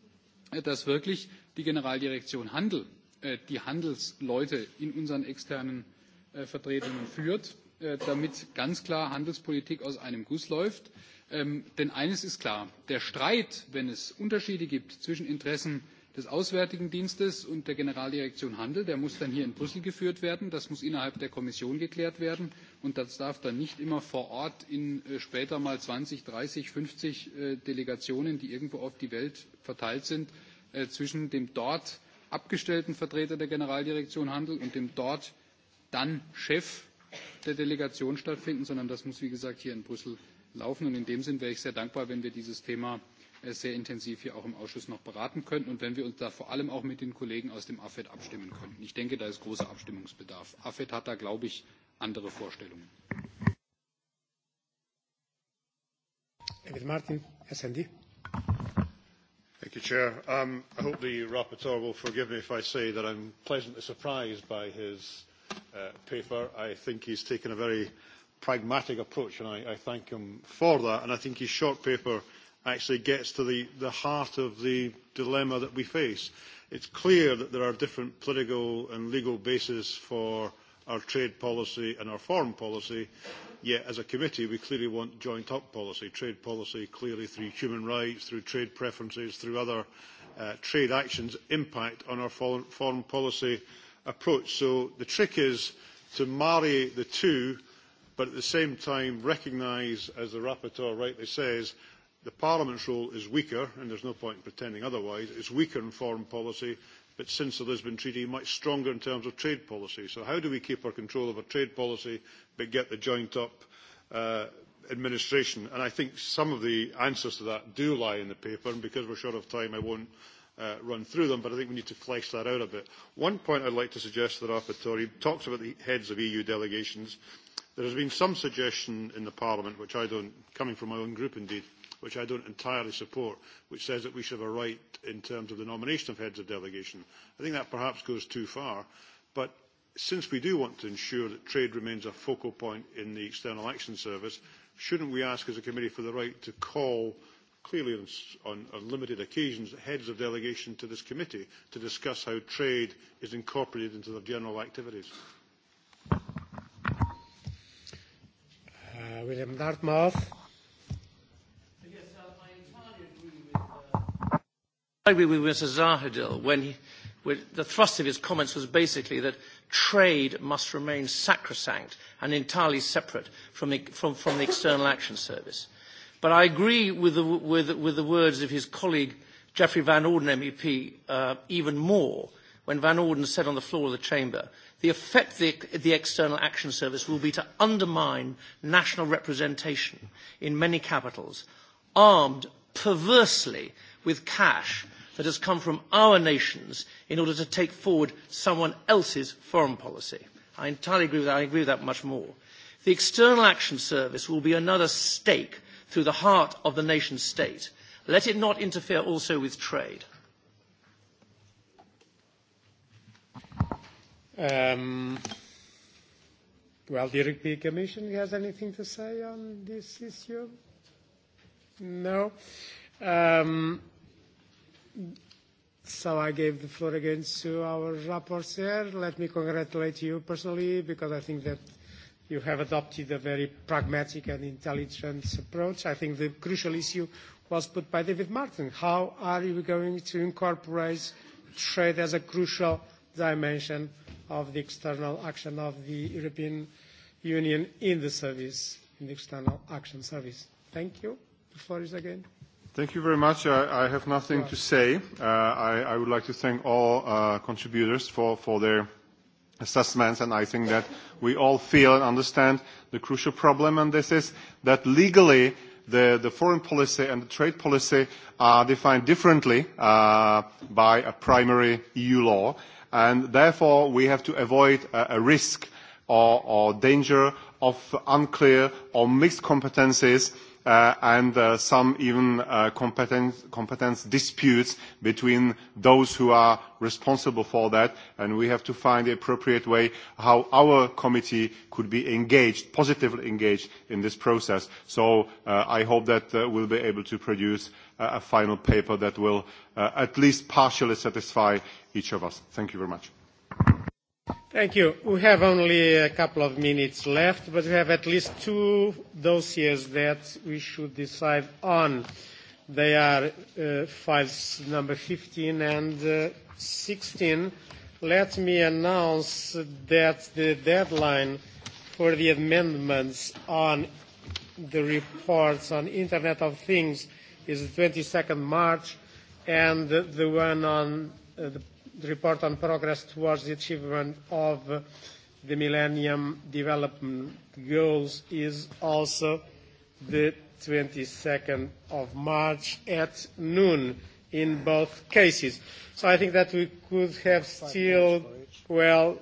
äh, dass wirklich die Generaldirektion Handel äh, die Handelsleute in unseren externen äh, Vertretungen führt, äh, damit ganz klar Handelspolitik aus einem Guss läuft. Äh, Ähm, denn eines ist klar der Streit, wenn es Unterschiede gibt zwischen Interessen des Auswärtigen Dienstes und der Generaldirektion Handel, der muss dann hier in Brüssel geführt werden, das muss innerhalb der Kommission geklärt werden und das darf dann nicht immer vor Ort in äh, später mal 20, 30, 50 äh, Delegationen, die irgendwo auf die Welt verteilt sind, äh, zwischen dem dort abgestellten Vertreter der Generaldirektion Handel und dem dort dann Chef der Delegation stattfinden, sondern das muss, wie gesagt, hier in Brüssel laufen. Und in dem Sinn wäre ich sehr dankbar, wenn wir dieses Thema äh, sehr intensiv hier auch im Ausschuss noch beraten könnten und wenn wir uns da vor allem auch mit den Kollegen aus dem AFED abstimmen könnten. Ich denke, da ist großer Abstimmungsbedarf. AFED hat da, glaube ich, andere Vorstellungen. David Martin, SND. Thank you, Chair. Um, I hope the rapporteur will forgive me if I say that I'm pleasantly surprised by his uh, paper. I think he's taken a very pragmatic approach, and I, I thank him for that. And I think his short paper actually gets to the, the heart of the dilemma that we face. It's clear that there are different political and legal bases for our trade policy and our foreign policy, yet as a committee we clearly want joint up policy, trade policy clearly through human rights, through trade preferences, through other uh, trade actions impact on our foreign policy approach. So the trick is to marry the two but at the same time recognise, as the rapporteur rightly says, the Parliament's role is weaker, and there's no point in pretending otherwise, it's weaker in foreign policy, but since the Lisbon Treaty, much stronger in terms of trade policy. So how do we keep our control of our trade policy, but get the joint-up uh, administration? And I think some of the answers to that do lie in the paper, and because we're short of time, I won't uh, run through them, but I think we need to flesh that out a bit. One point I'd like to suggest to the rapporteur, he talks about the heads of EU delegations, There has been some suggestion in the Parliament, which I don't, coming from my own group indeed, which I don't entirely support, which says that we should have a right in terms of the nomination of heads of delegation. I think that perhaps goes too far, but since we do want to ensure that trade remains a focal point in the External Action Service, shouldn't we ask as a committee for the right to call clearly on, on, on limited occasions, heads of delegation to this committee to discuss how trade is incorporated into their general activities. William Dartmouth. Yes, uh, I entirely agree with Mr. Zahedil when, he, when the thrust of his comments was basically that trade must remain sacrosanct and entirely separate from the, from, from the External Action Service. But I agree with the, with, with the words of his colleague Geoffrey Van Orden MEP uh, even more when Van Orden said on the floor of the chamber the effect the, the External Action Service will be to undermine national representation in many capitals, armed perversely with cash that has come from our nations in order to take forward someone else's foreign policy. I entirely agree with that. I agree with that much more. The External Action Service will be another stake through the heart of the nation state. Let it not interfere also with trade. Um, well, the European Commission has anything to say on this issue? No. Um, so I gave the floor again to our rapporteur. Let me congratulate you personally because I think that you have adopted a very pragmatic and intelligent approach. I think the crucial issue was put by David Martin. How are you going to incorporate trade as a crucial dimension of the external action of the European Union in the service, in the external action service. Thank you. The floor is again. Thank you very much. I, I have nothing yeah. to say. Uh, I, I would like to thank all uh, contributors for, for their assessments, and I think that we all feel and understand the crucial problem, and this is that legally the, the foreign policy and the trade policy are defined differently uh, by a primary EU law and therefore we have to avoid a, uh, a risk or, or danger of unclear or mixed competences uh, and uh, some even uh, competence, competence disputes between those who are responsible for that, and we have to find the appropriate way how our committee could be engaged, positively engaged in this process. So uh, I hope that uh, we'll be able to produce a final paper that will uh, at least partially satisfy each of us. Thank you very much. Thank you. We have only a couple of minutes left, but we have at least two dossiers that we should decide on. They are uh, files number 15 and uh, 16. Let me announce that the deadline for the amendments on the reports on Internet of Things is the 22nd March, and the one on uh, the report on progress towards the achievement of uh, the Millennium Development Goals is also the 22nd of March at noon in both cases. So I think that we could have still, well,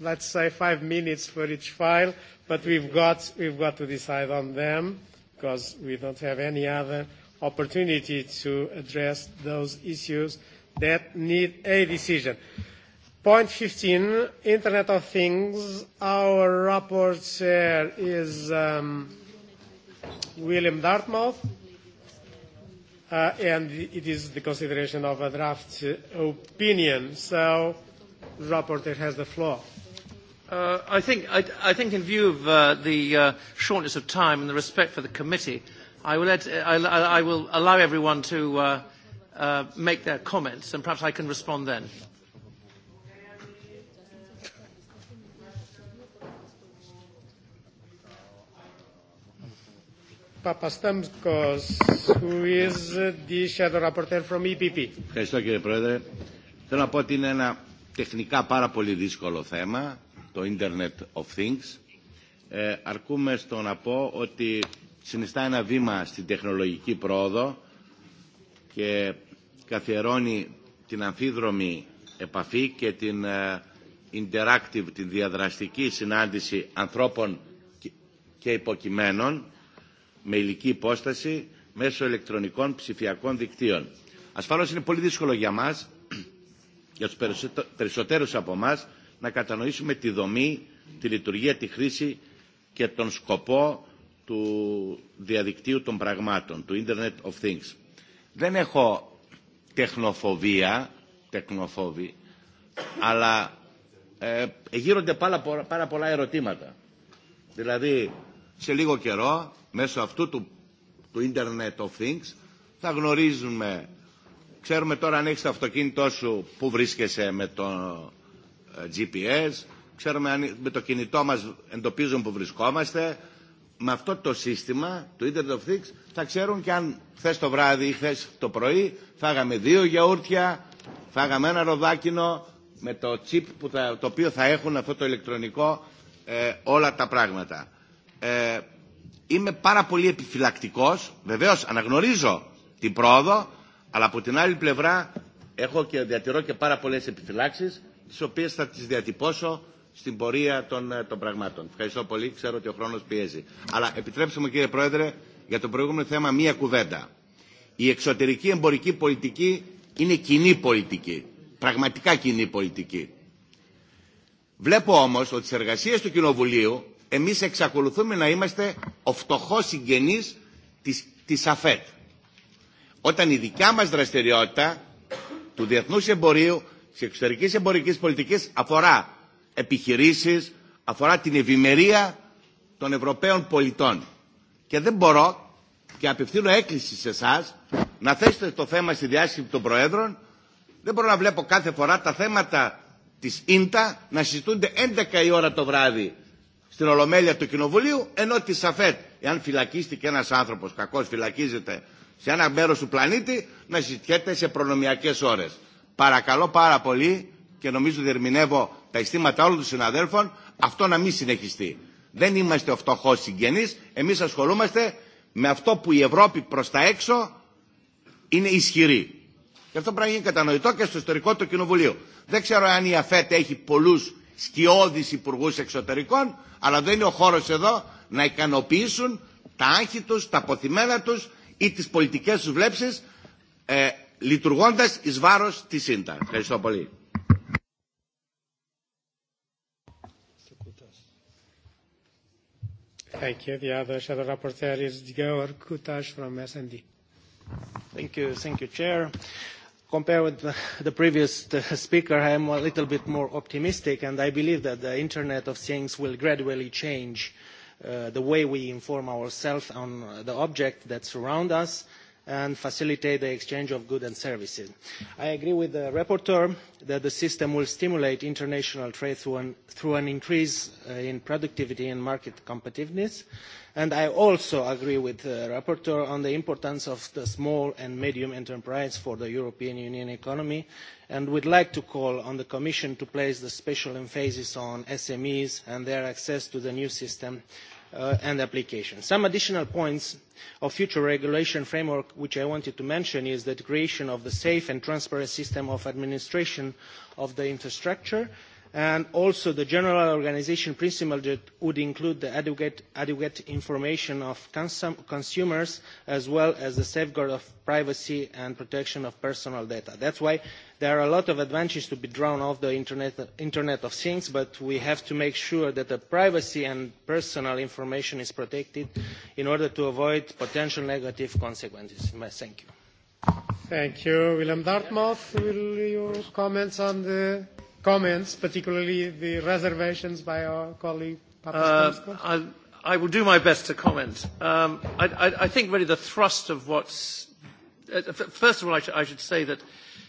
let's say five minutes for each file, but we've got, we've got to decide on them because we don't have any other opportunity to address those issues that need a decision. Point 15, Internet of Things. Our rapporteur is um, William Dartmouth, uh, and it is the consideration of a draft opinion. So, rapporteur has the floor. Uh, I, think, I, I think in view of uh, the uh, shortness of time and the respect for the committee, I will, let, uh, I'll, I will allow everyone to uh, uh, make their comments, and perhaps I can respond then. Papastamkos, who is the shadow rapporteur from EPP. Ευχαριστώ κύριε Πρόεδρε. Θέλω να πω ότι είναι ένα τεχνικά πάρα πολύ δύσκολο θέμα, το Internet of Things. Ε, αρκούμε στο να πω ότι συνιστά ένα βήμα στην τεχνολογική πρόοδο και καθιερώνει την αμφίδρομη επαφή και την interactive, την διαδραστική συνάντηση ανθρώπων και υποκειμένων με υλική υπόσταση μέσω ηλεκτρονικών ψηφιακών δικτύων. Ασφαλώς είναι πολύ δύσκολο για μας, για τους περισσότερους από εμά, να κατανοήσουμε τη δομή, τη λειτουργία, τη χρήση και τον σκοπό του διαδικτύου των πραγμάτων, του Internet of Things. Δεν έχω τεχνοφοβία, τεχνοφόβη, αλλά ε, γύρονται πάρα, πάρα πολλά ερωτήματα. Δηλαδή, σε λίγο καιρό, μέσω αυτού του, του Internet of Things, θα γνωρίζουμε, ξέρουμε τώρα αν έχεις το αυτοκίνητό σου, που βρίσκεσαι με το GPS, ξέρουμε αν με το κινητό μας εντοπίζουν που βρισκόμαστε, με αυτό το σύστημα, το Internet of Things, θα ξέρουν και αν χθε το βράδυ ή χθε το πρωί φάγαμε δύο γιαούρτια, φάγαμε ένα ροδάκινο με το chip που θα, το οποίο θα έχουν αυτό το ηλεκτρονικό ε, όλα τα πράγματα. Ε, είμαι πάρα πολύ επιφυλακτικός, βεβαίως αναγνωρίζω την πρόοδο, αλλά από την άλλη πλευρά έχω και διατηρώ και πάρα πολλές επιφυλάξεις, τις οποίες θα τις διατυπώσω στην πορεία των, των πραγμάτων. Ευχαριστώ πολύ. Ξέρω ότι ο χρόνος πιέζει. Αλλά επιτρέψτε μου κύριε Πρόεδρε για το προηγούμενο θέμα μία κουβέντα. Η εξωτερική εμπορική πολιτική είναι κοινή πολιτική. Πραγματικά κοινή πολιτική. Βλέπω όμως ότι στις εργασίες του Κοινοβουλίου εμείς εξακολουθούμε να είμαστε ο φτωχός συγγενής της, της ΑΦΕΤ. Όταν η δικιά μας δραστηριότητα του διεθνούς εμπορίου, της εξωτερικής εμπορικής πολιτικής αφορά επιχειρήσεις, αφορά την ευημερία των Ευρωπαίων πολιτών. Και δεν μπορώ και απευθύνω έκκληση σε εσά να θέσετε το θέμα στη διάσκεψη των Προέδρων. Δεν μπορώ να βλέπω κάθε φορά τα θέματα της ΙΝΤΑ να συζητούνται 11 η ώρα το βράδυ στην Ολομέλεια του Κοινοβουλίου, ενώ τη ΣΑΦΕΤ, εάν φυλακίστηκε ένας άνθρωπος, κακός φυλακίζεται σε ένα μέρος του πλανήτη, να συζητιέται σε προνομιακές ώρες. Παρακαλώ πάρα πολύ και νομίζω διερμηνεύω τα αισθήματα όλων των συναδέλφων, αυτό να μην συνεχιστεί. Δεν είμαστε φτωχό συγγενείς, εμείς ασχολούμαστε με αυτό που η Ευρώπη προς τα έξω είναι ισχυρή. Και αυτό πρέπει να γίνει κατανοητό και στο ιστορικό του Κοινοβουλίου. Δεν ξέρω αν η ΑΦΕΤ έχει πολλούς σκιώδεις υπουργού εξωτερικών, αλλά δεν είναι ο χώρος εδώ να ικανοποιήσουν τα άγχη τους, τα αποθυμένα τους ή τις πολιτικές τους βλέψεις ε, λειτουργώντας εις βάρος της ΣΥΝΤΑ. Ευχαριστώ πολύ. Thank you. The other shadow rapporteur is Gregor Kutash from S&D. Thank you. Thank you, Chair. Compared with the previous speaker, I am a little bit more optimistic, and I believe that the Internet of Things will gradually change uh, the way we inform ourselves on the object that surround us, uh, and facilitate the exchange of goods and services. I agree with the rapporteur that the system will stimulate international trade through an, through an increase uh, in productivity and market competitiveness. And I also agree with the rapporteur on the importance of the small and medium enterprise for the European Union economy and would like to call on the Commission to place the special emphasis on SMEs and their access to the new system uh, and application. Some additional points of future regulation framework which I wanted to mention is the creation of the safe and transparent system of administration of the infrastructure uh, and also the general organisation principle that would include the adequate, adequate information of consum consumers as well as the safeguard of privacy and protection of personal data. That's why there are a lot of advantages to be drawn off the Internet, Internet of Things, but we have to make sure that the privacy and personal information is protected in order to avoid potential negative consequences. Thank you. Thank you. Willem Dartmouth, will your comments on the comments, particularly the reservations by our colleague Papastamskos? Uh, I, I will do my best to comment. Um, I, I, I think really the thrust of what's... Uh, first of all, I, sh- I should say that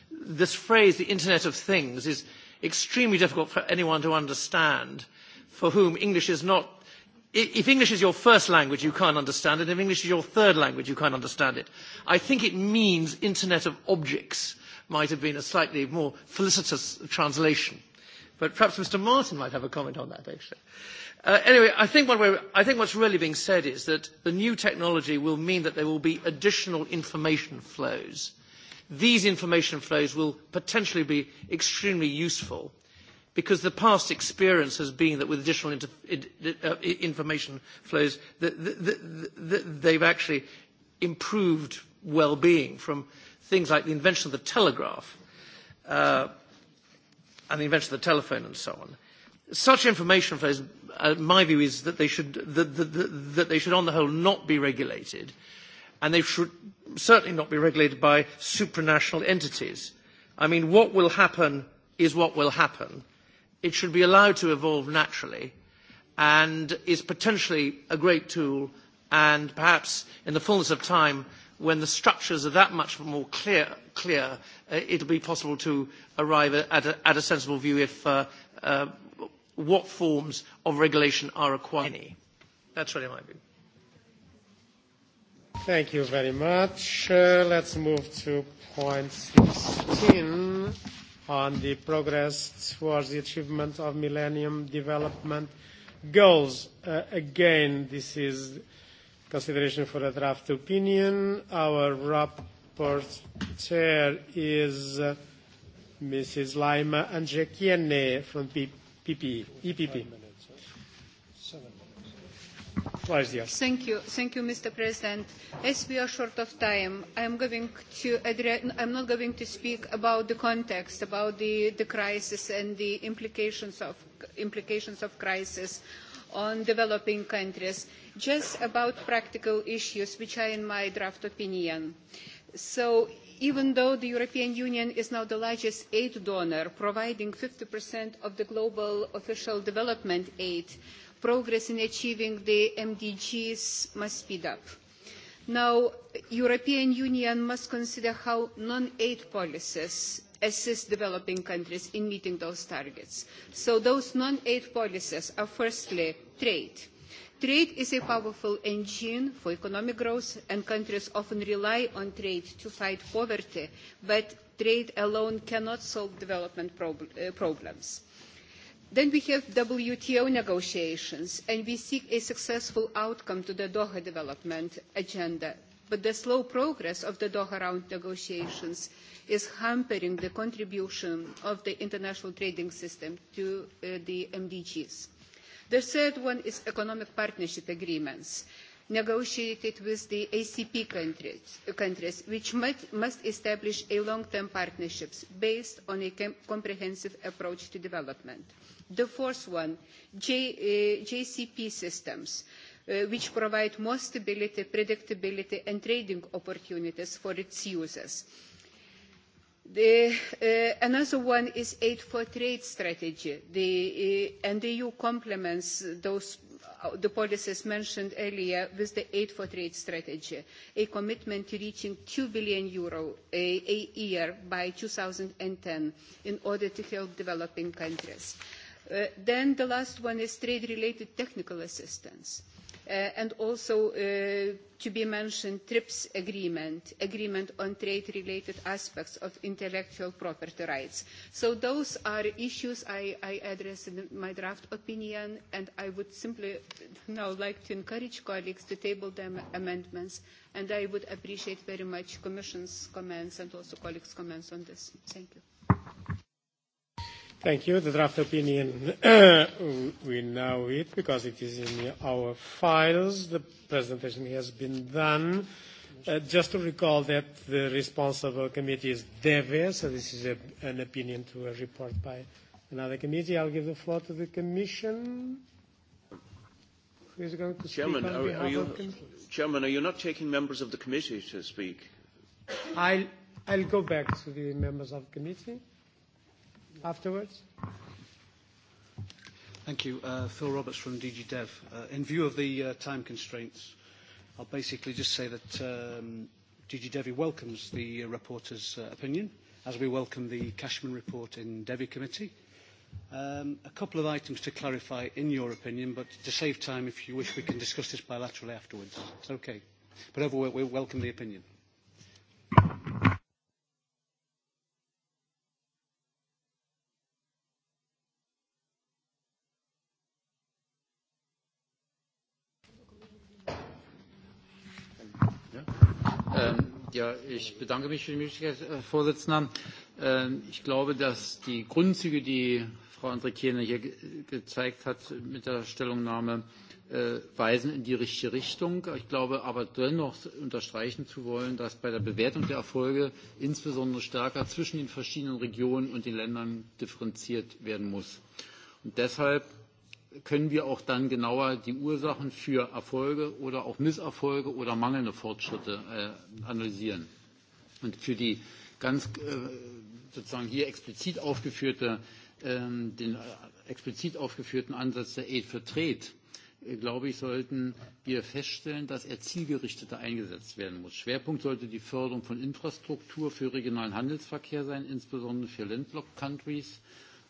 this phrase, the Internet of Things, is extremely difficult for anyone to understand for whom English is not if English is your first language, you can't understand it. If English is your third language, you can't understand it. I think it means Internet of Objects might have been a slightly more felicitous translation. But perhaps Mr. Martin might have a comment on that, actually. Uh, anyway, I think, one way, I think what's really being said is that the new technology will mean that there will be additional information flows. These information flows will potentially be extremely useful because the past experience has been that with additional inter- in, uh, information flows, the, the, the, the, they've actually improved well-being from things like the invention of the telegraph uh, and the invention of the telephone and so on. Such information flows, uh, my view is that they should, that, that, that, that they should on the whole not be regulated, and they should certainly not be regulated by supranational entities. I mean, what will happen is what will happen. It should be allowed to evolve naturally and is potentially a great tool and perhaps in the fullness of time when the structures are that much more clear, clear uh, it'll be possible to arrive at a, at a sensible view if uh, uh, what forms of regulation are required. Any. That's really my view. Thank you very much. Uh, let's move to point 16 on the progress towards the achievement of Millennium Development Goals. Uh, again, this is uh, consideration for a draft opinion. Our rapporteur is uh, Mrs. Laima Andrzekiene from P PP, EPP. E Thank you. Thank you, Mr. President. As we are short of time, I'm, going to address, I'm not going to speak about the context, about the, the crisis and the implications of, implications of crisis on developing countries, just about practical issues which are in my draft opinion. So even though the European Union is now the largest aid donor, providing 50% of the global official development aid, progress in achieving the MDGs must speed up. Now, European Union must consider how non-aid policies assist developing countries in meeting those targets. So those non-aid policies are firstly trade. Trade is a powerful engine for economic growth and countries often rely on trade to fight poverty, but trade alone cannot solve development prob uh, problems. Then we have WTO negotiations, and we seek a successful outcome to the Doha development agenda. But the slow progress of the Doha round negotiations uh, is hampering the contribution of the international trading system to uh, the MDGs. The third one is economic partnership agreements negotiated with the ACP countries, countries which might, must establish a long-term partnerships based on a com comprehensive approach to development. The fourth one, J, uh, JCP systems, uh, which provide more stability, predictability and trading opportunities for its users The, uh, another one is aid for trade strategy, the, uh, and the EU complements those uh, the policies mentioned earlier with the aid for trade strategy, a commitment to reaching 2 billion euro a, a year by 2010 in order to help developing countries. Uh, then the last one is trade-related technical assistance. Uh, uh, and also uh, to be mentioned TRIPS agreement, agreement on trade-related aspects of intellectual property rights. So those are issues I, I address in my draft opinion, and I would simply now like to encourage colleagues to table them amendments, and I would appreciate very much Commission's comments and also colleagues' comments on this. Thank you. Thank you. The draft opinion we know it because it is in our files. The presentation has been done. Uh, just to recall that the responsible committee is DEVE, so this is a, an opinion to a report by another committee. I'll give the floor to the Commission. Who is going to Chairman, speak on are, behalf are you, of the Chairman, are you not taking members of the committee to speak? I'll, I'll go back to the members of the committee afterwards? Thank you. Uh, Phil Roberts from DG Dev. Uh, in view of the uh, time constraints, I'll basically just say that um, DG Devi welcomes the uh, reporter's uh, opinion, as we welcome the Cashman report in Devi Committee. Um, a couple of items to clarify in your opinion, but to save time, if you wish, we can discuss this bilaterally afterwards. It's okay. But overall, we welcome the opinion. Ja, ich bedanke mich für die Möglichkeit, Herr Vorsitzender. Ähm, ich glaube, dass die Grundzüge, die Frau Andrikene hier gezeigt hat mit der Stellungnahme, äh, weisen in die richtige Richtung. Ich glaube aber dennoch unterstreichen zu wollen, dass bei der Bewertung der Erfolge insbesondere stärker zwischen den verschiedenen Regionen und den Ländern differenziert werden muss. Und deshalb können wir auch dann genauer die Ursachen für Erfolge oder auch Misserfolge oder mangelnde Fortschritte äh, analysieren. Und für die ganz äh, sozusagen hier explizit aufgeführte, ähm, den äh, explizit aufgeführten Ansatz der Aid for Trade, äh, glaube ich, sollten wir feststellen, dass er zielgerichteter eingesetzt werden muss. Schwerpunkt sollte die Förderung von Infrastruktur für regionalen Handelsverkehr sein, insbesondere für Landlocked Countries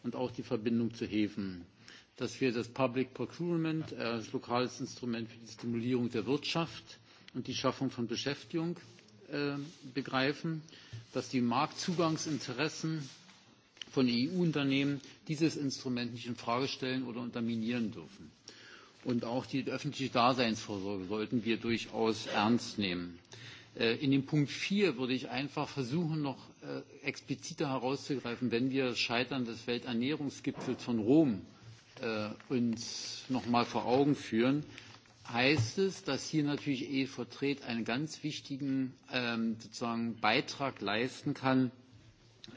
und auch die Verbindung zu Häfen dass wir das Public Procurement äh, als lokales Instrument für die Stimulierung der Wirtschaft und die Schaffung von Beschäftigung äh, begreifen, dass die Marktzugangsinteressen von EU-Unternehmen dieses Instrument nicht in Frage stellen oder unterminieren dürfen. Und auch die öffentliche Daseinsvorsorge sollten wir durchaus ernst nehmen. Äh, in dem Punkt 4 würde ich einfach versuchen, noch äh, expliziter herauszugreifen, wenn wir scheitern des Welternährungsgipfels von Rom äh, uns nochmal vor Augen führen, heißt es, dass hier natürlich E-Vertret einen ganz wichtigen ähm, sozusagen Beitrag leisten kann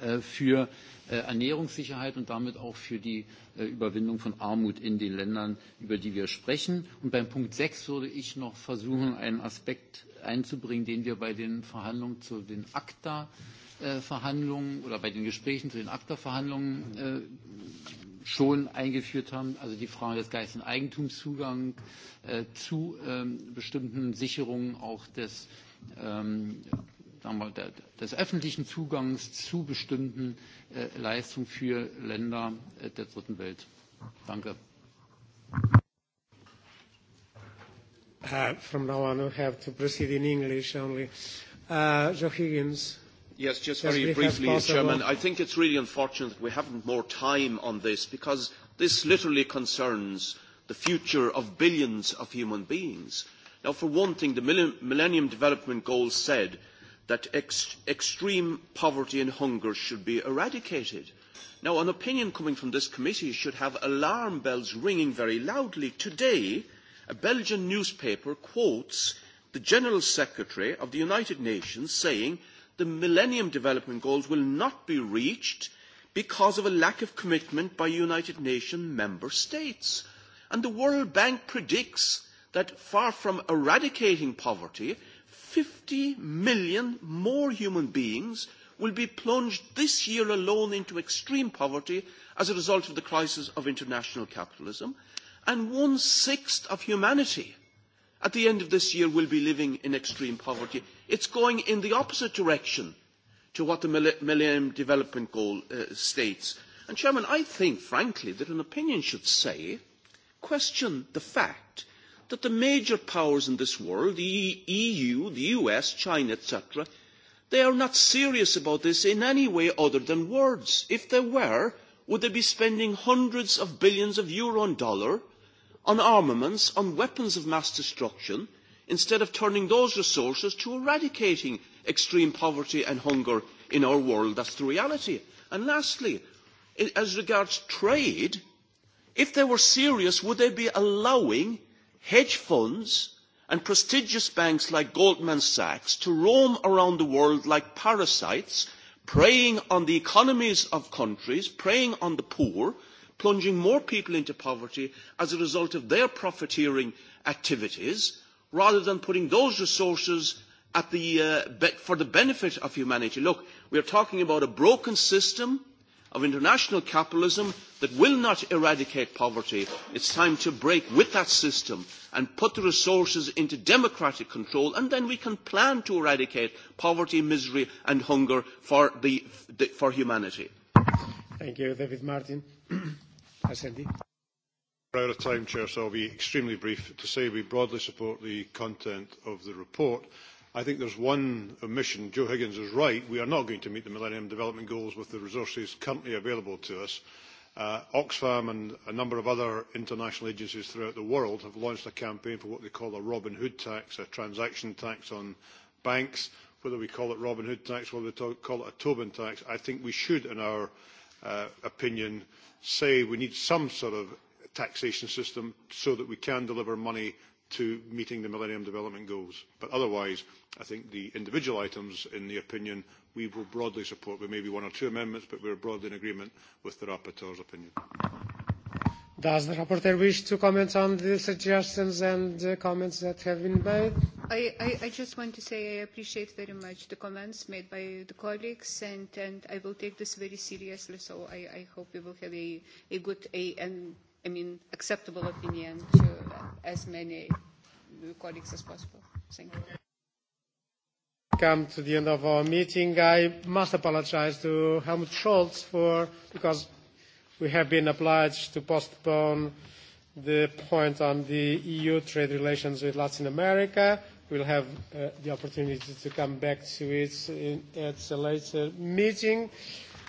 äh, für äh, Ernährungssicherheit und damit auch für die äh, Überwindung von Armut in den Ländern, über die wir sprechen. Und beim Punkt 6 würde ich noch versuchen, einen Aspekt einzubringen, den wir bei den Verhandlungen zu den ACTA äh, Verhandlungen oder bei den Gesprächen zu den ACTA-Verhandlungen schon eingeführt haben, also die Frage des geistigen Eigentumszugangs äh, zu ähm, bestimmten Sicherungen auch des, ähm, sagen wir, der, des öffentlichen Zugangs zu bestimmten äh, Leistungen für Länder äh, der dritten Welt. Danke. Uh, from now on, I have to proceed in English only. Uh, Joe Higgins. Yes, just very yes, briefly, Chairman. I think it's really unfortunate that we haven't more time on this because this literally concerns the future of billions of human beings. Now, for one thing, the Millennium Development Goals said that ex- extreme poverty and hunger should be eradicated. Now, an opinion coming from this committee should have alarm bells ringing very loudly. Today, a Belgian newspaper quotes the General Secretary of the United Nations saying the Millennium Development Goals will not be reached because of a lack of commitment by United Nations member states. And the World Bank predicts that far from eradicating poverty, 50 million more human beings will be plunged this year alone into extreme poverty as a result of the crisis of international capitalism. And one sixth of humanity at the end of this year will be living in extreme poverty. It's going in the opposite direction to what the Millennium Development Goal uh, states. And, Chairman, I think, frankly, that an opinion should say, question the fact that the major powers in this world, the EU, e the US, China, etc., they are not serious about this in any way other than words. If they were, would they be spending hundreds of billions of euro and dollar on armaments, on weapons of mass destruction, instead of turning those resources to eradicating extreme poverty and hunger in our world. That's the reality. And lastly, as regards trade, if they were serious, would they be allowing hedge funds and prestigious banks like Goldman Sachs to roam around the world like parasites, preying on the economies of countries, preying on the poor, plunging more people into poverty as a result of their profiteering activities, rather than putting those resources at the, uh, be- for the benefit of humanity. Look, we are talking about a broken system of international capitalism that will not eradicate poverty. It's time to break with that system and put the resources into democratic control, and then we can plan to eradicate poverty, misery, and hunger for, the, the, for humanity. Thank you, David Martin. SND. We're out of time, Chair, so I'll be extremely brief to say we broadly support the content of the report. I think there's one omission. Joe Higgins is right. We are not going to meet the Millennium Development Goals with the resources currently available to us. Uh, Oxfam and a number of other international agencies throughout the world have launched a campaign for what they call a Robin Hood tax, a transaction tax on banks. Whether we call it Robin Hood tax, whether we talk, call it a Tobin tax, I think we should, in our uh, opinion, say we need some sort of taxation system so that we can deliver money to meeting the Millennium Development Goals. But otherwise, I think the individual items in the opinion we will broadly support. There may be one or two amendments, but we're broadly in agreement with the rapporteur's opinion. Does the rapporteur wish to comment on the suggestions and the comments that have been made? I, I, I just want to say I appreciate very much the comments made by the colleagues, and, and I will take this very seriously. So I, I hope we will have a, a good a, and I mean, acceptable opinion to as many colleagues as possible. Thank you. Come to the end of our meeting. I must apologize to Helmut Scholz for because we have been obliged to postpone the point on the EU trade relations with Latin America. We'll have uh, the opportunity to come back to it in, at a later meeting.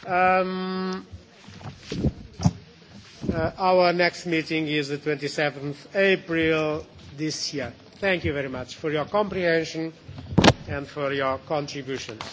Um, Uh, our next meeting is the 27th April this year. Thank you very much for your comprehension and for your contributions.